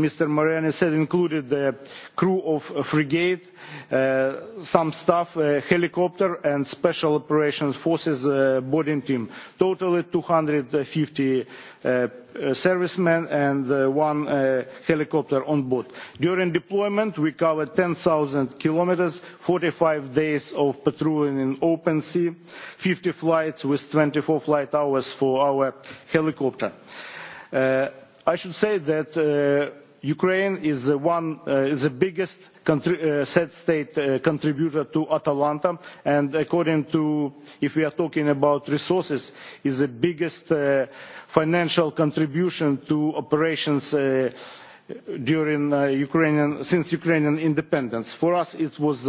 Speaker 11: mr moreira said included the crew of a frigate uh, some staff a helicopter and special operations forces uh, boarding team totally two hundred and fifty uh, servicemen and one helicopter on board. during deployment we covered ten zero kilometres forty five days of patrolling in open sea fifty flights with twenty four flight hours for our helicopter. i should say that ukraine is the uh, biggest uh, said state uh, contributor to atalanta and according to if we are talking about resources is the biggest financial contribution to operations during ukrainian since ukrainian independence. for us it was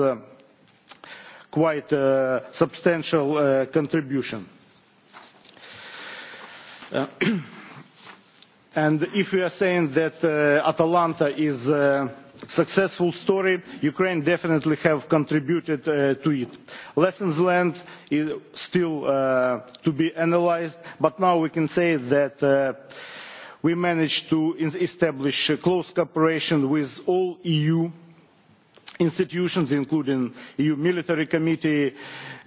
Speaker 11: quite a substantial contribution. and if you are saying that uh, atalanta is a successful story ukraine definitely have contributed uh, to it lessons learned is still uh, to be analyzed but now we can say that uh, we managed to establish a close cooperation with all EU institutions, including EU Military Committee,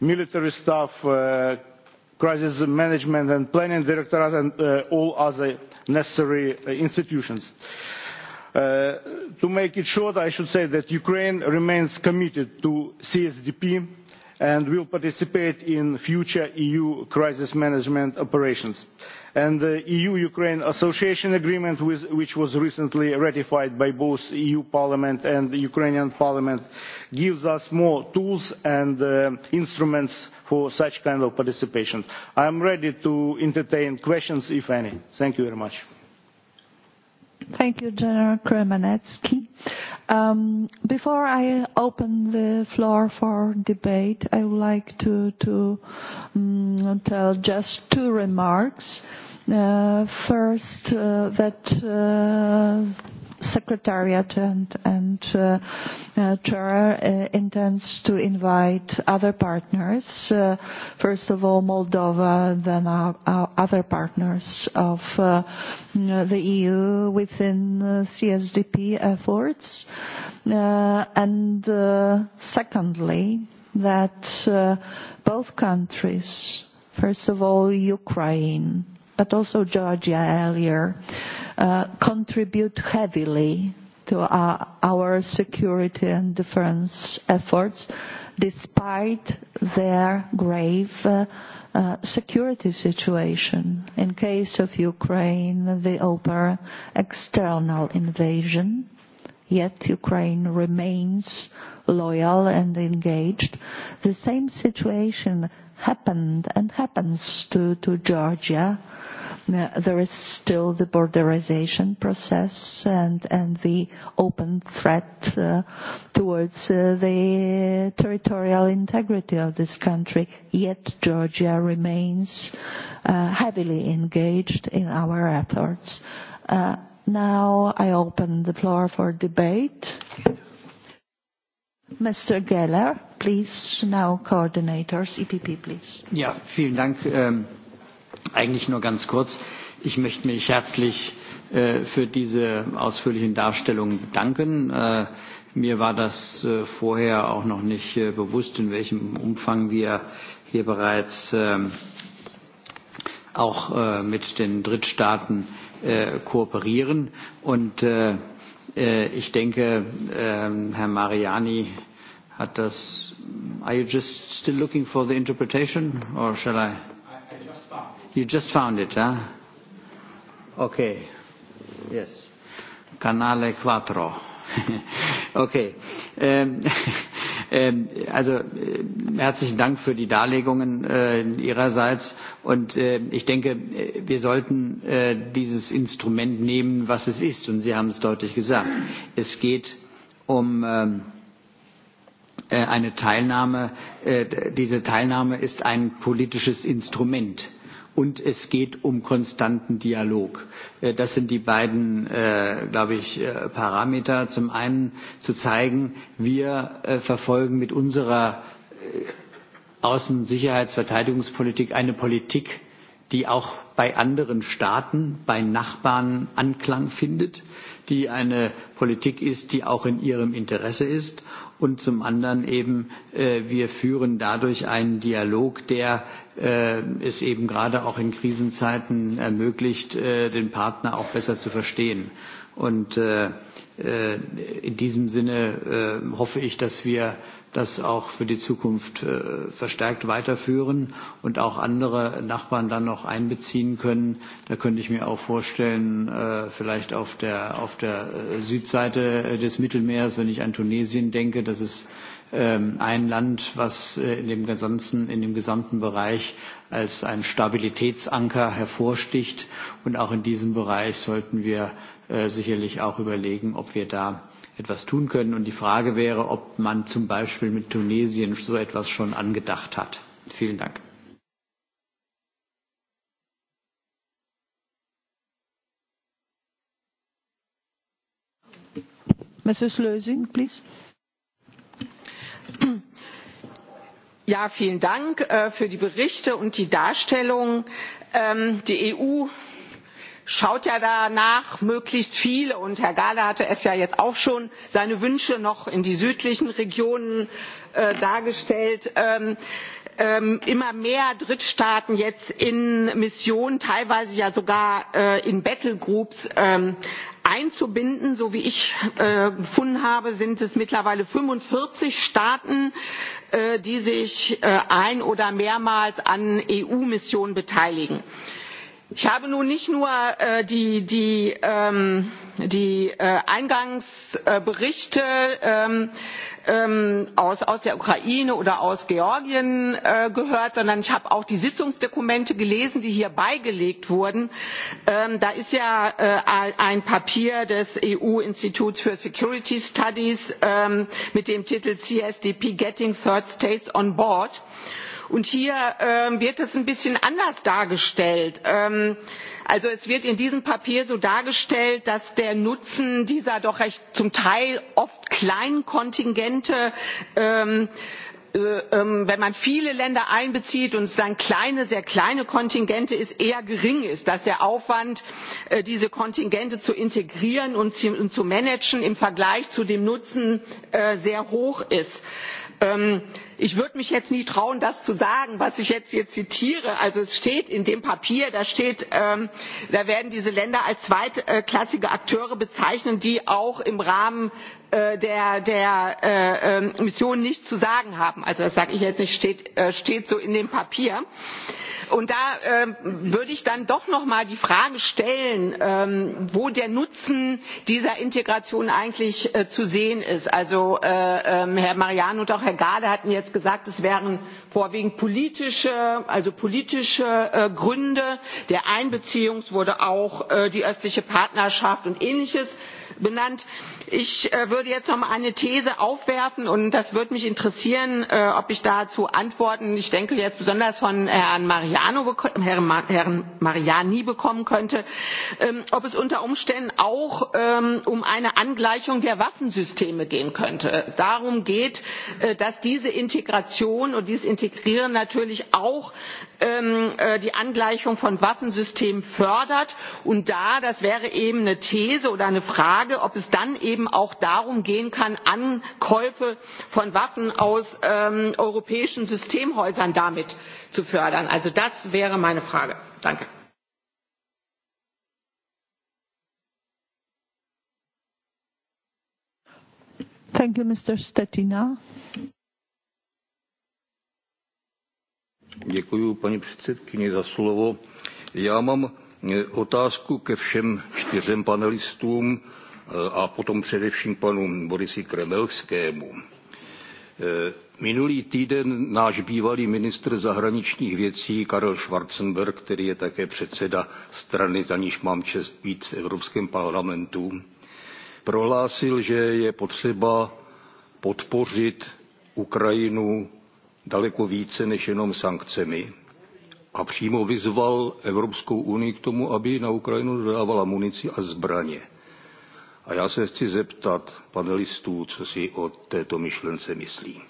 Speaker 11: military staff, uh, crisis management and planning directorate and uh, all other necessary uh, institutions. Uh, to make it short, I should say that Ukraine remains committed to CSDP and will participate in future EU crisis management operations. Uh, and the eu ukraine association agreement which was recently ratified by both the eu parliament and the ukrainian parliament gives us more tools and uh, instruments for such kind of participation. i am ready to entertain questions if any. thank you very much.
Speaker 1: thank you general kremenetsky. Um, before I open the floor for debate, I would like to, to um, tell just two remarks uh, first uh, that uh, Secretariat and, and uh, uh, Chair uh, intends to invite other partners, uh, first of all Moldova, then our, our other partners of uh, the EU within uh, CSDP efforts. Uh, and uh, secondly, that uh, both countries, first of all Ukraine, but also Georgia earlier, uh, contribute heavily to our, our security and defense efforts despite their grave uh, uh, security situation. In case of Ukraine, the open external invasion, yet Ukraine remains loyal and engaged. The same situation happened and happens to, to Georgia. Uh, there is still the borderization process and, and the open threat uh, towards uh, the territorial integrity of this country. Yet Georgia remains uh, heavily engaged in our efforts. Uh, now I open the floor for debate. Okay. Mr. Geller, please, now coordinators, EPP, please.
Speaker 7: Ja, vielen Dank. Ähm, eigentlich nur ganz kurz. Ich möchte mich herzlich äh, für diese ausführlichen Darstellungen bedanken. Äh, mir war das äh, vorher auch noch nicht äh, bewusst, in welchem Umfang wir hier bereits äh, auch äh, mit den Drittstaaten äh, kooperieren. Und äh, Äh, ich denke, ähm, Herr Mariani hat das. Are you just still looking for the interpretation, or shall I? I, I just found. You just found it, huh? Okay. Yes. Canale 4. okay. Ähm, Ähm, also äh, herzlichen Dank für die Darlegungen äh, Ihrerseits. Und äh, ich denke, äh, wir sollten äh, dieses Instrument nehmen, was es ist. Und Sie haben es deutlich gesagt. Es geht um ähm, äh, eine Teilnahme. Äh, diese Teilnahme ist ein politisches Instrument. Äh, und es geht um konstanten Dialog. Äh, das sind die beiden, äh, glaube ich, äh, Parameter. Zum einen zu zeigen, wir verfolgen mit unserer Außensicherheitsverteidigungspolitik eine Politik, die auch bei anderen Staaten, bei Nachbarn Anklang findet, die eine Politik ist, die auch in ihrem Interesse ist und zum anderen eben äh, wir führen dadurch einen Dialog, der äh, es eben gerade auch in Krisenzeiten ermöglicht, äh, den Partner auch besser zu verstehen. Und äh, äh, in diesem Sinne äh, hoffe ich, dass wir äh, das auch für die Zukunft äh, verstärkt weiterführen und auch andere Nachbarn dann noch einbeziehen können. Da könnte ich mir auch vorstellen, äh, vielleicht auf der, auf der äh, Südseite des Mittelmeers, wenn ich an Tunesien denke, dass es ähm, ein Land, was in dem, gesamten, in dem gesamten Bereich als ein Stabilitätsanker hervorsticht. Und auch in diesem Bereich sollten wir sicherlich auch überlegen, ob wir da etwas tun können. Und die Frage wäre, ob man zum Beispiel mit Tunesien so etwas schon angedacht hat. Vielen Dank.
Speaker 1: Mrs. Lösing, please.
Speaker 5: Ja, vielen Dank äh, für die Berichte und die Darstellung. Ähm, die EU schaut er ja danach möglichst viel und herr gahler hatte es ja jetzt auch schon seine wünsche noch in die südlichen regionen äh, dargestellt ähm, ähm, immer mehr drittstaaten jetzt in missionen teilweise ja sogar äh, in battlegroups ähm, einzubinden. so wie ich äh, gefunden habe sind es mittlerweile fünfundvierzig staaten die sich ein oder mehrmals an eu missionen beteiligen ich habe nun nicht nur äh, die ähm, äh, eingangsberichte ähm, ähm, aus der ukraine oder aus georgien äh, gehört sondern ich habe auch die sitzungsdokumente gelesen die hier beigelegt wurden. da ist ja ein papier des eu instituts für security studies mit dem titel csdp getting third states on board und hier ähm, wird es ein bisschen anders dargestellt. Ähm, also es wird in diesem papier so dargestellt dass der nutzen dieser doch recht zum teil oft kleinen kontingente ähm, äh, wenn man viele länder einbezieht und es dann kleine sehr kleine kontingente sind eher gering ist dass der aufwand äh, diese kontingente zu integrieren und zu managen im vergleich zu dem nutzen äh, sehr hoch ist ich würde mich jetzt nicht trauen das zu sagen was ich jetzt hier zitiere also es steht in dem papier da steht ähm, da werden diese länder als zweitklassige akteure bezeichnet die auch im rahmen äh, der äh, ähm, mission nichts zu sagen haben also das sage ich jetzt nicht äh, steht so in dem papier und da ähm, würde ich dann doch noch mal die frage stellen ähm, wo der nutzen dieser integration eigentlich äh, zu sehen ist. also äh, ähm, herr mariano und auch herr gahler hatten jetzt gesagt es wären vorwiegend politische also politische äh, gründe der einbeziehung es wurde auch die östliche partnerschaft und ähnliches benannt. ich äh, würde jetzt noch mal eine these aufwerfen und das würde mich interessieren äh, ob ich dazu antworten ich denke jetzt besonders von herrn mariani bekommen könnte ähm, ob es unter umständen auch ähm, um eine angleichung der waffensysteme gehen könnte es darum geht äh, dass diese integration und dieses integrieren natürlich auch ähm, die angleichung von waffensystemen fördert und da das wäre eben eine these oder eine frage frage ob es dann eben auch darum gehen kann ankäufe von waffen aus ähm, europäischen systemhäusern damit zu fördern. also das wäre meine frage.
Speaker 12: pani predsedujoča ja imam otázku ke všem štyrem panelistům a potom především panu borisi kremelskému. E, minulý týden náš bývalý ministr zahraničních věcí Karel Schwarzenberg, který je také předseda strany, za níž mám čest být v Evropském parlamentu, prohlásil, že je potřeba podpořit Ukrajinu daleko více než jenom sankcemi a přímo vyzval Evropskou unii k tomu, aby na Ukrajinu dodávala munici a zbraně a já se chci zeptat panelistů co si o této myšlence myslí.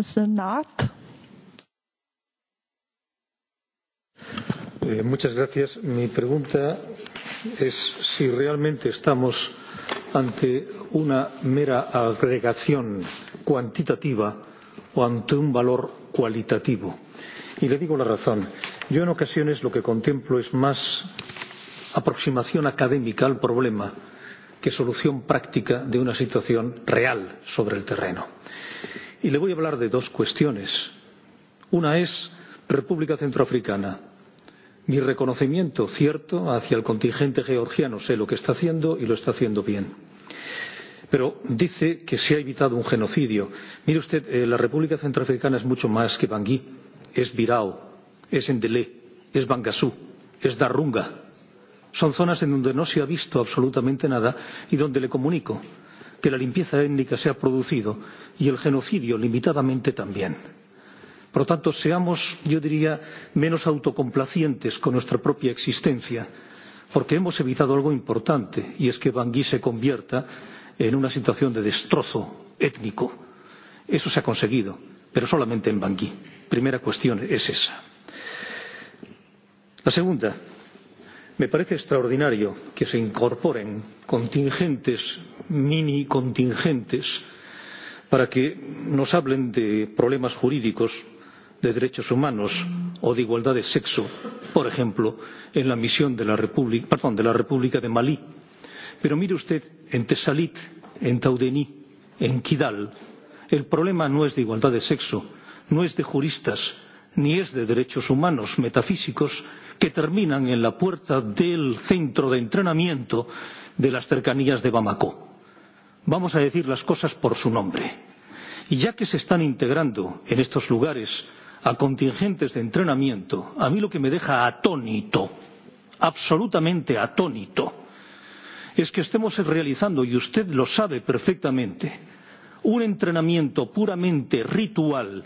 Speaker 1: Senat.
Speaker 12: Eh, muchas gracias. Mi pregunta es si realmente estamos ante una mera agregación cuantitativa eh, o ante un valor cualitativo. Y le digo la razón. Yo en ocasiones lo que contemplo es más aproximación académica al problema que solución práctica de una situación real sobre el terreno. Y le voy a hablar de dos cuestiones. Una es República Centroafricana. Mi reconocimiento cierto hacia el contingente georgiano, sé lo que está haciendo y lo está haciendo bien pero dice que se ha evitado un genocidio. mire usted eh, la república centroafricana es mucho más que bangui es birao es ndele es bangasú es darunga son zonas en donde no se ha visto absolutamente nada y donde le comunico que la limpieza étnica se ha producido y el genocidio limitadamente también. Por lo tanto, seamos, yo diría, menos autocomplacientes con nuestra propia existencia, porque hemos evitado algo importante, y es que Bangui se convierta en una situación de destrozo étnico. Eso se ha conseguido, pero solamente en Bangui. Primera cuestión es esa. La segunda, me parece extraordinario que se incorporen contingentes, mini contingentes, para que nos hablen de problemas jurídicos, de derechos humanos o de igualdad de sexo, por ejemplo, en la misión de la República, perdón, de la República de Malí, Pero mire usted, en Tesalit, en Taudení, en Kidal, el problema no es de igualdad de sexo, no es de juristas, ni es de derechos humanos metafísicos que terminan en la puerta del centro de entrenamiento de las cercanías de Bamako. Vamos a decir las cosas por su nombre. Y ya que se están integrando en estos lugares a contingentes de entrenamiento, a mí lo que me deja atónito, absolutamente atónito, es que estemos realizando y usted lo sabe perfectamente un entrenamiento puramente ritual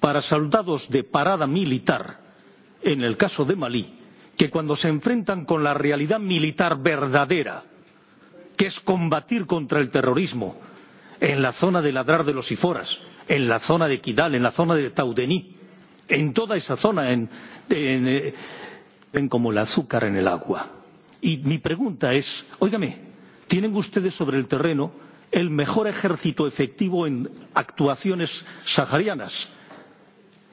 Speaker 12: para soldados de parada militar en el caso de Malí, que cuando se enfrentan con la realidad militar verdadera, que es combatir contra el terrorismo en la zona de Ladrar de los Iforas, en la zona de Kidal, en la zona de Taudení, en toda esa zona, ven en, en, eh, en, en como el azúcar en el agua. Y mi pregunta es, óigame, ¿tienen ustedes sobre el terreno el mejor ejército efectivo en actuaciones saharianas?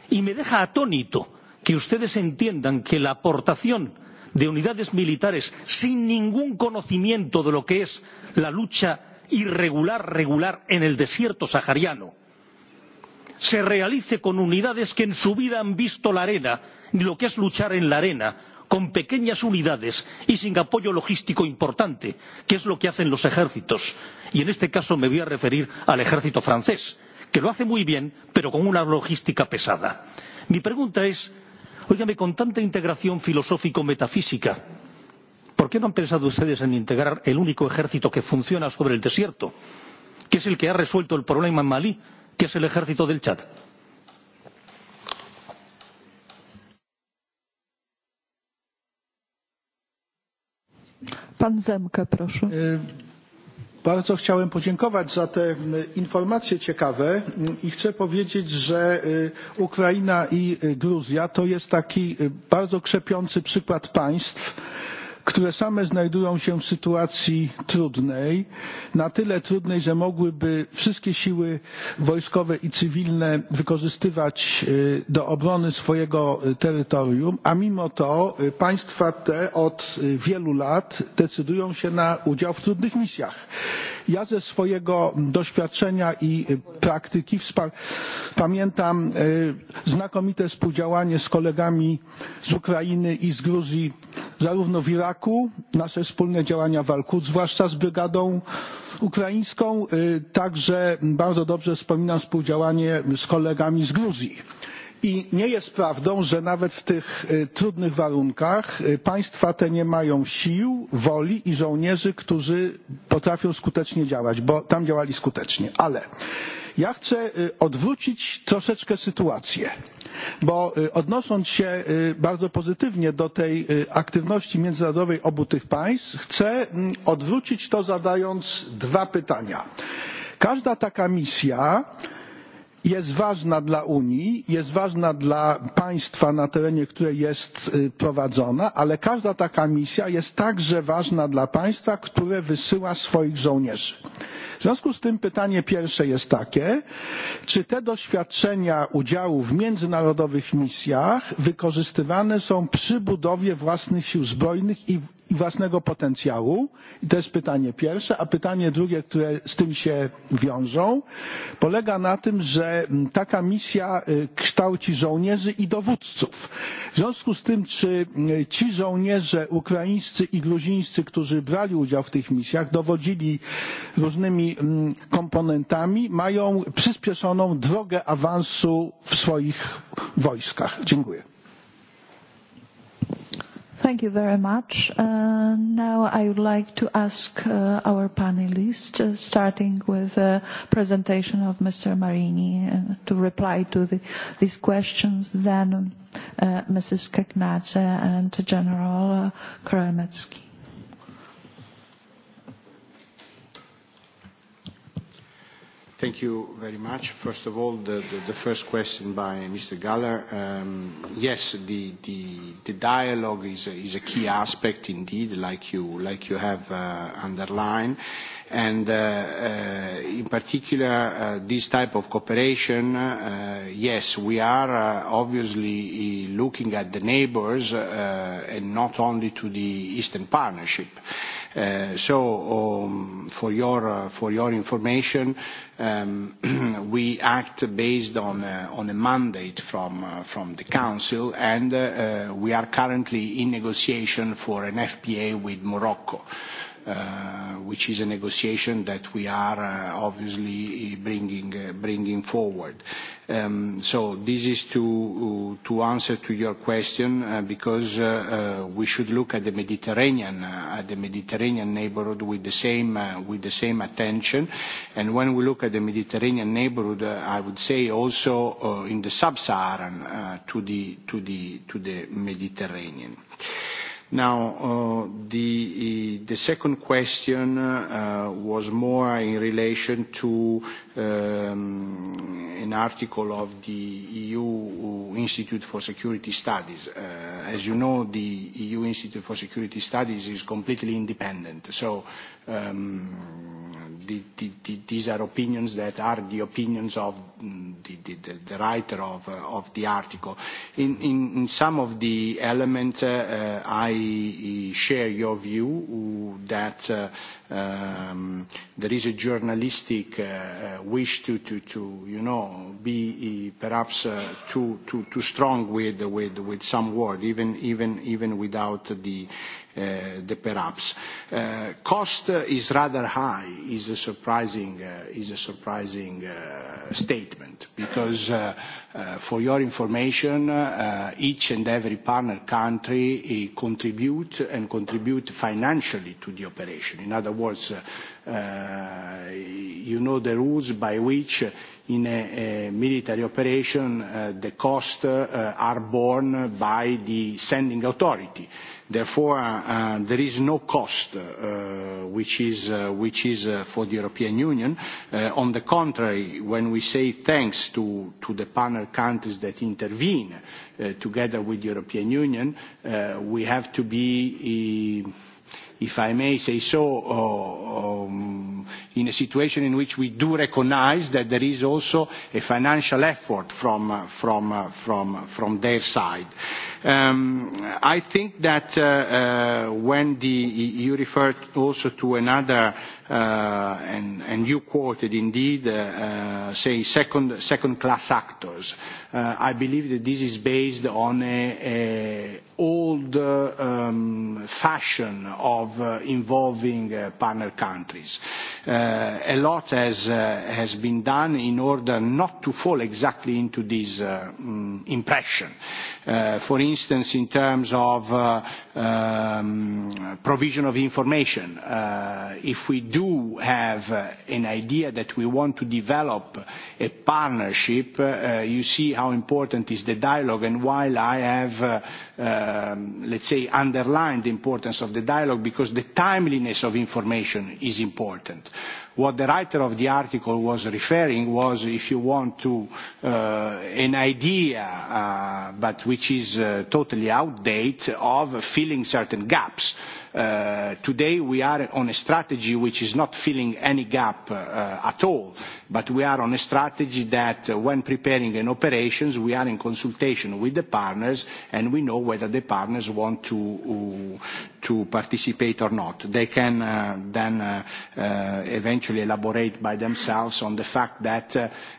Speaker 12: Y me deja atónito que ustedes entiendan que la aportación de unidades militares sin ningún conocimiento de lo que es la lucha irregular, regular en el desierto sahariano, se realice con unidades que en su vida han visto la arena, ni lo que es luchar en la arena, con pequeñas unidades y sin apoyo logístico importante que es lo que hacen los ejércitos y en este caso me voy a referir al ejército francés que lo hace muy bien pero con una logística pesada. mi pregunta es óigame con tanta integración filosófico metafísica por qué no han pensado ustedes en integrar el único ejército que funciona sobre el desierto que es el que ha resuelto el problema en malí que es el ejército del chad?
Speaker 1: pan zemkę proszę. Y
Speaker 13: bardzo chciałem podziękować za te informacje ciekawe i chcę powiedzieć, że Ukraina i Gruzja to jest taki bardzo krzepiący przykład państw, które same znajdują się w sytuacji trudnej na tyle trudnej że mogłyby wszystkie siły wojskowe i cywilne wykorzystywać do obrony swojego terytorium a mimo to państwa te od wielu lat decydują się na udział w trudnych misjach ja ze swojego doświadczenia i praktyki pamiętam znakomite współdziałanie z kolegami z ukrainy i z gruzji zarówno w iraku nasze wspólne działania w alkut zwłaszcza z brygadą ukraińską także bardzo dobrze wspominam współdziałanie z kolegami z gruzji. I nie jest prawdą, że nawet w tych e, trudnych warunkach e, państwa te nie mają sił, woli i żołnierzy, którzy potrafią skutecznie działać, bo tam działali skutecznie. Ale ja chcę e, odwrócić troszeczkę sytuację, bo odnosząc się bardzo pozytywnie do tej aktywności międzynarodowej obu tych państw, chcę odwrócić to zadając dwa pytania. Każda taka misja jest ważna dla Unii, jest ważna dla państwa, na terenie której jest prowadzona, ale każda taka misja jest także ważna dla państwa, które wysyła swoich żołnierzy. W związku z tym pytanie pierwsze jest takie, czy te doświadczenia udziału w międzynarodowych misjach wykorzystywane są przy budowie własnych sił zbrojnych i własnego potencjału? I to jest pytanie pierwsze. A pytanie drugie, które z tym się wiążą, polega na tym, że taka misja kształci żołnierzy i dowódców. W związku z tym, czy ci żołnierze ukraińscy i gruzińscy, którzy brali udział w tych misjach, dowodzili różnymi Mm, komponentami mają przyspieszoną drogę awansu w swoich wojskach. Dziękuję. Thank
Speaker 1: you very much. Uh, now I would like to ask uh, our panelists, uh, starting with the presentation of Mr. Marini, uh, to reply to the, these questions, then uh, Mrs. Kekmace and General uh, Koremetsky.
Speaker 9: Thank you very much. First of all, the, the, the first question by Mr. Galler. Um, yes, the, the, the dialogue is a, is a key aspect indeed, like you, like you have uh, underlined. And uh, uh, in particular, uh, this type of cooperation, uh, yes, we are uh, obviously uh, looking at the neighbors uh, and not only to the Eastern Partnership. Uh, Uh, so um, for your uh, for your information um, we act based on uh, on a mandate from uh, from the council and uh, uh, we are currently in negotiation for an FPA with Morocco uh, Uh, which is a negotiation that we are uh, obviously uh, bringing forward. Um, this is to answer to your question, because we should look at the Mediterranean neighborhood with the same attention. When we look at the Mediterranean neighborhood, I would say also in the sub-Saharan to the Mediterranean. Now, uh, the second question uh, was more in relation to um, an article of the EU Institute for Security Studies. Uh, as you know, the EU Institute for Security Studies is completely independent, so um, these are opinions that are the opinions of mm, the, the, the, the writer of, uh, of the article. In, in, in some of the elements, uh, uh I share your view uh, that uh, um, there is a journalistic uh, uh wish to, to, to you know, be perhaps uh, too, too, too strong with, with, with some word, even, even, even without the Eh, the perhaps. Eh, cost is rather high is a surprising eh, is a surprising statement because for your information each and every partner country contribute and contribute financially to the operation. In other words, you know the rules by which in a military operation the costs are borne by the sending authority. Therefore, uh, uh, there is no cost uh, which is, uh, which is uh, for the European Union. Uh, on the contrary, when we say thanks to, to the partner countries that intervene uh, together with the European Union, uh, we have to be uh, if I may say so, uh, um, in a situation in which we do recognize that there is also a financial effort from, uh, from, uh, from, uh, from their side. Um, I think that uh, uh, when the, you referred also to another uh, Uh, and, and you quoted indeed, uh, uh, say, second, second class actors. Uh, I believe that this is based on an old uh, um, fashion of uh, involving uh, partner countries. Uh, a lot has, uh, has been done in order not to fall exactly into this uh, um, impression. Uh, Uh, for instance, in terms of uh, um, provision of information. Uh, if we do have an idea that we want to develop a partnership, uh, you see how important is the dialogue. And while I have, uh, um, let's say, underlined the importance of the dialogue, because the timeliness of information is important what the writer of the article was referring was, if you want to, uh, an idea, uh, but which is uh, totally outdated, of filling certain gaps. Uh, today we are on a strategy which is not filling any gap uh, uh, at all, but we are on a strategy that when preparing an operations, we are in consultation with the partners, and we know whether the partners want to participate or not. They can then eventually elaborate by themselves on the fact that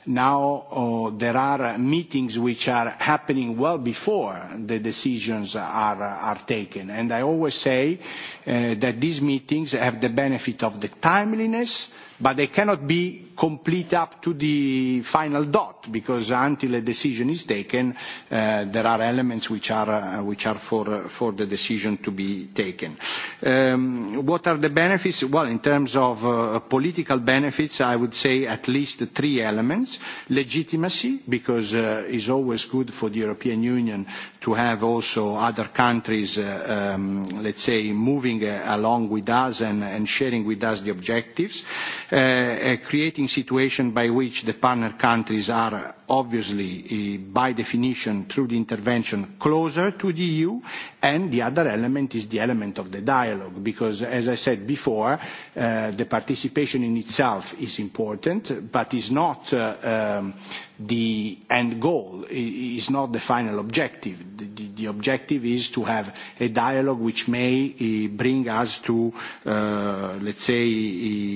Speaker 9: now there are meetings which are happening well before the decisions are taken. I always say Uh, that these meetings have the benefit of the timeliness, but they cannot be complete up to the final dot because until a decision is taken uh, there are elements which are uh, which are for uh, for the decision to be taken um, what are the benefits well in terms of uh, political benefits i would say at least three elements legitimacy because uh, it's always good for the european union to have also other countries uh, um, let's say moving uh, along with us and, and sharing with us the objectives uh, uh, creating situation by which the partner countries are uh, obviously, uh, by definition, through the intervention, closer to the EU. And the other element is the element of the dialogue, because, as I said before, uh, the participation in itself is important, but is not. Uh, um, the end goal is not the final objective. The, the, the objective is to have a dialogue which may uh, bring us to, uh, let's say,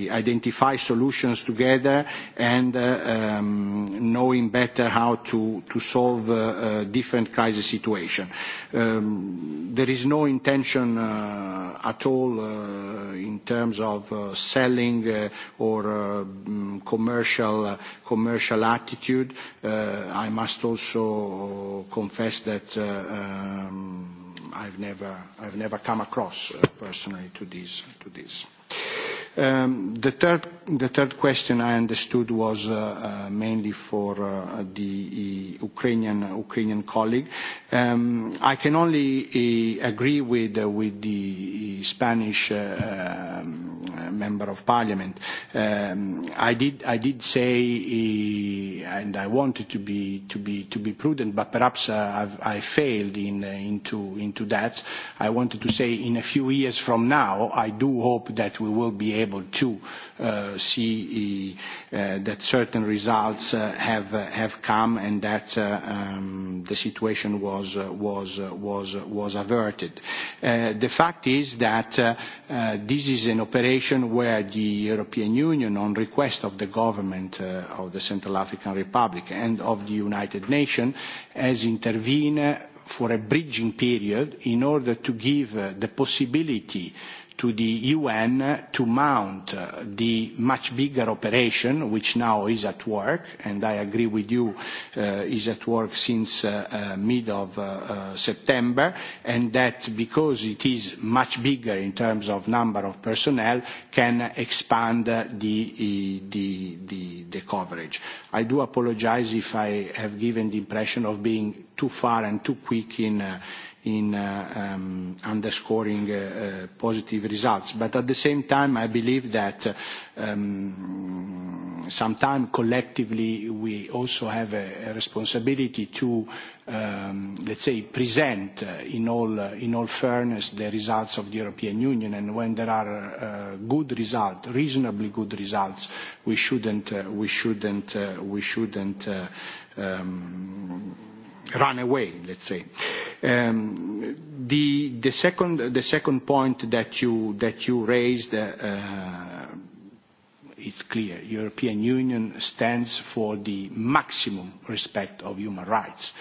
Speaker 9: eh, identify solutions together and uh, um, knowing better how to, to solve uh, uh, different crisis situations. Um, there is no intention uh, at all uh, in terms of uh, selling uh, or uh, commercial, uh, commercial attitude uh, I must also confess that uh, um, I've, never, I've never come across uh, personally to this. To this. Um, the third question I understood was uh, uh, mainly for uh, the Ukrainian colleague. Um, I can only agree with the Spanish um, member of parliament. I did say, and I wanted to be prudent, but perhaps I failed into that. I wanted to say in a few years from now, I do hope that we will be able to uh, see uh, that certain results uh, have come and that um, the situation was averted. The fact is that this is an operation where the European Union, on request of the government of the Central African Republic and of the United Nations, has intervened for a bridging period in order to give the possibility to the UN to mount uh, the much bigger operation, which now is at work, and I agree with you, uh, is at work since uh, uh, mid of uh, uh, September, and that because it is much bigger in terms of number of personnel, can expand uh, the, uh, the, the, the coverage. I do apologize if I have given the impression of being too far and too quick in uh, in uh, um, underscoring uh, uh, positive results. At the same time, I believe that um, sometime collectively, we also have a responsibility to, um, let's say, present in all, in all fairness, the results of the European Union. When there are good result, reasonably good results, we shouldn't, we shouldn't, we shouldn't run away, let's say. Um, the, the, second, the second point that you, that you raised, uh, it's clear. European Union stands for the maximum respect of human rights.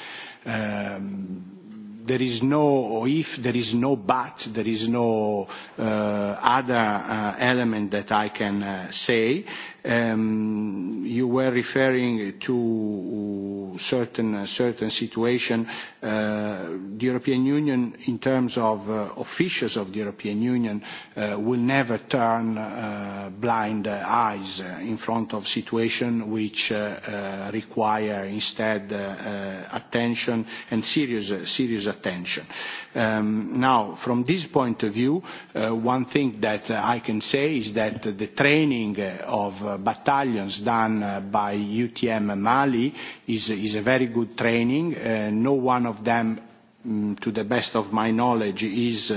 Speaker 9: Um, there is no if, there is no but, there is no uh, other uh, element that I can uh, say um, you were referring to certain uh, certain situation. Uh, the European Union, in terms of uh, officials of the European Union, uh, will never turn uh, blind eyes uh, in front of situation which uh, uh, require instead uh, uh attention and serious serious attention. Uh, Um, now, from this point of view, uh, one thing that uh, I can say is that the training uh, of battalions done by UTM Mali is a very good training. No one of them Mm, to the best of my knowledge, is uh,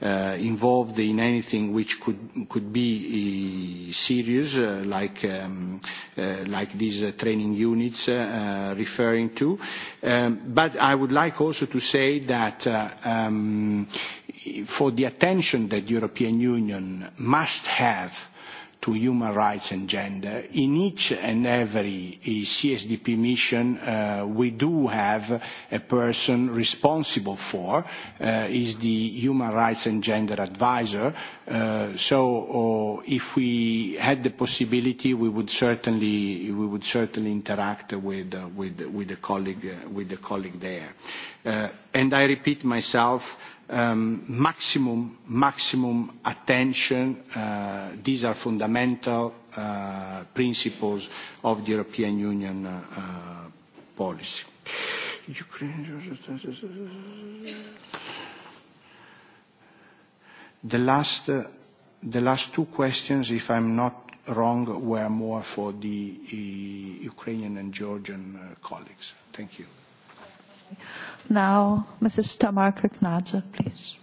Speaker 9: uh, uh, involved in anything which could, could be uh, serious, uh, like, um, uh, like these uh, training units uh, uh, referring to. Um, but I would like also to say that uh, um, for the attention that the European Union must have to human rights and gender. In each and every eh, CSDP mission, uh, we do have a person responsible for, uh, is the human rights and gender advisor. Uh, so oh, if we had the possibility, we would certainly, we would certainly interact with, uh, with, with, the colleague, uh, with the colleague there. Uh, and I repeat myself, uh, um, maximum, maximum attention. Uh, these are fundamental uh, principles of the European Union uh, uh policy. The last, uh, the last two questions, if I'm not wrong, were more for the uh, Ukrainian and Georgian uh, colleagues. Thank you.
Speaker 1: Okay. Now, Mrs. Tamar Kirknadze, please.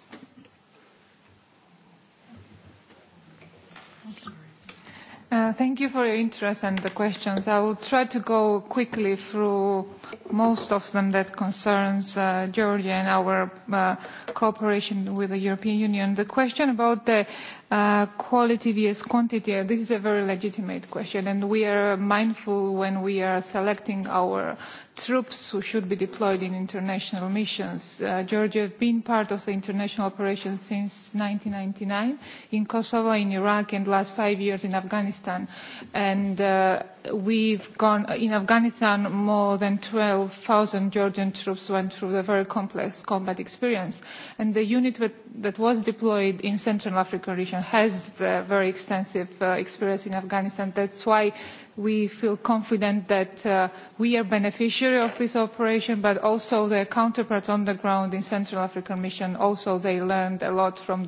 Speaker 10: Uh, thank you for your interest and the questions. I will try to go quickly through most of them that concerns uh, Georgia and our uh, cooperation with the European Union. The question about the uh, quality vs. quantity, uh, this is a very legitimate question and we are mindful when we are selecting our troops who should be deployed in international missions. Uh, Georgia has been part of the international operations since 1999 in Kosovo, in Iraq, and last five years in Afghanistan. And uh, we've gone in Afghanistan. More than 12,000 Georgian troops went through a very complex combat experience. And the unit that was deployed in Central African region has the very extensive uh, experience in Afghanistan. That's why we feel confident that uh, we are beneficiaries of this operation but also their counterparts on the ground in the central african mission also learned a lot from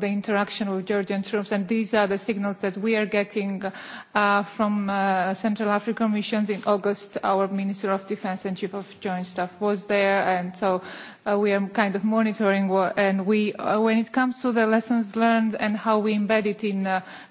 Speaker 10: the interaction with georgian troops and these are the signals that we are getting uh, from the uh, central african mission. in august our minister of defence and chief of joint staff was there and so we are kind of monitoring and when it comes to the lessons learned and how we embed it in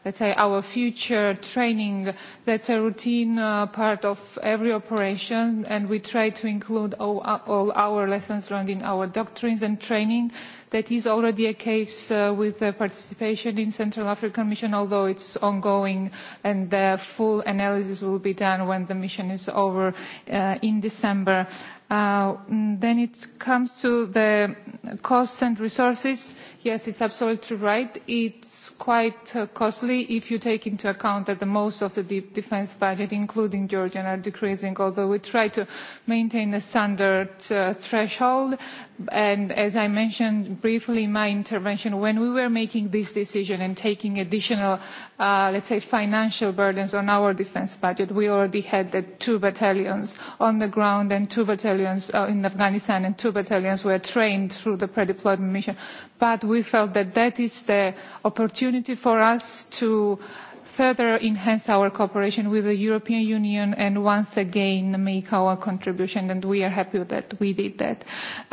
Speaker 10: let's say our future training that is a routine uh, part of every operation and we try to include all, uh, all our lessons learned in our doctrines and training. That is already a case uh, with the participation in Central African Mission, although it's ongoing and the full analysis will be done when the mission is over uh, in December. Uh, mm, then it comes to the costs and resources yes it is absolutely right it is quite uh, costly if you take into account that most of the defence budget including georgian are decreasing although we try to maintain a standard uh, threshold and as i mentioned briefly in my intervention when we were making this decision and taking additional let us say financial burdens on our defence budget we already had the two battalions on the ground and two battalions battalions uh, in afghanistan and two battalions were trained through the pre deployment mission but we felt that that is the opportunity for us to further enhance our cooperation with the european union and once again make our contribution and we are happy that we did that.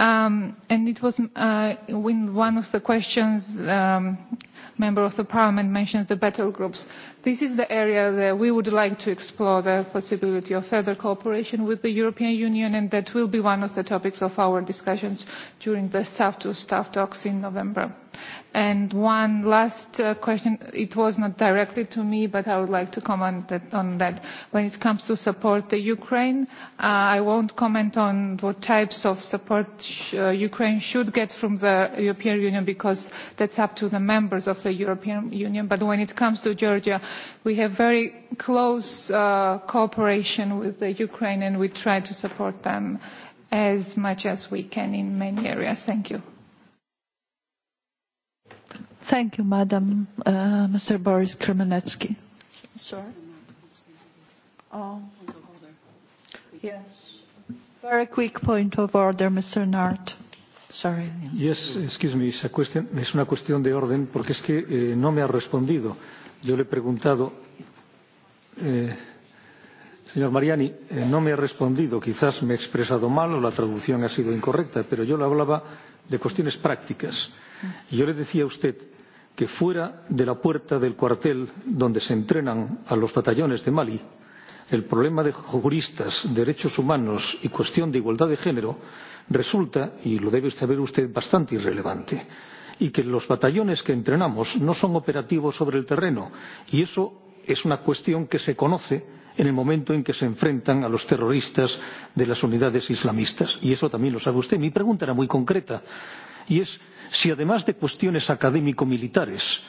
Speaker 10: Um, and it was uh, when one of the questions um, member of the parliament mentioned the battle groups this is the area where we would like to explore the possibility of further cooperation with the european union and that will be one of the topics of our discussions during the staff to staff talks in november. one last uh, question it was not directly to me but i would like to comment on that when it comes to support for ukraine uh, i will not comment on what types of support uh, ukraine should get from the european union because that is up to the members of the european union but when it comes to georgia we have very close uh, cooperation with ukraine and we try to support them as much as we can in many areas. thank you.
Speaker 1: thank you, madam. Uh, mr. boris kremenetsky. sir. Oh. yes. very quick point of order, mr. nart. Sorry. Yes,
Speaker 12: excuse me, esa cuestión, es una cuestión de orden porque es que eh, no me ha respondido. Yo le he preguntado, eh, señor Mariani, eh, no me ha respondido, quizás me he expresado mal o la traducción ha sido incorrecta, pero yo le hablaba de cuestiones prácticas. Y yo le decía a usted que fuera de la puerta del cuartel donde se entrenan a los batallones de Mali, el problema de juristas, derechos humanos y cuestión de igualdad de género resulta, y lo debe saber usted, bastante irrelevante y que los batallones que entrenamos no son operativos sobre el terreno y eso es una cuestión que se conoce en el momento en que se enfrentan a los terroristas de las unidades islamistas y eso también lo sabe usted. Mi pregunta era muy concreta y es si además de cuestiones académico militares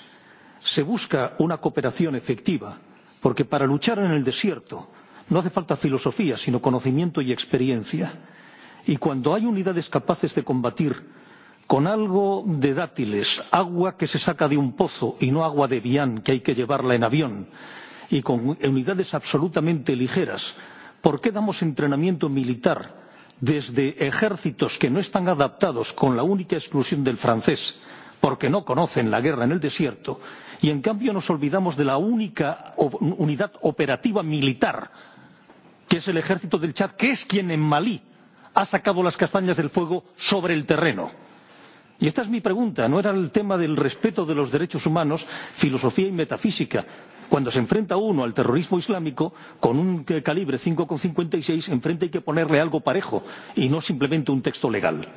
Speaker 12: se busca una cooperación efectiva porque para luchar en el desierto no hace falta filosofía sino conocimiento y experiencia y cuando hay unidades capaces de combatir con algo de dátiles, agua que se saca de un pozo y no agua de vián que hay que llevarla en avión, y con unidades absolutamente ligeras, ¿por qué damos entrenamiento militar desde ejércitos que no están adaptados con la única exclusión del francés, porque no conocen la guerra en el desierto, y en cambio nos olvidamos de la única unidad operativa militar, que es el ejército del Chad, que es quien en Malí ha sacado las castañas del fuego sobre el terreno? y esta es mi pregunta no era el tema del respeto de los derechos humanos filosofía y metafísica cuando se enfrenta uno al terrorismo islámico con un calibre cinco cincuenta y seis enfrente hay que ponerle algo parejo y no simplemente un texto legal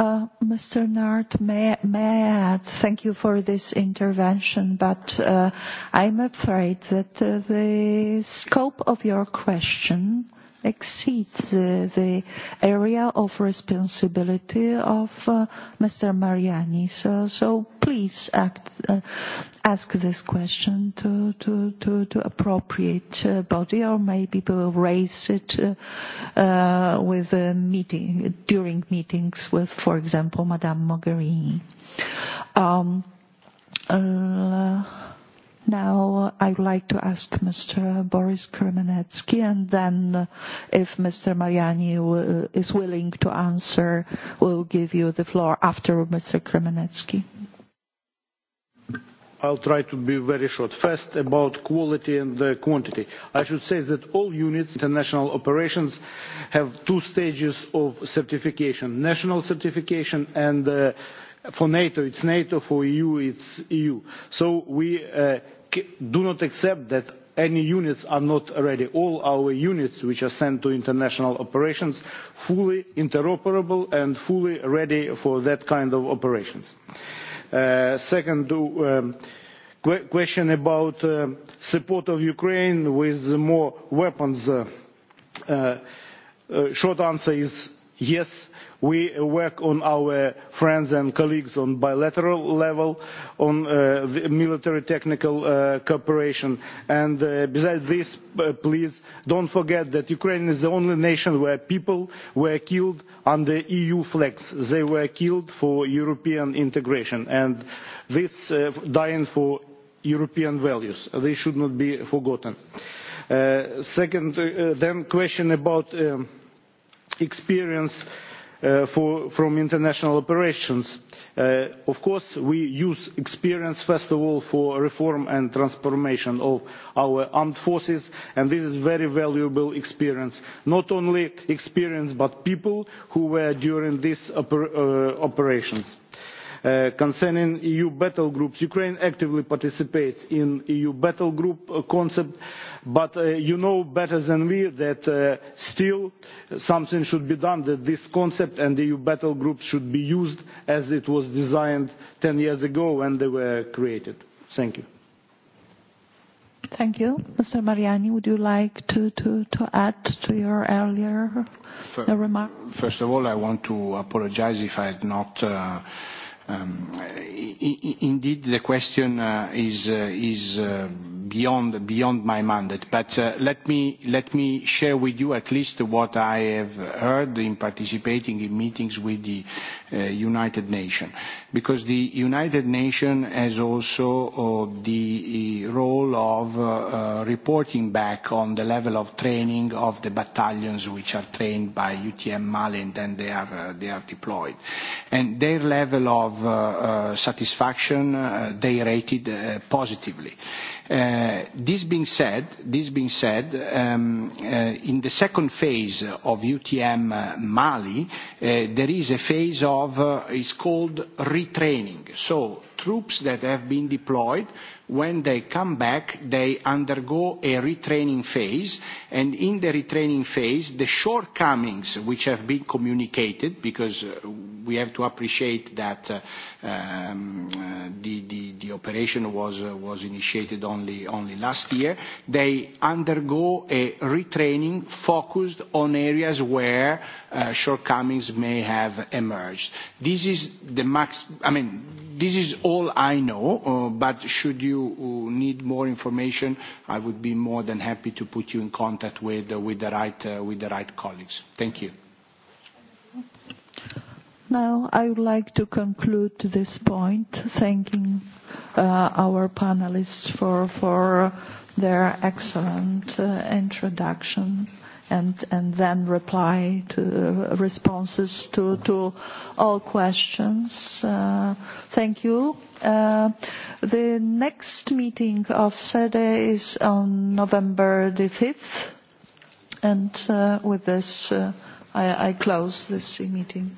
Speaker 1: Uh, Mr. Nart, may, may I add, thank you for this intervention, but uh, I'm afraid that uh, the scope of your question uh, exceeds uh, the area of responsibility of uh, Mr. Mariani. So, so please act, uh, ask this question to, to, to, to appropriate uh, body or maybe we'll raise it uh, uh, with a meeting, during meetings with, for example, Madame Mogherini. Um, uh, Now, uh, I would like to ask Mr. Boris Kremenetsky, and then uh, if Mr. Mariani uh, is willing to answer, we'll give you the floor after Mr. Kremenetsky.
Speaker 11: I'll try to be very short. First, about quality and quantity. I should say that all units, international operations, have two stages of certification: national certification and, for NATO, it's NATO, for EU, it's EU. So we do not accept that any units are not ready all our units which are sent to international operations are fully interoperable and fully ready for that kind of operations. Uh, second uh, question about uh, support of ukraine with more weapons short answer is yes we work with our friends and colleagues on a bilateral level on uh, military technical uh, cooperation and uh, besides this uh, please don't forget that ukraine is the only nation where people were killed under eu flags they were killed for european integration and this uh, dying for european values they should not be forgotten uh, second uh, then question about um, experience uh, from international operations. Uh, of course we use experience first of all for reform and transformation of our armed forces and this is very valuable experience not only experience but people who were during these uh, operations. Uh, concerning eu battlegroups ukraine actively participates in the eu battlegroup concept but uh, you know better than we that uh, still something should be done that this concept and the eu battlegroups should be used as it was designed ten years ago when they were created. thank you.
Speaker 1: Thank you. Mr. Mariani, would you like to, to, to add to your earlier F- remark?
Speaker 9: First of all, I want to apologize if I had not uh, Um, indeed the question uh, is uh, is uh, beyond beyond my mandate but uh, let me let me share with you at least what i have heard in participating in meetings with the uh, united nations because the united nations has also uh, the role of uh, uh, reporting back on the level of training of the battalions which are trained by utm mali and then they are uh, they are deployed and their level of Uh, uh, satisfaction, uh, they rated positively. This being said, um, in the second phase of UTM Mali, there is a phase of, it's called retraining. So troops that have been deployed when they come back, they undergo a retraining phase, and in the retraining phase, the shortcomings which have been communicated, because uh, we have to appreciate that uh, um, uh, the, the, the operation was, uh, was initiated only, only last year, they undergo a retraining focused on areas where uh, shortcomings may have emerged. This is the max, I mean, this is all I know, uh, but should you uh, need more information, I would be more than happy to put you in contact with, uh, with, the, right, uh, with the right colleagues. Thank you.
Speaker 1: Now, I would like to conclude this point, thanking uh, our panelists for, for their excellent uh, introduction and then reply to responses to all questions. Uh, thank you. Uh, the next meeting of SEDE e is on November the 5th. Uh, with this, I
Speaker 6: close this meeting.